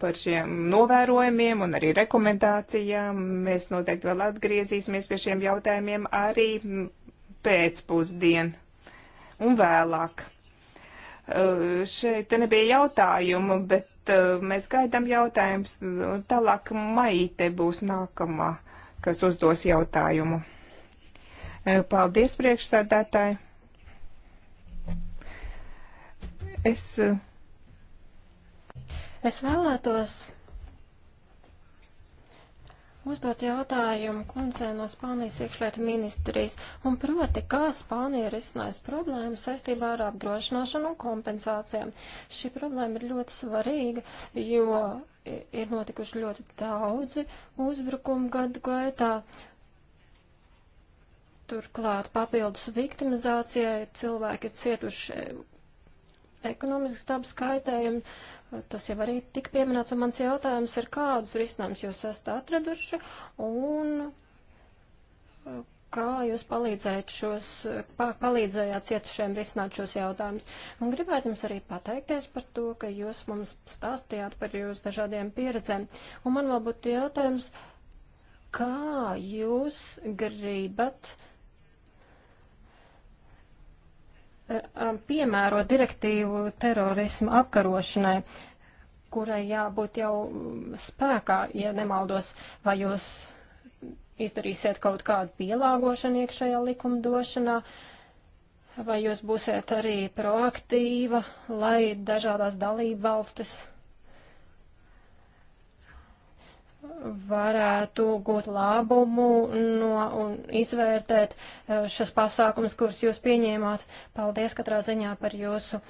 par šiem novērojumiem un arī rekomendācijām. Mēs noteikti vēl atgriezīsimies pie šiem jautājumiem arī pēcpusdien un vēlāk. Uh, šeit nebija jautājumu, bet uh, mēs gaidām jautājumus. Tālāk maīte būs nākamā, kas uzdos jautājumu. Uh, paldies, priekšsēdētāji. Es, es vēlētos uzdot jautājumu kundzē no Spānijas iekšlietu ministrijas, un proti, kā Spānija ir izsnājusi problēmu saistībā ar apdrošināšanu un kompensācijām. Šī problēma ir ļoti svarīga, jo ir notikuši ļoti daudzi uzbrukumu gadu gaitā. Turklāt papildus viktimizācijai cilvēki ir cietuši ekonomiskas dabas kaitējumi, Tas jau arī tik pieminēts, un mans jautājums ir, kādus risinājumus jūs esat atraduši, un uh, kā jūs palīdzējāt šos, palīdzējāt cietušiem risināt šos jautājumus. Un gribētu jums arī pateikties par to, ka jūs mums stāstījāt par jūsu dažādiem pieredzēm. Un man vēl būtu jautājums, kā jūs gribat uh, Um, piemēro direktīvu terorismu apkarošanai, kurai jābūt jau spēkā, ja nemaldos, vai jūs izdarīsiet kaut kādu pielāgošanu iekšējā likumdošanā, vai jūs būsiet arī proaktīva, lai dažādās dalība valstis varētu gūt labumu no, un izvērtēt eh, šas pasākumus, kurus jūs pieņēmāt. Paldies katrā ziņā par jūsu eh,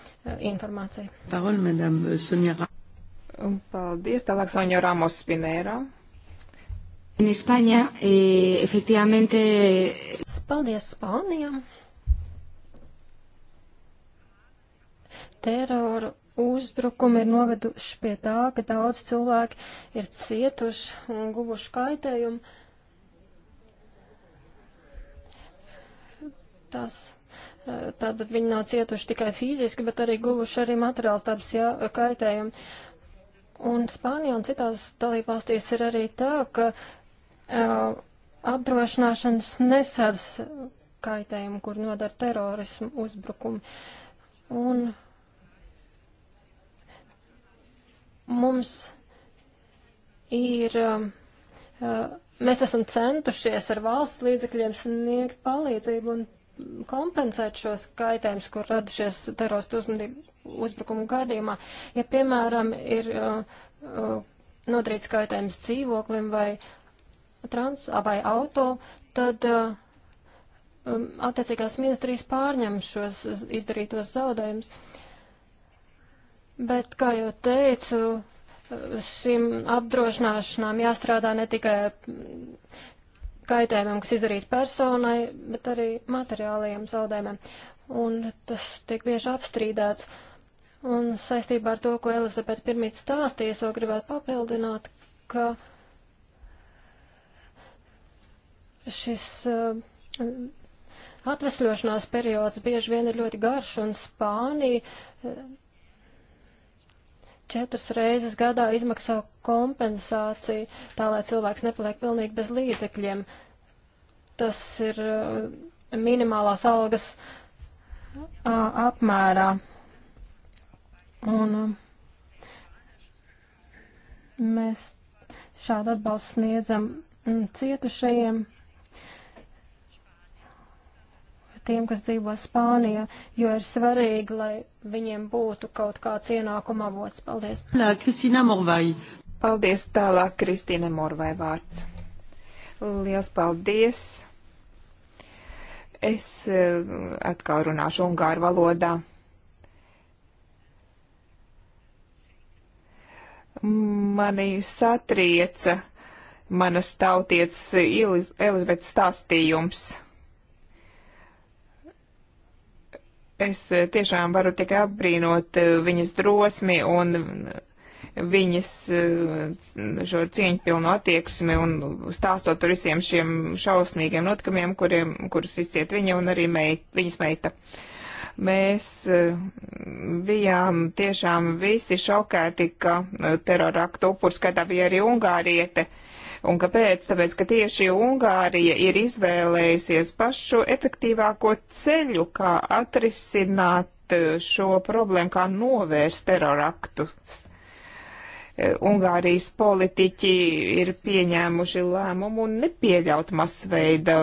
informāciju. Euh, paldies, tālāk Soņa Ramos Spinēra. En España, eh, efectivamente. Paldies, Spānijam. Teroru uzbrukumi ir noveduši pie tā, ka daudz cilvēki ir cietuši un guvuši kaitējumu. Tas, tātad viņi nav cietuši tikai fiziski, bet arī guvuši arī materiāls tādas kaitējumu. Un Spānija un citās dalībvalstīs ir arī tā, ka uh, apdrošināšanas nesēdz kaitējumu, kur nodara terorismu uzbrukumu. Un Mums ir, um, uh, mēs esam centušies ar valsts līdzekļiem sniegt palīdzību un kompensēt šos kaitējumus, kur radušies teroristu uzbrukumu gadījumā. Ja, piemēram, ir uh, uh, nodarīts kaitējums dzīvoklim vai trans vai auto, tad uh, um, attiecīgās ministrijas pārņem šos izdarītos zaudējumus. Bet, kā jau teicu, šīm apdrošināšanām jāstrādā ne tikai kaitējumiem, kas izdarīti personai, bet arī materiālajiem zaudējumiem. Un tas tiek bieži apstrīdēts. Un saistībā ar to, ko Elizabete pirmīt stāstīja, es vēl gribētu papildināt, ka šis uh, atvesļošanās periods bieži vien ir ļoti garš, un Spānija uh, četras reizes gadā izmaksā kompensāciju, tā lai cilvēks nepaliek pilnīgi bez līdzekļiem. Tas ir uh, minimālās algas uh, apmērā. Un uh, mēs šādu atbalstu sniedzam mm, cietušajiem tiem, kas dzīvo Spānijā, jo ir svarīgi, lai viņiem būtu kaut kāds ienākuma avots. Paldies! Lā, Kristīna Morvai. Paldies tālāk, Kristīna Morvai vārds. Liels paldies! Es eh, atkal runāšu ungāru valodā. Mani satrieca manas tautietes Elizabetes stāstījums. Es eh, tiešām varu tikai apbrīnot eh, viņas drosmi un eh, viņas šo cieņpilnu attieksmi un stāstot par visiem šiem šausmīgiem notikumiem, kuriem, kurus izciet viņa un arī meit, viņas meita. Mēs bijām tiešām visi šokēti, ka teroraktu upur skatā bija arī Ungāriete. Uh, Un kāpēc? Tāpēc, ka tieši Ungārija ir izvēlējusies pašu efektīvāko ceļu, kā atrisināt eh, šo problēmu, kā novērst teroraktus. Ungārijas politiķi ir pieņēmuši lēmumu nepieļaut masveida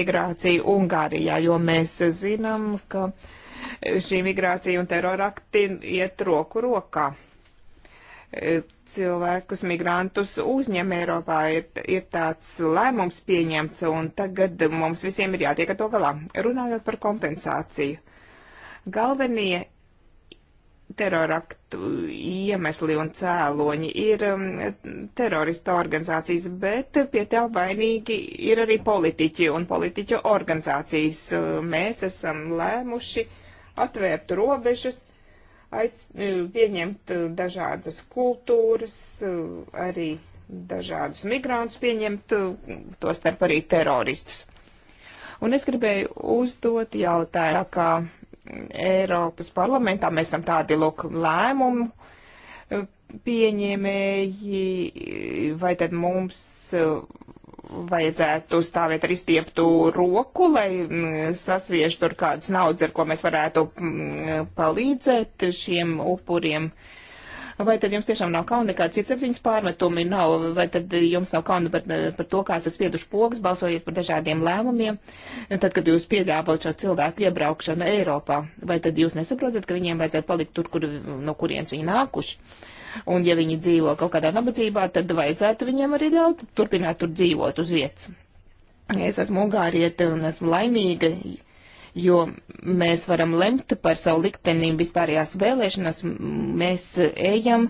migrāciju Ungārijā, jo mēs zinām, ka šī migrācija un terorakti iet roku rokā cilvēkus, migrantus uzņem Eiropā. Ir, ir tāds lēmums pieņemts, un tagad mums visiem ir jātiek ar to galā. Runājot par kompensāciju. Galvenie teroraktu iemesli un cēloņi ir um, terorista organizācijas, bet pie tev vainīgi ir arī politiķi un politiķu organizācijas. Mēs esam lēmuši atvērt robežas aic, e, pieņemt e, dažādas kultūras, e, arī dažādus migrantus pieņemt, to starp arī teroristus. Un es gribēju uzdot jautājumu, kā Eiropas parlamentā mēs esam tādi lūk lēmumu pieņēmēji, vai tad mums vajadzētu stāvēt ar izstieptu roku, lai mm, sasviežtu ar kādas naudas, ar ko mēs varētu mm, palīdzēt šiem upuriem. Vai tad jums tiešām nav kauna, nekāds cits apziņas pārmetumi nav, vai tad jums nav kauna par, par to, kā esat spieduši pogas, balsojot par dažādiem lēmumiem, tad, kad jūs piedāvājat šo cilvēku iebraukšanu Eiropā, vai tad jūs nesaprotat, ka viņiem vajadzētu palikt tur, kur, no kurienes viņi nākuši? Uh, Un ja viņi dzīvo kaut kādā nabadzībā, tad vajadzētu viņiem arī ļaut turpināt tur dzīvot uz vietas. Es esmu Ungārieta un esmu laimīga, jo mēs varam lemt par savu likteni vispārējās vēlēšanas. Mēs ejam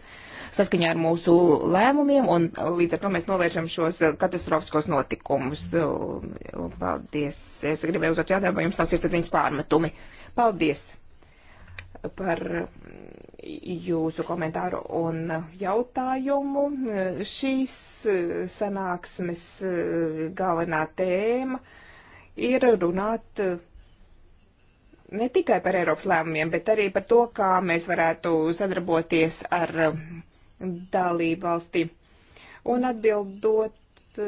saskaņā ar mūsu lēmumiem, un līdz ar to mēs novēršam šos katastrofiskos notikumus. Paldies. Es gribēju uzdot jautājumu, vai jums nav sirdsapziņas pārmetumi. Paldies par jūsu komentāru un jautājumu. Šīs sanāksmes galvenā tēma ir runāt ne tikai par Eiropas lēmumiem, bet arī par to, kā mēs varētu sadarboties ar dalību valsti. Un atbildot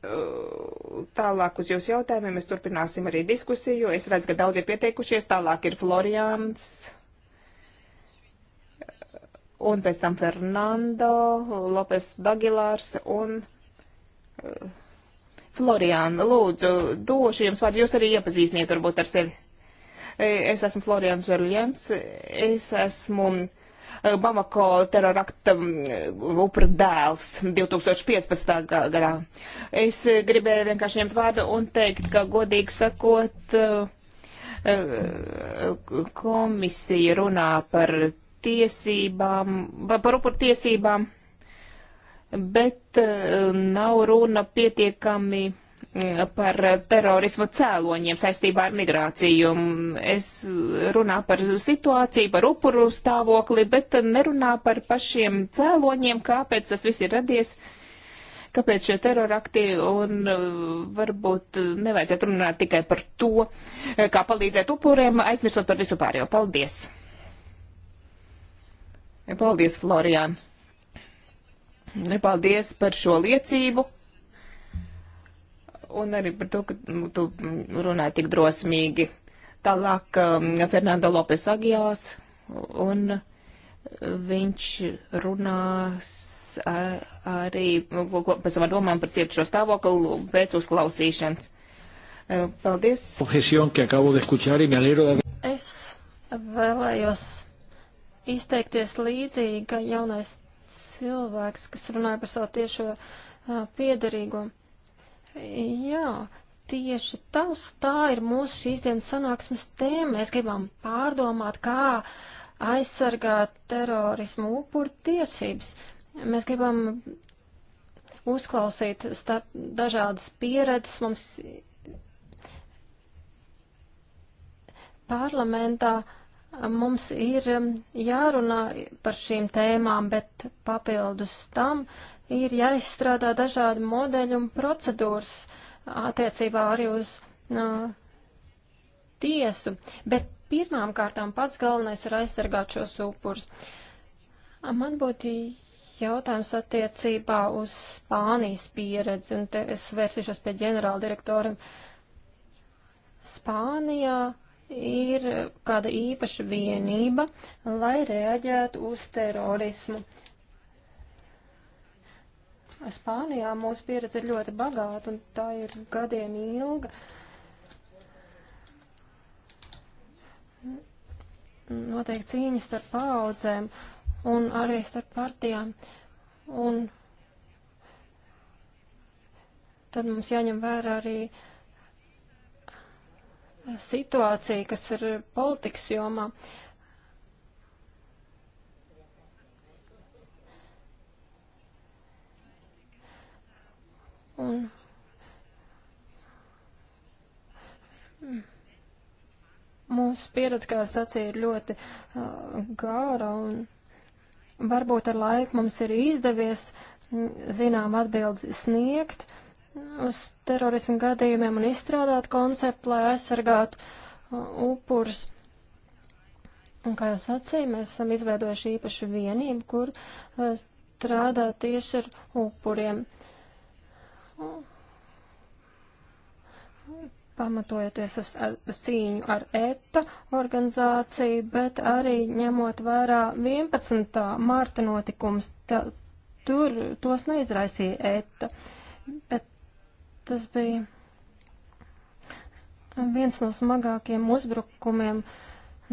Eh, tālāk uz jūsu jautājumiem mēs turpināsim arī diskusiju. Es redzu, ka daudz ir pieteikušies. Tālāk ir Florians. Eh, un pēc tam Fernando, Lopes Dagilārs un eh, Florian, lūdzu, došu jums vārdu. Jūs arī iepazīstiniet varbūt ar sevi. Es esmu Florians Žerljans. Es esmu Eh, Bamako terorakta upra dēls 2015. gadā. Es eh, gribēju vienkārši ņemt vārdu un teikt, ka godīgi sakot, eh, komisija runā par tiesībām, par upuru tiesībām, bet nav runa pietiekami par terorismu cēloņiem saistībā ar migrāciju. Es runā par situāciju, par upuru stāvokli, bet nerunā par pašiem cēloņiem, kāpēc tas viss ir radies, kāpēc šie terorakti, un uh, varbūt uh, nevajadzētu runāt tikai par to, uh, kā palīdzēt upuriem, aizmirstot par visu pārējo. Paldies! Paldies, Florian! Paldies par šo liecību! un arī par to, ka nu, tu runāji tik drosmīgi. Tālāk um, Fernando Lopes Agijās, un viņš runās arī, pēc tam domājam par cietušo stāvokli pēc uzklausīšanas. E, paldies. Es vēlējos izteikties līdzīgi, ka jaunais cilvēks, kas runāja par savu tiešo piedarīgumu. Jā, tieši tas, tā ir mūsu šīs dienas sanāksmes tēma. Mēs gribam pārdomāt, kā aizsargāt terorismu upuru tiesības. Mēs gribam uzklausīt starp dažādas pieredzes. Mums parlamentā mums ir um, jārunā par šīm tēmām, bet papildus tam ir jāizstrādā dažādi modeļi un procedūras attiecībā arī uz uh, tiesu, bet pirmām kārtām pats galvenais ir aizsargāt šos upurus. Man būtu jautājums attiecībā uz Spānijas pieredzi, un te es vērsīšos pie ģenerāla direktoriem. Spānijā ir kāda īpaša vienība, lai reaģētu uz terorismu. Uh, Spānijā mūsu pieredze ir ļoti bagāta un tā ir gadiem ilga. Notiek cīņas starp paudzēm un arī starp partijām. Un tad mums jāņem vērā arī situācija, kas ir politikas jomā. Uh, Un mūsu pieredze, kā es sacīju, ir ļoti uh, gāra un varbūt ar laiku mums ir izdevies zinām atbildi sniegt uz terorismu gadījumiem un izstrādāt konceptu, lai aizsargātu uh, upurus. Un kā jau sacīju, mēs esam izveidojuši īpašu vienību, kur uh, strādā tieši ar upuriem. Uh, pamatojoties uz, ar, uz cīņu ar ETA organizāciju, bet arī ņemot vērā 11. mārta notikums. Tā, tur tos neizraisīja ETA, bet tas bija viens no smagākiem uzbrukumiem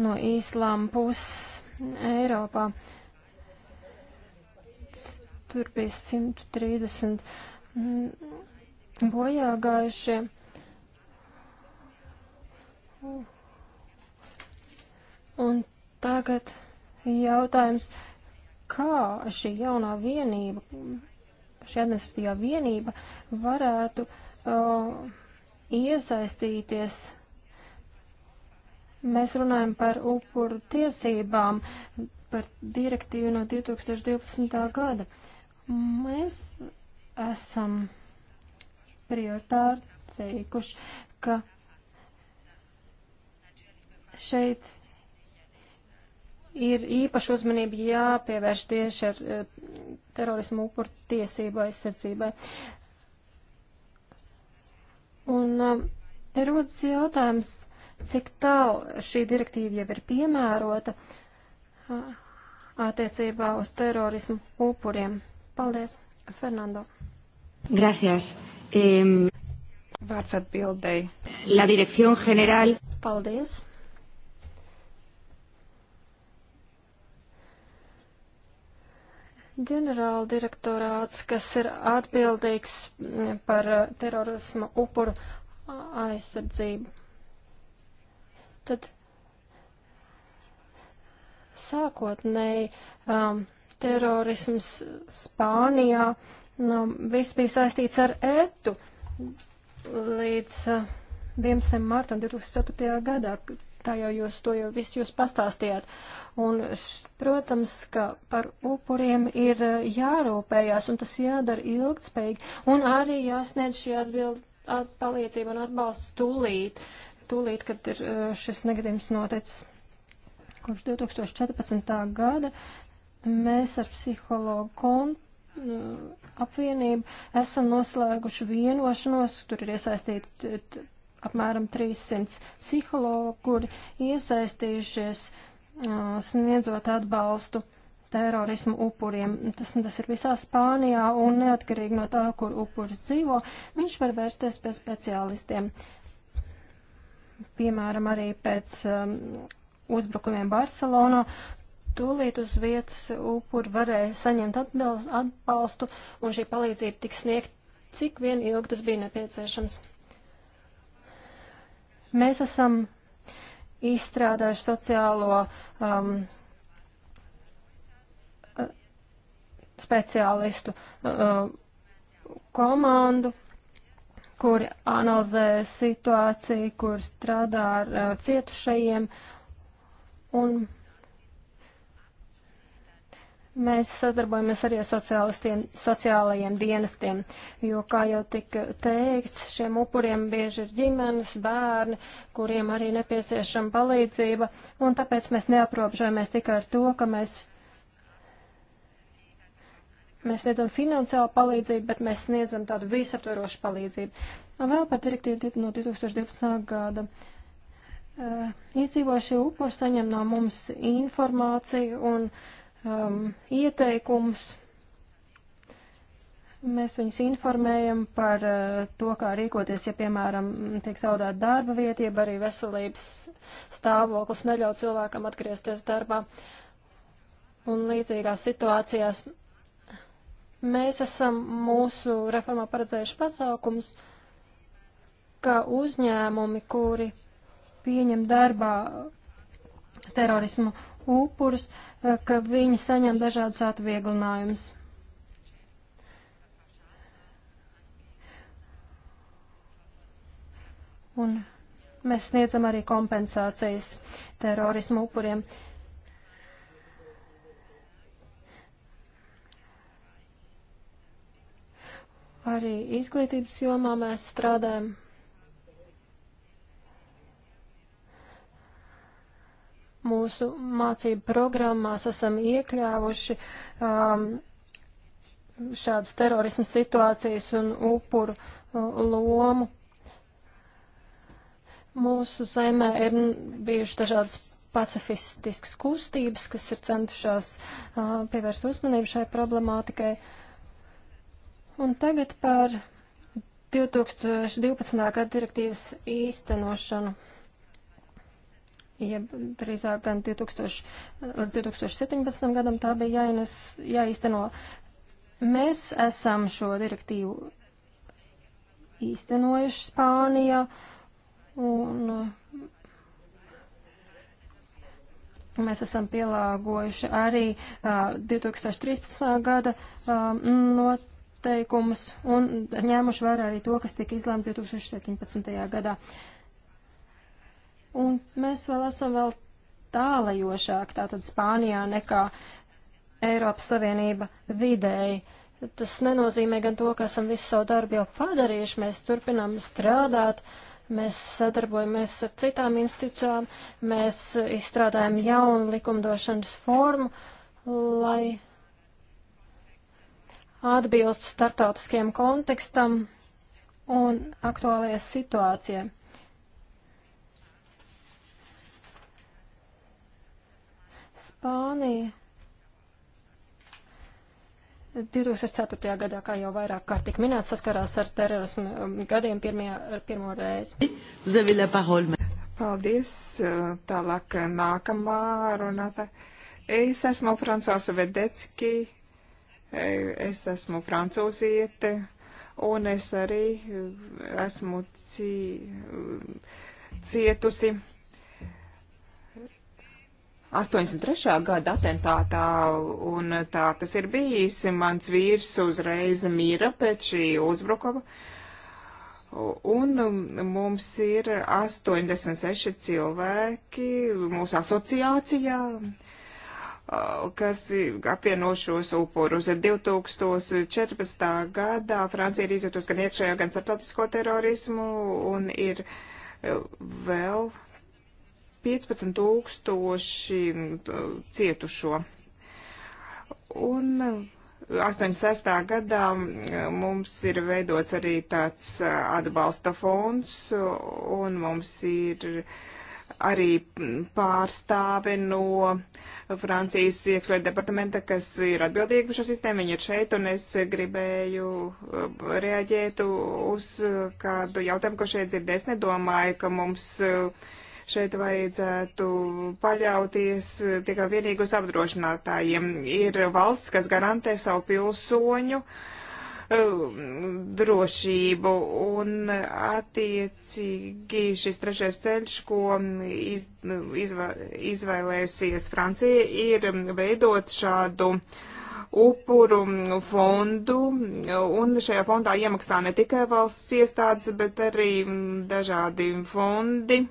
no īslām puses Eiropā. Tur bija 130 bojāgājušie. Un tagad jautājums, kā šī jaunā vienība, šī administratīvā vienība varētu uh, iesaistīties. Mēs runājam par upuru tiesībām, par direktīvu no 2012. gada. Mēs esam prioritāri teikuši, ka šeit ir īpaši uzmanība jāpievērš tieši ar eh, terorismu upuru tiesību aizsardzībai. Un um, rodas jautājums, cik tālu šī direktīva jau ir piemērota attiecībā uz terorismu upuriem. Paldies, Fernando. Gracias. Um, Vārds atbildēja. La Dirección General. Paldies. ģenerāla direktorāts, kas ir atbildīgs mm, par eh, terorisma upuru aizsardzību. Tad sākotnēji um, terorisms Spānijā nu, viss bija saistīts ar etu līdz uh, eh, 11. martam 2004. gadā, tā jau jūs to jau viss jūs pastāstījāt. Un, š, protams, ka par upuriem ir eh, jārūpējās, un tas jādara ilgtspējīgi, un arī jāsniedz šī atbild, at, palīdzība un atbalsts tūlīt, tūlīt, kad ir eh, šis negadījums noticis. Kopš 2014. gada mēs ar psihologu kontu eh, apvienību esam noslēguši vienošanos, tur ir iesaistīti apmēram 300 psihologu, kuri iesaistījušies uh, sniedzot atbalstu terorismu upuriem. Tas, tas ir visā Spānijā un neatkarīgi no tā, kur upuris dzīvo, viņš var vērsties pie speciālistiem. Piemēram, arī pēc um, uzbrukumiem Barcelonā. Tūlīt uz vietas upuri varēja saņemt atbalstu, un šī palīdzība tiks sniegt, cik vien ilgi tas bija nepieciešams. Mēs esam izstrādājuši sociālo um, speciālistu um, komandu, kur analizē situāciju, kur strādā ar uh, cietušajiem. Un Mēs sadarbojamies arī ar sociālajiem dienestiem, jo, kā jau tika teikts, šiem upuriem bieži ir ģimenes, bērni, kuriem arī nepieciešama palīdzība, un tāpēc mēs neaprobežojamies tikai ar to, ka mēs, mēs sniedzam finansiālu palīdzību, bet mēs sniedzam tādu visaptverošu palīdzību. Vēl par direktīvu no 2012. gada. Uh, Iedzīvošie upuri saņem no mums informāciju un uh, um, ieteikumus. Mēs viņus informējam par uh, to, kā rīkoties, ja, piemēram, tiek zaudēta darba vieta, jeb arī veselības stāvoklis neļauj cilvēkam atgriezties darbā. Un līdzīgās situācijās mēs esam mūsu reformā paredzējuši pasākums, ka uzņēmumi, kuri pieņem darbā terorismu upurus, uh, Eh, ka viņi saņem dažādus atvieglinājumus. Un mēs sniedzam arī kompensācijas terorismu upuriem. Arī izglītības jomā mēs strādājam. Mūsu mācību programmās esam iekļāvuši um, šādas terorismu situācijas un upuru uh, lomu. Mūsu zemē ir bijušas dažādas pacifistiskas kustības, kas ir centušās uh, pievērst uzmanību šai problemātikai. Un tagad par 2012. gada direktīvas īstenošanu ja drīzāk gan 2000, līdz 2017. gadam tā bija jāienes, jāīsteno. Mēs esam šo direktīvu īstenojuši Spānijā un uh, mēs esam pielāgojuši arī uh, 2013. gada uh, noteikumus un ņēmuši vērā arī to, kas tika izlēmts 2017. gadā. Uh, un mēs vēl esam vēl tālajošāk, tātad Spānijā, nekā Eiropas Savienība vidēji. Tas nenozīmē gan to, ka esam visu savu darbu jau padarījuši, mēs turpinām strādāt, mēs sadarbojamies ar citām institūcijām, mēs izstrādājam jaunu likumdošanas formu, lai atbilst starptautiskiem kontekstam un aktuālajai situācijai. Spānija 2004. gadā, kā jau vairāk kārt tik minēts, saskarās ar terorismu um, gadiem pirmajā, pirmo reizi. Paldies. Uh, tālāk uh, nākamā runātā. Es esmu Francāsa Vedecki, uh, es esmu francūziete, un es arī esmu cī, cietusi 83. gada atentātā, un tā tas ir bijis. Mans vīrs uzreiz mīra pēc šī uzbrukuma, un um, mums ir 86 cilvēki mūsu asociācijā uh, kas apvieno šos upurus. 2014. gadā Francija ir izjutusi gan iekšējo, gan starptautisko terorismu, un ir uh, vēl 15 tūkstoši cietušo. Un 86. gadā mums ir veidots arī tāds atbalsta fonds, un mums ir arī pārstāve no Francijas iekšlietu departamenta, kas ir atbildīga par šo sistēmu. Viņi ir šeit, un es gribēju reaģēt uz kādu jautājumu, ko šeit dzirdēs. Nedomāju, ka mums uh, šeit vajadzētu paļauties tikai vienīgi uz apdrošinātājiem. Ir valsts, kas garantē savu pilsoņu um, drošību un attiecīgi šis trešais ceļš, ko iz, izva, izvēlēsies Francija, ir veidot šādu upuru fondu, un šajā fondā iemaksā ne tikai valsts iestādes, bet arī dažādi fondi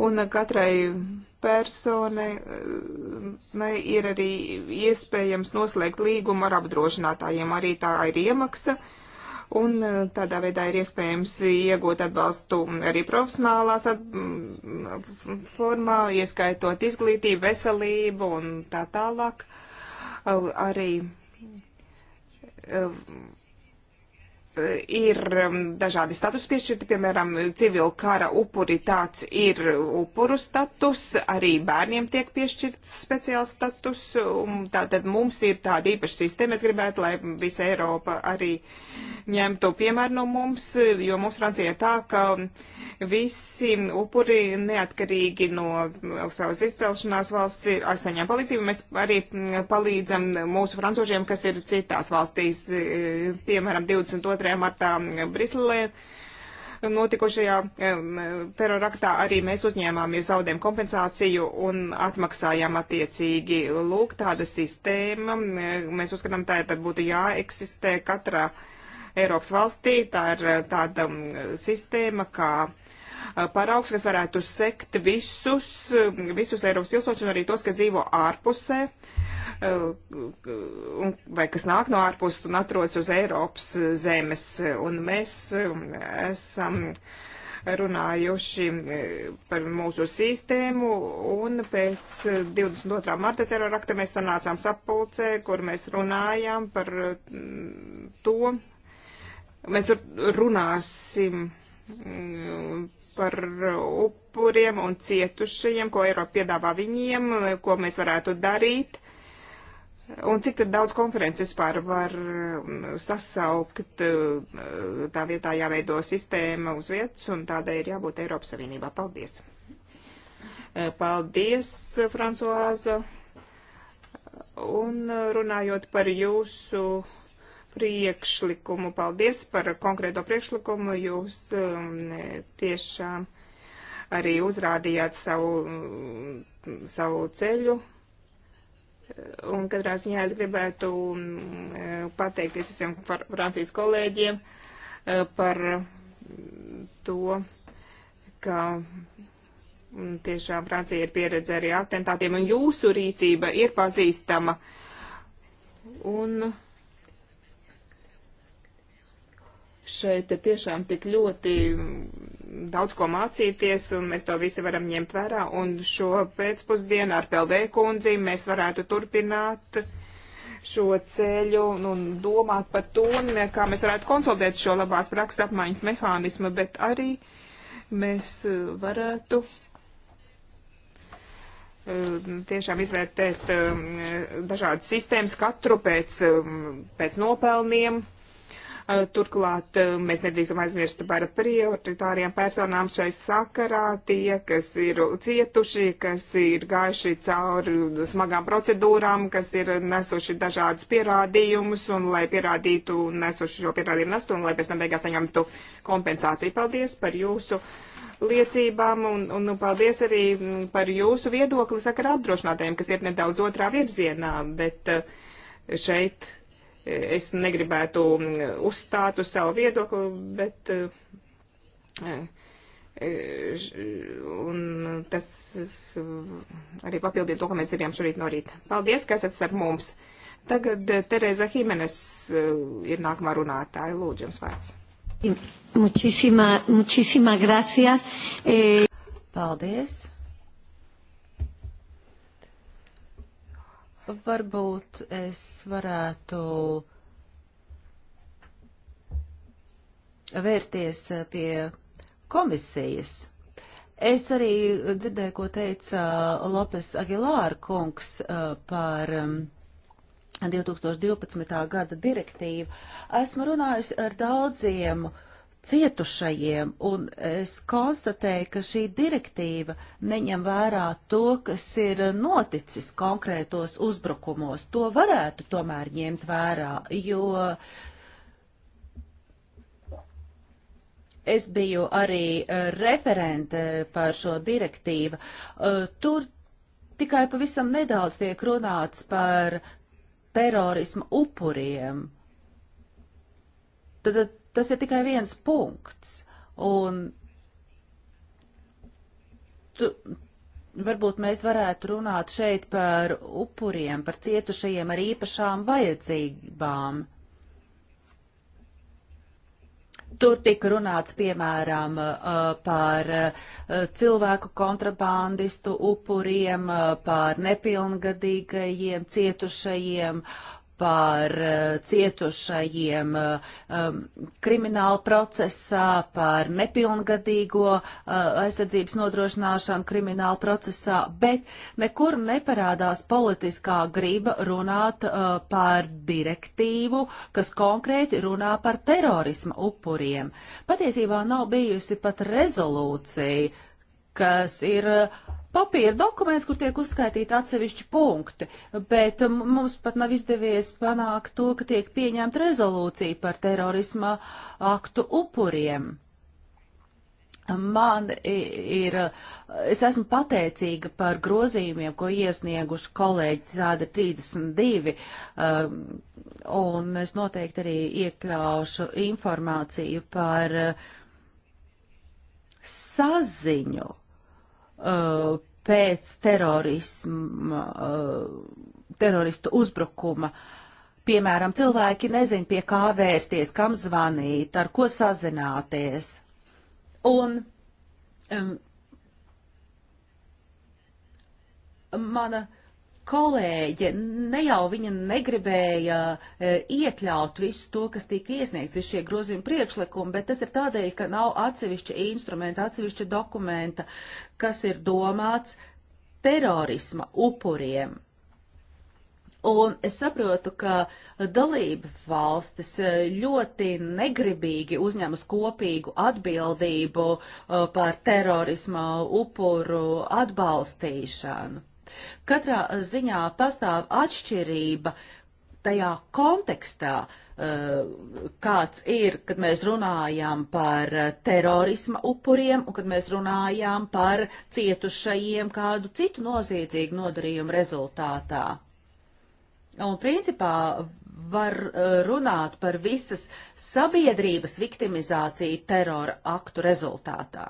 un katrai personai ir arī iespējams noslēgt līgumu ar apdrošinātājiem, arī tā ir iemaksa, un eh, tādā veidā ir iespējams iegūt atbalstu arī profesionālās at mm, formā, ieskaitot izglītību, veselību un tā tālāk. Arī eh, ir um, dažādi status piešķirti, piemēram, civila kara upuri tāds ir upuru status, arī bērniem tiek piešķirts speciāls status, un tātad mums ir tāda īpaša sistēma, es gribētu, lai visa Eiropa arī ņemtu piemēru no mums, jo mums Francijā tā, ka visi upuri neatkarīgi no savas izcelšanās valsts ir saņem palīdzību, mēs arī mm, palīdzam mūsu francožiem, kas ir citās valstīs, e, piemēram, 22 2. martā Briselē notikušajā teroraktā arī mēs uzņēmāmies zaudējumu kompensāciju un atmaksājām attiecīgi. Lūk, tāda sistēma, mēs uzskatām, tā tad būtu jāeksistē katrā Eiropas valstī. Tā ir eh, tāda sistēma, kā eh, paraugs, kas varētu sekt visus, visus Eiropas pilsoņus un arī tos, kas dzīvo ārpusē. Uh, Uh, vai kas nāk no ārpuses un atrodas uz Eiropas zemes. Un mēs um, esam runājuši uh, par mūsu sistēmu, un pēc 22. marta terorakta mēs sanācām sapulcē, kur mēs runājām par mm, to. Mēs runāsim mm, par upuriem un cietušajiem, ko Eiropa piedāvā viņiem, ko mēs varētu darīt Un cik tad daudz konferences vispār var um, sasaukt, uh, tā vietā jāveido sistēma uz vietas, un tādai ir jābūt Eiropas Savienībā. Paldies! Uh, paldies, Francoāza! Un uh, runājot par jūsu priekšlikumu, paldies par konkrēto priekšlikumu, jūs um, tiešām arī uzrādījāt savu, savu ceļu Un katrā ziņā es gribētu mm, eh, pateikties visiem Francijas kolēģiem eh, par mm, to, ka mm, tiešām Francija ir pieredze arī atentātiem, un jūsu rīcība ir pazīstama. Un šeit tiešām tik ļoti daudz ko mācīties, un mēs to visi varam ņemt vērā. Un šo pēcpusdienu ar Peldē kundzi mēs varētu turpināt šo ceļu un domāt par to, kā mēs varētu konsolidēt šo labās prakses apmaiņas mehānismu, bet arī mēs uh, varētu uh, tiešām izvērtēt um, dažādas sistēmas katru pēc, um, pēc nopelniem Eh, turklāt eh, mēs nedrīkstam aizmirst par prioritāriem personām šai sakarā, tie, kas ir cietuši, kas ir gājuši cauri smagām procedūrām, kas ir nesuši dažādus pierādījumus un lai pierādītu nesuši šo pierādījumu nestu un lai pēc tam beigās saņemtu kompensāciju. Paldies par jūsu liecībām un, un, un paldies arī mm, par jūsu viedokli sakarā apdrošinātājiem, kas iet nedaudz otrā virzienā, bet eh, šeit Es negribētu mm, uzstāt uz savu viedokli, bet eh, eh, un tas arī papildina to, ko mēs dzirdējām šorīt no rīta. Paldies, ka esat ar mums. Tagad eh, Tereza Himenes ir nākamā runātāja. Lūdzu, jums vārds. Muchísima, muchísima gracias. E... Paldies. Varbūt es varētu vērsties pie komisijas. Es arī dzirdēju, ko teica Lopes Agilāra kungs uh, par 2012. Um, gada direktīvu. Esmu runājusi ar daudziem uh, cietušajiem, un es konstatēju, ka šī direktīva neņem vērā to, kas ir noticis konkrētos uzbrukumos. To varētu tomēr ņemt vērā, jo es biju arī eh, referente par šo direktīvu. Eh, tur tikai pavisam nedaudz tiek runāts par terorismu upuriem. Tad Tas ir tikai viens punkts. Un tu, varbūt mēs varētu runāt šeit par upuriem, par cietušajiem ar īpašām vajadzībām. Tur tika runāts, piemēram, uh, par uh, cilvēku kontrabandistu upuriem, uh, par nepilngadīgajiem, cietušajiem par eh, cietušajiem eh, um, krimināla procesā, par nepilngadīgo eh, aizsardzības nodrošināšanu krimināla procesā, bet nekur neparādās politiskā grība runāt par direktīvu, kas konkrēti runā par terorisma upuriem. Patiesībā nav bijusi pat rezolūcija, kas ir uh, papīra dokuments, kur tiek uzskaitīti atsevišķi punkti, bet mums pat nav izdevies panākt to, ka tiek pieņemta rezolūcija par terorisma aktu upuriem. Man ir, es esmu pateicīga par grozījumiem, ko iesnieguši kolēģi, tāda 32, um, un es noteikti arī iekļaušu informāciju par uh, saziņu uh, pēc terorisma, uh, teroristu uzbrukuma. Piemēram, cilvēki nezin, pie kā vērsties, kam zvanīt, ar ko sazināties. Un um, mana uh, kolēģe, ne jau viņa negribēja e, iekļaut visu to, kas tika iesniegts, visu šie grozījumi priekšlikumi, bet tas ir tādēļ, ka nav atsevišķa instrumenta, atsevišķa dokumenta, kas ir domāts terorisma upuriem. Un es saprotu, ka dalība valstis e, ļoti negribīgi uzņemas kopīgu atbildību e, par terorisma upuru atbalstīšanu. Katrā ziņā pastāv atšķirība tajā kontekstā, eh, kāds ir, kad mēs runājām par terorisma upuriem un kad mēs runājām par cietušajiem kādu citu noziedzīgu nodarījumu rezultātā. Un principā var eh, runāt par visas sabiedrības viktimizāciju terora aktu rezultātā.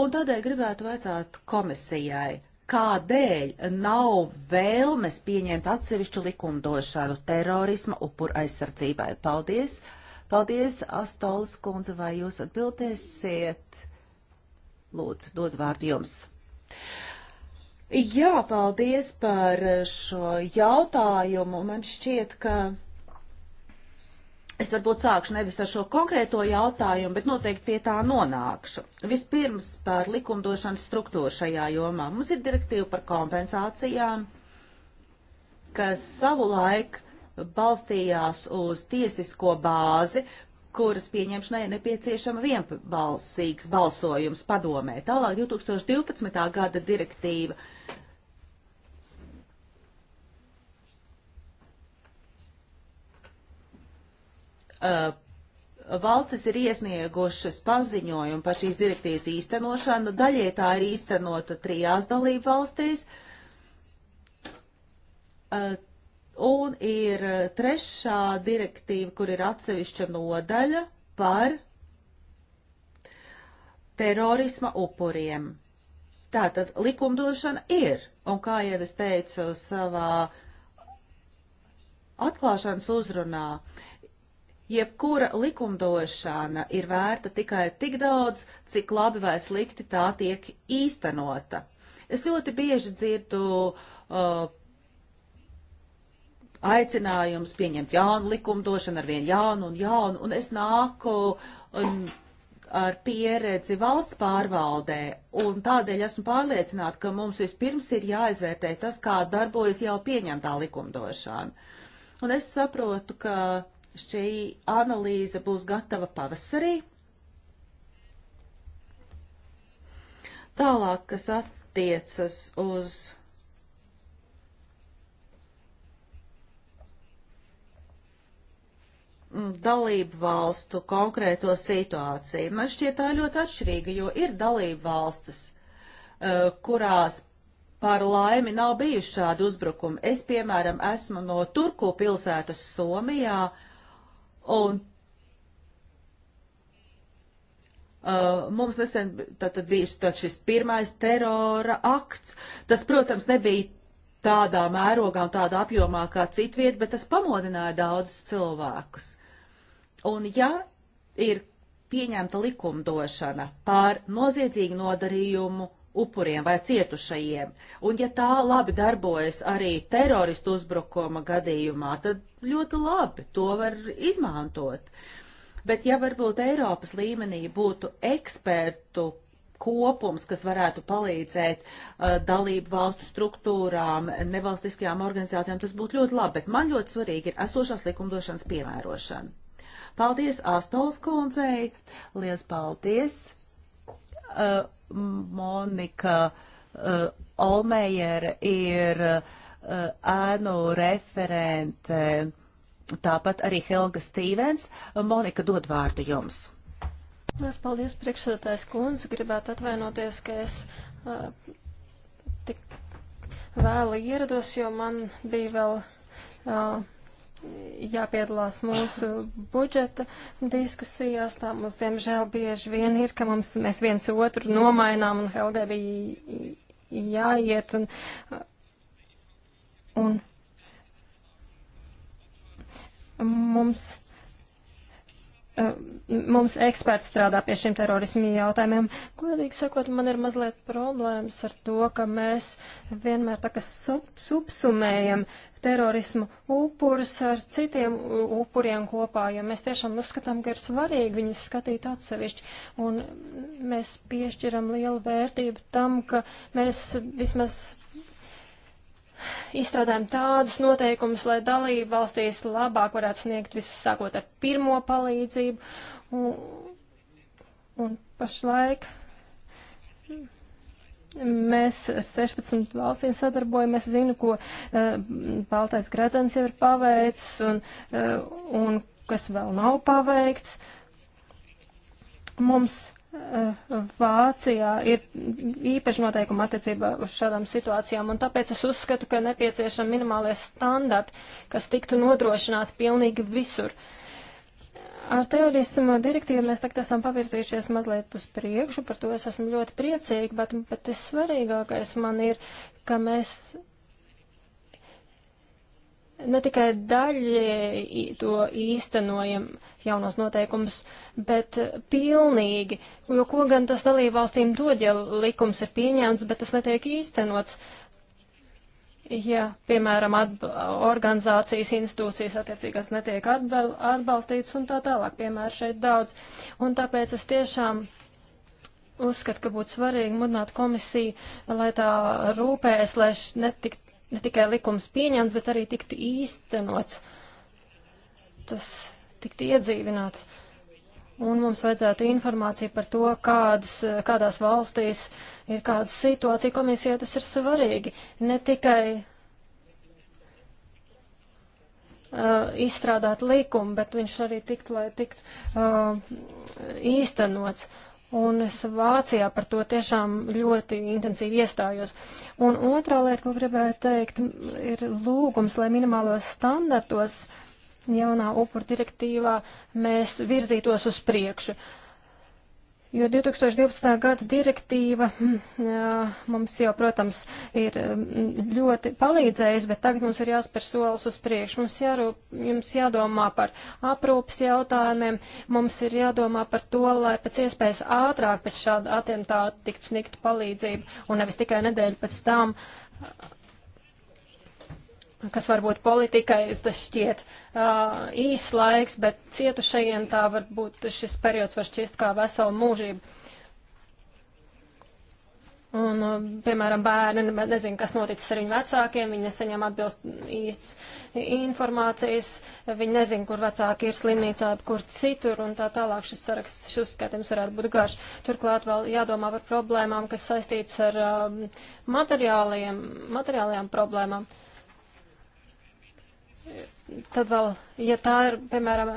Un tādēļ gribētu vaicāt komisijai, kādēļ nav vēlmes pieņemt atsevišķu likumdošanu terorisma upur aizsardzībai. Paldies! Paldies, Astolas kundze, vai jūs atbildēsiet? Lūdzu, dod vārdu jums. Jā, paldies par šo jautājumu. Man šķiet, ka Es varbūt sākšu nevis ar šo konkrēto jautājumu, bet noteikti pie tā nonākšu. Vispirms par likumdošanas struktūru šajā jomā. Mums ir direktīva par kompensācijām, kas savulaik balstījās uz tiesisko bāzi, kuras pieņemšanai ir nepieciešama vienbalsīgs balsojums padomē. Tālāk 2012. gada direktīva uh, valstis ir iesniegušas paziņojumu par šīs direktīvas īstenošanu. Daļai tā ir īstenota trijās dalību valstīs. Uh, un ir uh, trešā direktīva, kur ir atsevišķa nodaļa par terorisma upuriem. Tātad likumdošana ir, un kā jau es teicu savā atklāšanas uzrunā, jebkura likumdošana ir vērta tikai tik daudz, cik labi vai slikti tā tiek īstenota. Es ļoti bieži dzirdu uh, aicinājums pieņemt jaunu likumdošanu, arvien jaunu un jaunu, un es nāku un, ar pieredzi valsts pārvaldē, un tādēļ esmu pārliecināta, ka mums vispirms ir jāizvērtē tas, kā darbojas jau pieņemtā likumdošana. Un es saprotu, ka Šī analīze būs gatava pavasarī. Tālāk, kas attiecas uz dalību valstu konkrēto situāciju. Man šķiet tā ļoti atšķirīga, jo ir dalību valstis, eh, kurās par laimi nav bijuši šādi uzbrukumi. Es, piemēram, esmu no Turku pilsētas Somijā, uh, Un Uh, mums nesen tātad bija tad šis pirmais terora akts. Tas, protams, nebija tādā mērogā un tādā apjomā kā citviet, bet tas pamodināja daudzus cilvēkus. Un ja ir pieņemta likumdošana pār noziedzīgu nodarījumu upuriem vai cietušajiem, un ja tā labi darbojas arī teroristu uzbrukuma gadījumā, tad ļoti labi, to var izmantot. Bet ja varbūt Eiropas līmenī būtu ekspertu kopums, kas varētu palīdzēt uh, dalību valstu struktūrām, nevalstiskajām organizācijām, tas būtu ļoti labi, bet man ļoti svarīgi ir esošās likumdošanas piemērošana. Paldies Astols kundzei, liels paldies uh, Monika uh, Olmējere ir uh, Eh, ēnu referente, tāpat arī Helga Stīvens. Monika, dod vārdu jums. Es paldies priekšsēdētājs kundze, gribētu atvainoties, ka es uh, tik vēlu ierados, jo man bija vēl uh, jāpiedalās mūsu budžeta diskusijās. Tā mums, diemžēl, bieži vien ir, ka mums, mēs viens otru nomainām un Helga bija jāiet. Un, uh, Un mums, uh, mums eksperts strādā pie šiem terorismu jautājumiem. Godīgi sakot, man ir mazliet problēmas ar to, ka mēs vienmēr tā kā sub, subsumējam terorismu upurus ar citiem upuriem kopā, jo mēs tiešām uzskatām, ka ir svarīgi viņus skatīt atsevišķi. Un mēs piešķiram lielu vērtību tam, ka mēs vismaz izstrādājam tādus noteikumus, lai dalību valstīs labāk varētu sniegt visus sākot ar pirmo palīdzību. Un, un pašlaik mēs ar 16 valstīm sadarbojamies. Zinu, ko uh, Baltais Gradzens jau ir paveicis un, uh, un kas vēl nav paveikts. Mums Eh, Vācijā ir īpaši noteikumi attiecībā uz šādām situācijām, un tāpēc es uzskatu, ka nepieciešami minimālie standarti, kas tiktu nodrošināti pilnīgi visur. Ar terorismu direktīvu mēs tagad esam pavirzījušies mazliet uz priekšu, par to es esmu ļoti priecīgi, bet, bet tas svarīgākais man ir, ka mēs ne tikai daļēji to īstenojam jaunos noteikumus, bet pilnīgi, jo ko gan tas dalībvalstīm dod, ja likums ir pieņemts, bet tas netiek īstenots. Ja, piemēram, organizācijas, institūcijas attiecīgās netiek atbal atbalstītas un tā tālāk, piemēram, šeit daudz. Un tāpēc es tiešām uzskatu, ka būtu svarīgi mudināt komisiju, lai tā rūpēs, lai netiktu ne tikai likums pieņemts, bet arī tiktu īstenots, tas tiktu iedzīvināts. Un mums vajadzētu informāciju par to, kādas, kādās valstīs ir kāda situācija komisija, tas ir svarīgi. Ne tikai uh, izstrādāt likumu, bet viņš arī tiktu, lai tiktu uh, īstenots. Uh, Un es Vācijā par to tiešām ļoti intensīvi iestājos. Un otrā lieta, ko gribēju teikt, ir lūgums, lai minimālos standartos jaunā upur direktīvā mēs virzītos uz priekšu. Jo 2012. gada direktīva mm, jā, mums jau, protams, ir mm, ļoti palīdzējusi, bet tagad mums ir jāspēr solis uz priekšu. Mums, jārūp, mums jādomā par aprūpas jautājumiem, mums ir jādomā par to, lai pēc iespējas ātrāk pēc šāda atentāta tiktu sniegta palīdzība un nevis tikai nedēļu pēc tam. Uh, kas varbūt politikai tas šķiet uh, īs laiks, bet cietušajiem tā varbūt šis periods var šķist kā vesela mūžība. Un, uh, piemēram, bērni nezin, kas noticis ar viņu vecākiem, viņi nesaņem atbilst īsts informācijas, viņi nezin, kur vecāki ir slimnīcā, kur citur, un tā tālāk šis saraksts, šis uzskaitījums varētu būt garš. Turklāt vēl jādomā par problēmām, kas saistīts ar um, uh, materiālajām problēmām. Uh, tad vēl, ja tā ir, piemēram,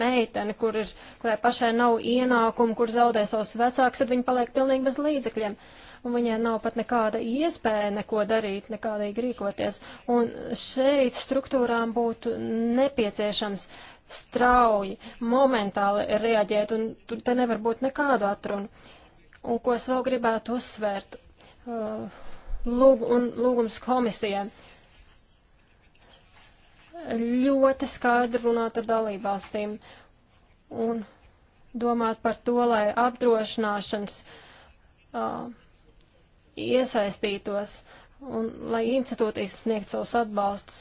meitene, kur ir, kurai pašai nav ienākumu, kur zaudē savus vecākus, tad viņa paliek pilnīgi bez līdzekļiem. Un viņai nav pat nekāda iespēja neko darīt, nekādīgi rīkoties. Un šeit struktūrām būtu nepieciešams strauji, momentāli reaģēt, un tur te nevar būt nekādu atrunu. Un ko es vēl gribētu uzsvērt? Uh, lūg, un lūgums komisijai. Uh, ļoti skaidri runāt ar dalībvalstīm un domāt par to, lai apdrošināšanas uh, iesaistītos un lai institūtīs sniegt savus atbalstus,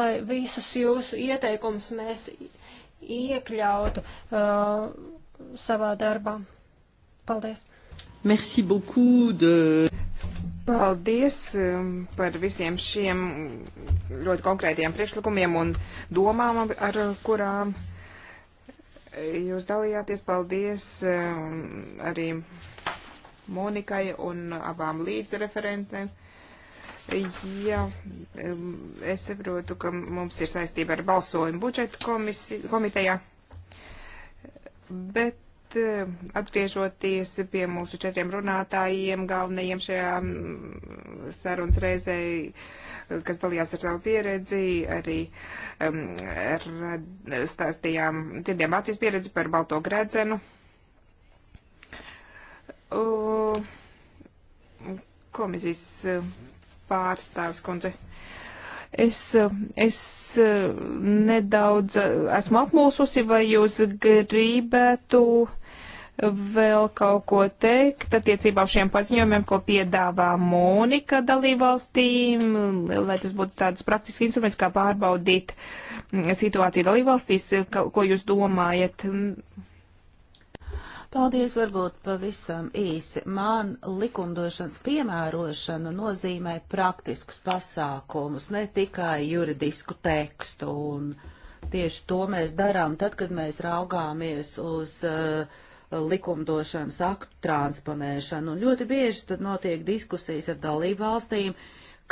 lai visus jūsu ieteikumus mēs iekļautu uh, savā darbā. Paldies! Merci beaucoup de... Paldies um, par visiem šiem ļoti konkrētiem priekšlikumiem un domām, ar kurām jūs dalījāties. Paldies um, arī Monikai un abām līdzreferentēm. Jā, um, es saprotu, ka mums ir saistība ar balsojumu budžeta komitejā, bet Eh, atgriežoties pie mūsu četriem runātājiem, galvenajiem šajā mm, sarunas reizē, eh, kas dalījās ar savu pieredzi, arī um, mm, ar, stāstījām, dzirdējām acīs pieredzi par balto gredzenu. Uh, komisijas eh, pārstāvs kundze. Es, es nedaudz esmu apmulsusi, vai jūs gribētu vēl kaut ko teikt attiecībā uz šiem paziņojumiem, ko piedāvā Monika dalībvalstīm, lai tas būtu tāds praktisks instruments, kā pārbaudīt situāciju dalībvalstīs, ko jūs domājat. Paldies, varbūt pavisam īsi. Man likumdošanas piemērošana nozīmē praktiskus pasākumus, ne tikai juridisku tekstu. Un tieši to mēs darām tad, kad mēs raugāmies uz uh, likumdošanas aktu transponēšanu. Un ļoti bieži tad notiek diskusijas ar dalību valstīm,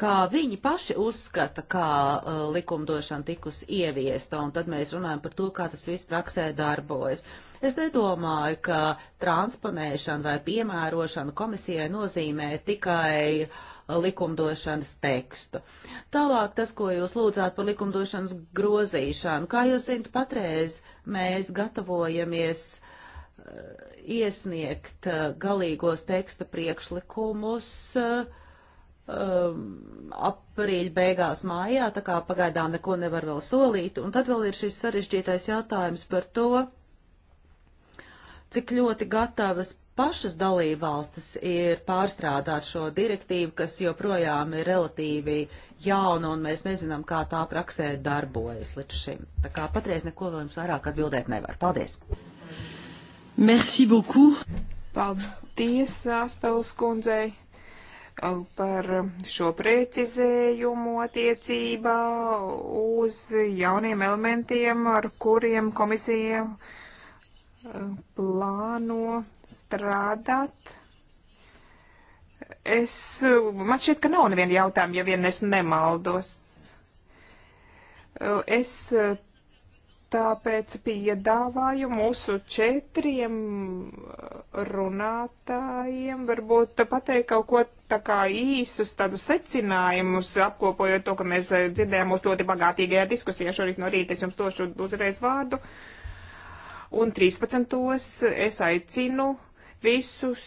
kā viņi paši uzskata, kā uh, likumdošana tikus ieviesta, un tad mēs runājam par to, kā tas viss praksē darbojas. Es nedomāju, ka transponēšana vai piemērošana komisijai nozīmē tikai likumdošanas tekstu. Tālāk tas, ko jūs lūdzāt par likumdošanas grozīšanu. Kā jūs zinat, patreiz mēs gatavojamies eh, iesniegt eh, galīgos teksta priekšlikumus um, aprīļa beigās mājā, tā kā pagaidām neko nevar vēl solīt. Un tad vēl ir šis sarežģītais jautājums par to, cik ļoti gatavas pašas dalībvalstis ir pārstrādāt šo direktīvu, kas joprojām ir relatīvi jauna, un mēs nezinām, kā tā praksē darbojas līdz šim. Tā kā patreiz neko vēl jums vairāk atbildēt nevar. Paldies! Merci beaucoup! Paldies, Astavas kundzei! Um, par šo precizējumu attiecībā uz jauniem elementiem, ar kuriem komisija plāno strādāt. Es, man šķiet, ka nav neviena jautājuma, ja vien es nemaldos. Es tāpēc piedāvāju mūsu četriem runātājiem varbūt pateikt kaut ko tā kā īsus tādus secinājumus, apkopojot to, ka mēs dzirdējām mūsu ļoti bagātīgajā diskusijā šorīt no rīta. Es jums došu uzreiz vārdu. Uh, un 13. es aicinu visus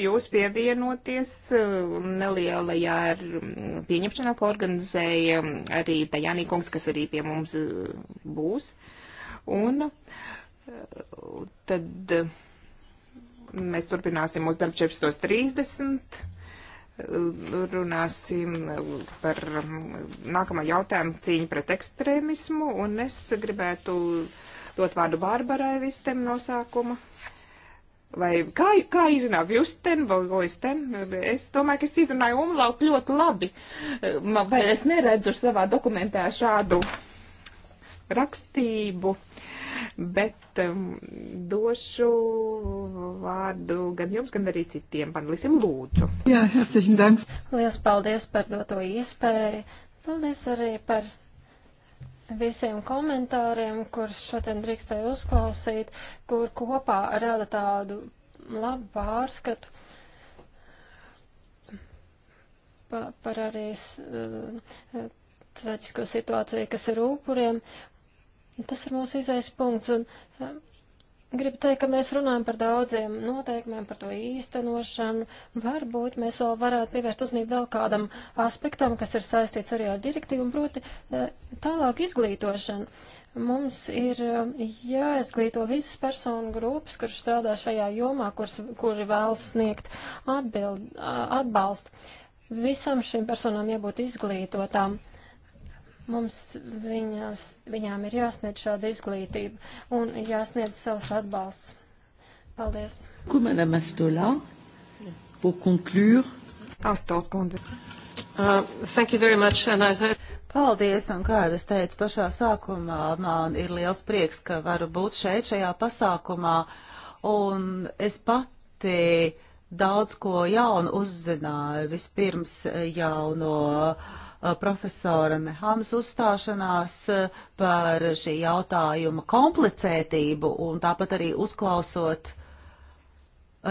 jūs pievienoties um, nelielajā mm, pieņemšanā, ko organizēja um, arī Tajānī kungs, kas arī pie mums uh, būs. Un uh, tad uh, mēs turpināsim mūsu darbu 14.30. Runāsim par um, nākamo jautājumu cīņu pret ekstrēmismu, un es gribētu uh, dot vārdu Bārbarai Vistem nosākuma. Vai kā, kā izrunā Vjusten vai Vjusten? Es domāju, ka es izrunāju umlaut ļoti labi. Vai es neredzu savā dokumentā šādu rakstību, bet um, došu vārdu gan jums, gan arī citiem panelisim lūdzu. Jā, herzlichen dank. Lielas paldies par doto iespēju. Paldies arī par visiem komentāriem, kurus šodien drīkstēju uzklausīt, kur kopā rada tādu labu pārskatu pa, par arī eh, traģisko situāciju, kas ir upuriem. Tas ir mūsu izais punkts, un eh, Gribu teikt, ka mēs runājam par daudziem noteikumiem, par to īstenošanu. Varbūt mēs vēl varētu pievērst uzmanību vēl kādam aspektam, kas ir saistīts arī ar direktīvu, un proti e, tālāk izglītošanu. Mums ir e, jāizglīto visas personu grupas, kuras strādā šajā jomā, kuras, kuri vēlas sniegt atbild, atbalstu. Visam šīm personām jābūt izglītotām. Uh, Mums viņas, viņām ir jāsniedz šāda izglītība un jāsniedz savs atbalsts. Paldies. Ko madame Astola, pour conclure? Astols kundze. Uh, thank you very much, and I said... Paldies, un kā jau es teicu pašā sākumā, man ir liels prieks, ka varu būt šeit šajā pasākumā, un es pati daudz ko jaunu uzzināju, vispirms jau no uh, Uh, profesora Nehams uzstāšanās uh, par šī jautājuma komplicētību un tāpat arī uzklausot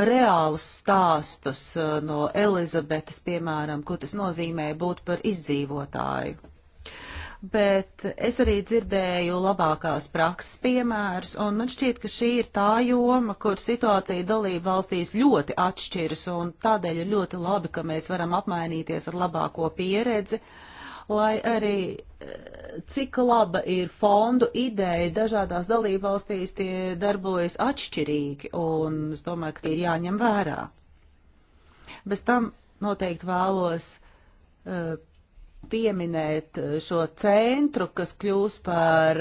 reālus stāstus uh, no Elizabetes, piemēram, ko tas nozīmē būt par izdzīvotāju bet es arī dzirdēju labākās prakses piemērus, un man šķiet, ka šī ir tā joma, kur situācija dalība valstīs ļoti atšķiras, un tādēļ ir ļoti labi, ka mēs varam apmainīties ar labāko pieredzi, lai arī eh, cik laba ir fondu ideja, dažādās dalība valstīs tie darbojas atšķirīgi, un es domāju, ka tie ir jāņem vērā. Bez tam noteikti vēlos uh, pieminēt eh, šo centru, kas kļūs par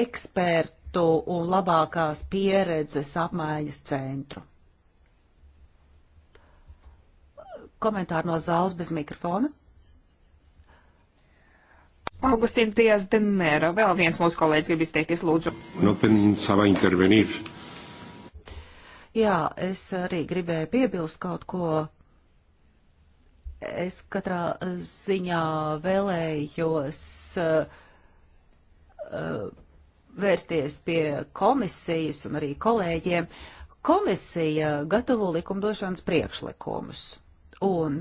ekspertu un labākās pieredzes apmaiņas centru. Komentāri no zāles bez mikrofona. Augustīn Dias de Mero, vēl viens mūsu kolēģis grib izteikties, lūdzu. No pensaba intervenir. Jā, es arī gribēju piebilst kaut ko Es katrā ziņā vēlējos uh, uh, vērsties pie komisijas un arī kolēģiem. Komisija gatavo likumdošanas priekšlikumus un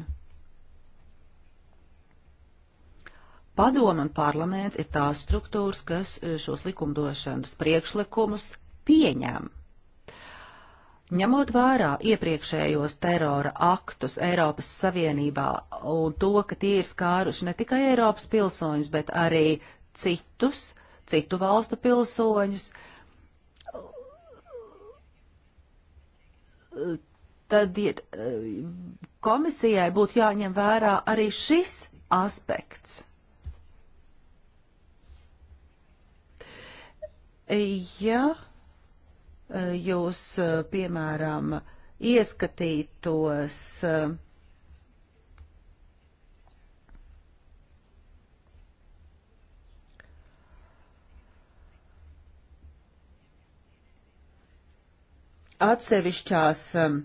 padoma un parlaments ir tās struktūras, kas šos likumdošanas priekšlikumus pieņem. Ņemot vērā iepriekšējos terora aktus Eiropas Savienībā un to, ka tie ir skāruši ne tikai Eiropas pilsoņus, bet arī citus, citu valstu pilsoņus, tad ir, komisijai būtu jāņem vērā arī šis aspekts. Ja jūs, eh, piemēram, ieskatītos eh, atsevišķās eh,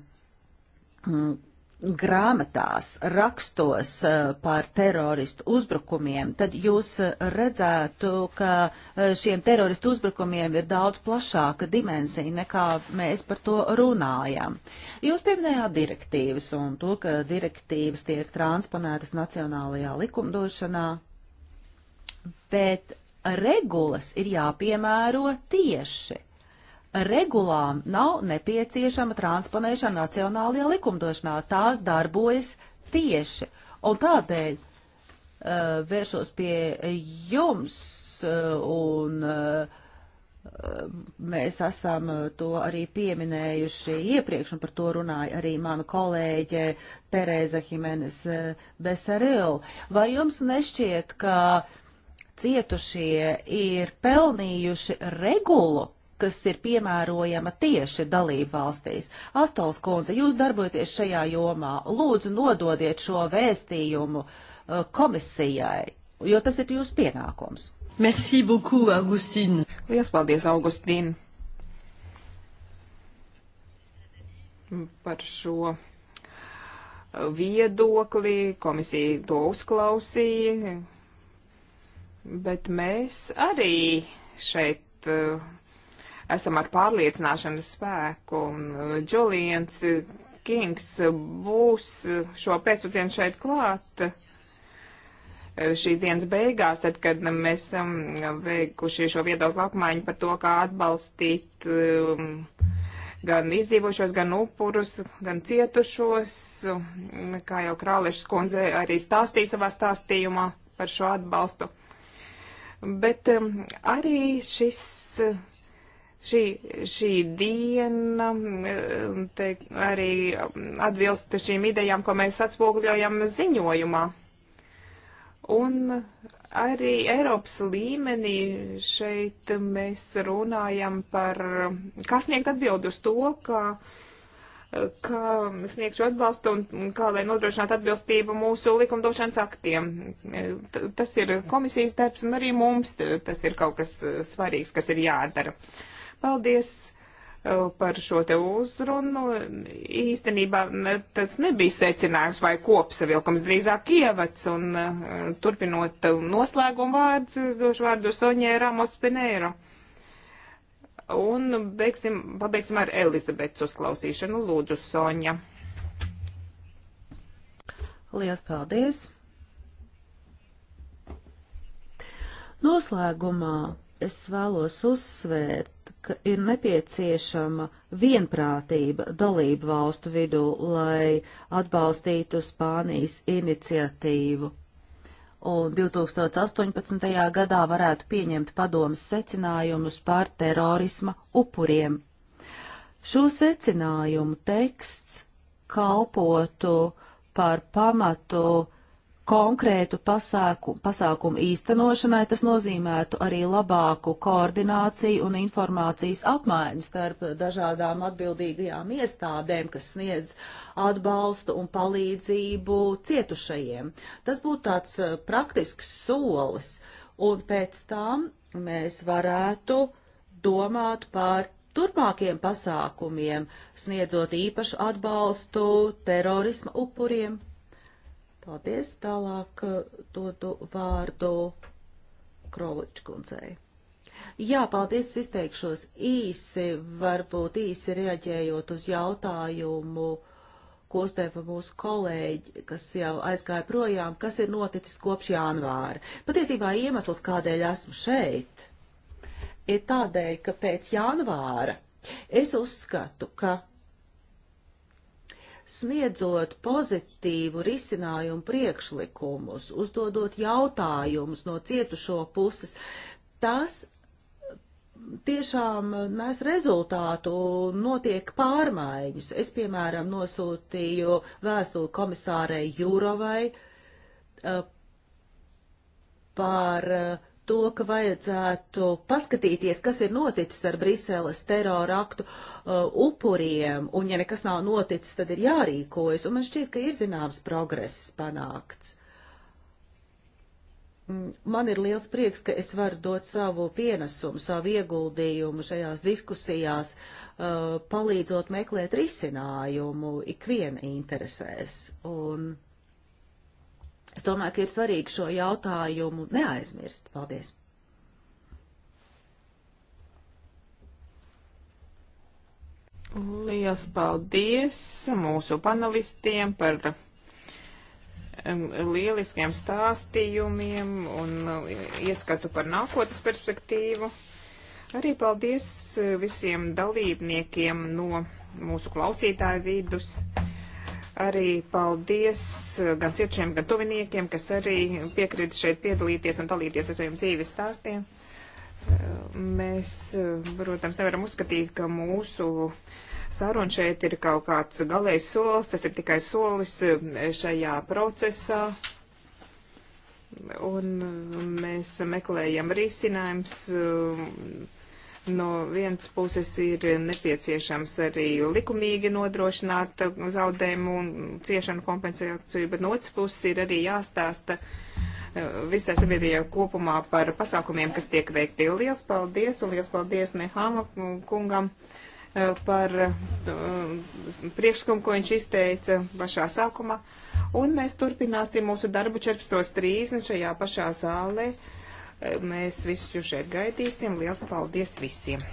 grāmatās, rakstos eh, par teroristu uzbrukumiem, tad jūs eh, redzētu, ka eh, šiem teroristu uzbrukumiem ir daudz plašāka dimensija, nekā mēs par to runājam. Jūs pieminējāt direktīvas un to, ka direktīvas tiek transponētas nacionālajā likumdošanā, bet regulas ir jāpiemēro tieši regulām nav nepieciešama transponēšana nacionālajā likumdošanā. Tās darbojas tieši. Un tādēļ uh, vēršos pie jums uh, un uh, mēs esam to arī pieminējuši iepriekš, un par to runāja arī mana kolēģe Tereza Himenes Beseril. Vai jums nešķiet, ka cietušie ir pelnījuši regulu kas ir piemērojama tieši dalību valstīs. Astols kundze, jūs darbojaties šajā jomā. Lūdzu, nododiet šo vēstījumu uh, komisijai, jo tas ir jūsu pienākums. Merci beaucoup, Augustīna. Lielas paldies, Augustīna, par šo uh, viedokli. Komisija to uzklausīja, bet mēs arī šeit uh, esam ar pārliecināšanas spēku. Džulians uh, uh, Kings uh, būs šo pēcpusdienu šeit klāt šīs dienas beigās, tad, kad mēs esam veikuši šo viedokļu apmaiņu par to, kā atbalstīt um, gan izdzīvošos, gan upurus, gan cietušos, kā jau Krālešs kundze arī stāstīja savā stāstījumā par šo atbalstu. Bet um, arī šis šī, šī diena mm, te, arī atbilst šīm idejām, ko mēs atspoguļojam ziņojumā. Un arī Eiropas līmenī šeit mēs runājam par, kas sniegt atbildi uz to, ka kā sniegšu atbalstu un kā lai nodrošinātu atbilstību mūsu likumdošanas aktiem. Tas ir komisijas darbs un arī mums tas ir kaut kas svarīgs, kas ir jādara. Uh, Paldies uh, par šo te uzrunu. Īstenībā mm, tas nebija secinājums vai kopsavilkums, drīzāk ievads. Un uh, turpinot noslēgumu vārdus, es došu vārdu Soņē Ramos Pinēro. Un beigsim, pabeigsim ar Elizabetes uzklausīšanu. Lūdzu, Soņa. Lielas paldies! Noslēgumā es vēlos uzsvērt, ka ir nepieciešama vienprātība dalību valstu vidū, lai atbalstītu Spānijas iniciatīvu. Un 2018. gadā varētu pieņemt padomas secinājumus par terorisma upuriem. Šo secinājumu teksts kalpotu par pamatu konkrētu pasāku, pasākumu īstenošanai, tas nozīmētu arī labāku koordināciju un informācijas apmaiņu starp dažādām atbildīgajām iestādēm, kas sniedz atbalstu un palīdzību cietušajiem. Tas būtu tāds eh, praktisks solis, un pēc tam mēs varētu domāt par turpmākiem pasākumiem, sniedzot īpašu atbalstu terorisma upuriem Paldies. Tālāk eh, dodu vārdu Kroličkundzei. Jā, paldies, izteikšos īsi, varbūt īsi reaģējot uz jautājumu, ko uzdeva mūsu kolēģi, kas jau aizgāja projām, kas ir noticis kopš janvāra. Patiesībā iemesls, kādēļ esmu šeit, ir tādēļ, ka pēc janvāra es uzskatu, ka sniedzot pozitīvu risinājumu priekšlikumus, uzdodot jautājumus no cietušo puses, tas tiešām nes rezultātu, notiek pārmaiņas. Es, piemēram, nosūtīju vēstuli komisārei Jurovai par to, ka vajadzētu paskatīties, kas ir noticis ar Briseles terora aktu. Uh, Uh, upuriem, un ja nekas nav noticis, tad ir jārīkojas, un man šķiet, ka ir zināms progress panākts. Mm, man ir liels prieks, ka es varu dot savu pienesumu, savu ieguldījumu šajās diskusijās, uh, palīdzot meklēt risinājumu ikviena interesēs. Un es domāju, ka ir svarīgi šo jautājumu neaizmirst. Paldies! Lielas paldies mūsu panelistiem par um, lieliskiem stāstījumiem un uh, ieskatu par nākotnes perspektīvu. Arī paldies uh, visiem dalībniekiem no mūsu klausītāju vidus. Arī paldies uh, gan ciešiem, gan tuviniekiem, kas arī piekrita šeit piedalīties un dalīties ar saviem dzīves stāstiem. Mēs, protams, nevaram uzskatīt, ka mūsu saruna šeit ir kaut kāds galējs solis, tas ir tikai solis šajā procesā. Un mēs meklējam risinājums. No vienas puses ir nepieciešams arī likumīgi nodrošināt zaudējumu un ciešanu kompensāciju, bet no otras puses ir arī jāstāsta visai sabiedrībai kopumā par pasākumiem, kas tiek veikti. Liels paldies un liels paldies Nehama kungam eh, par eh, priekšlikumu, ko viņš izteica pašā sākumā. Un mēs turpināsim mūsu darbu 14.30 šajā pašā zālē. Eh, mēs visus šeit gaidīsim. Liels paldies visiem!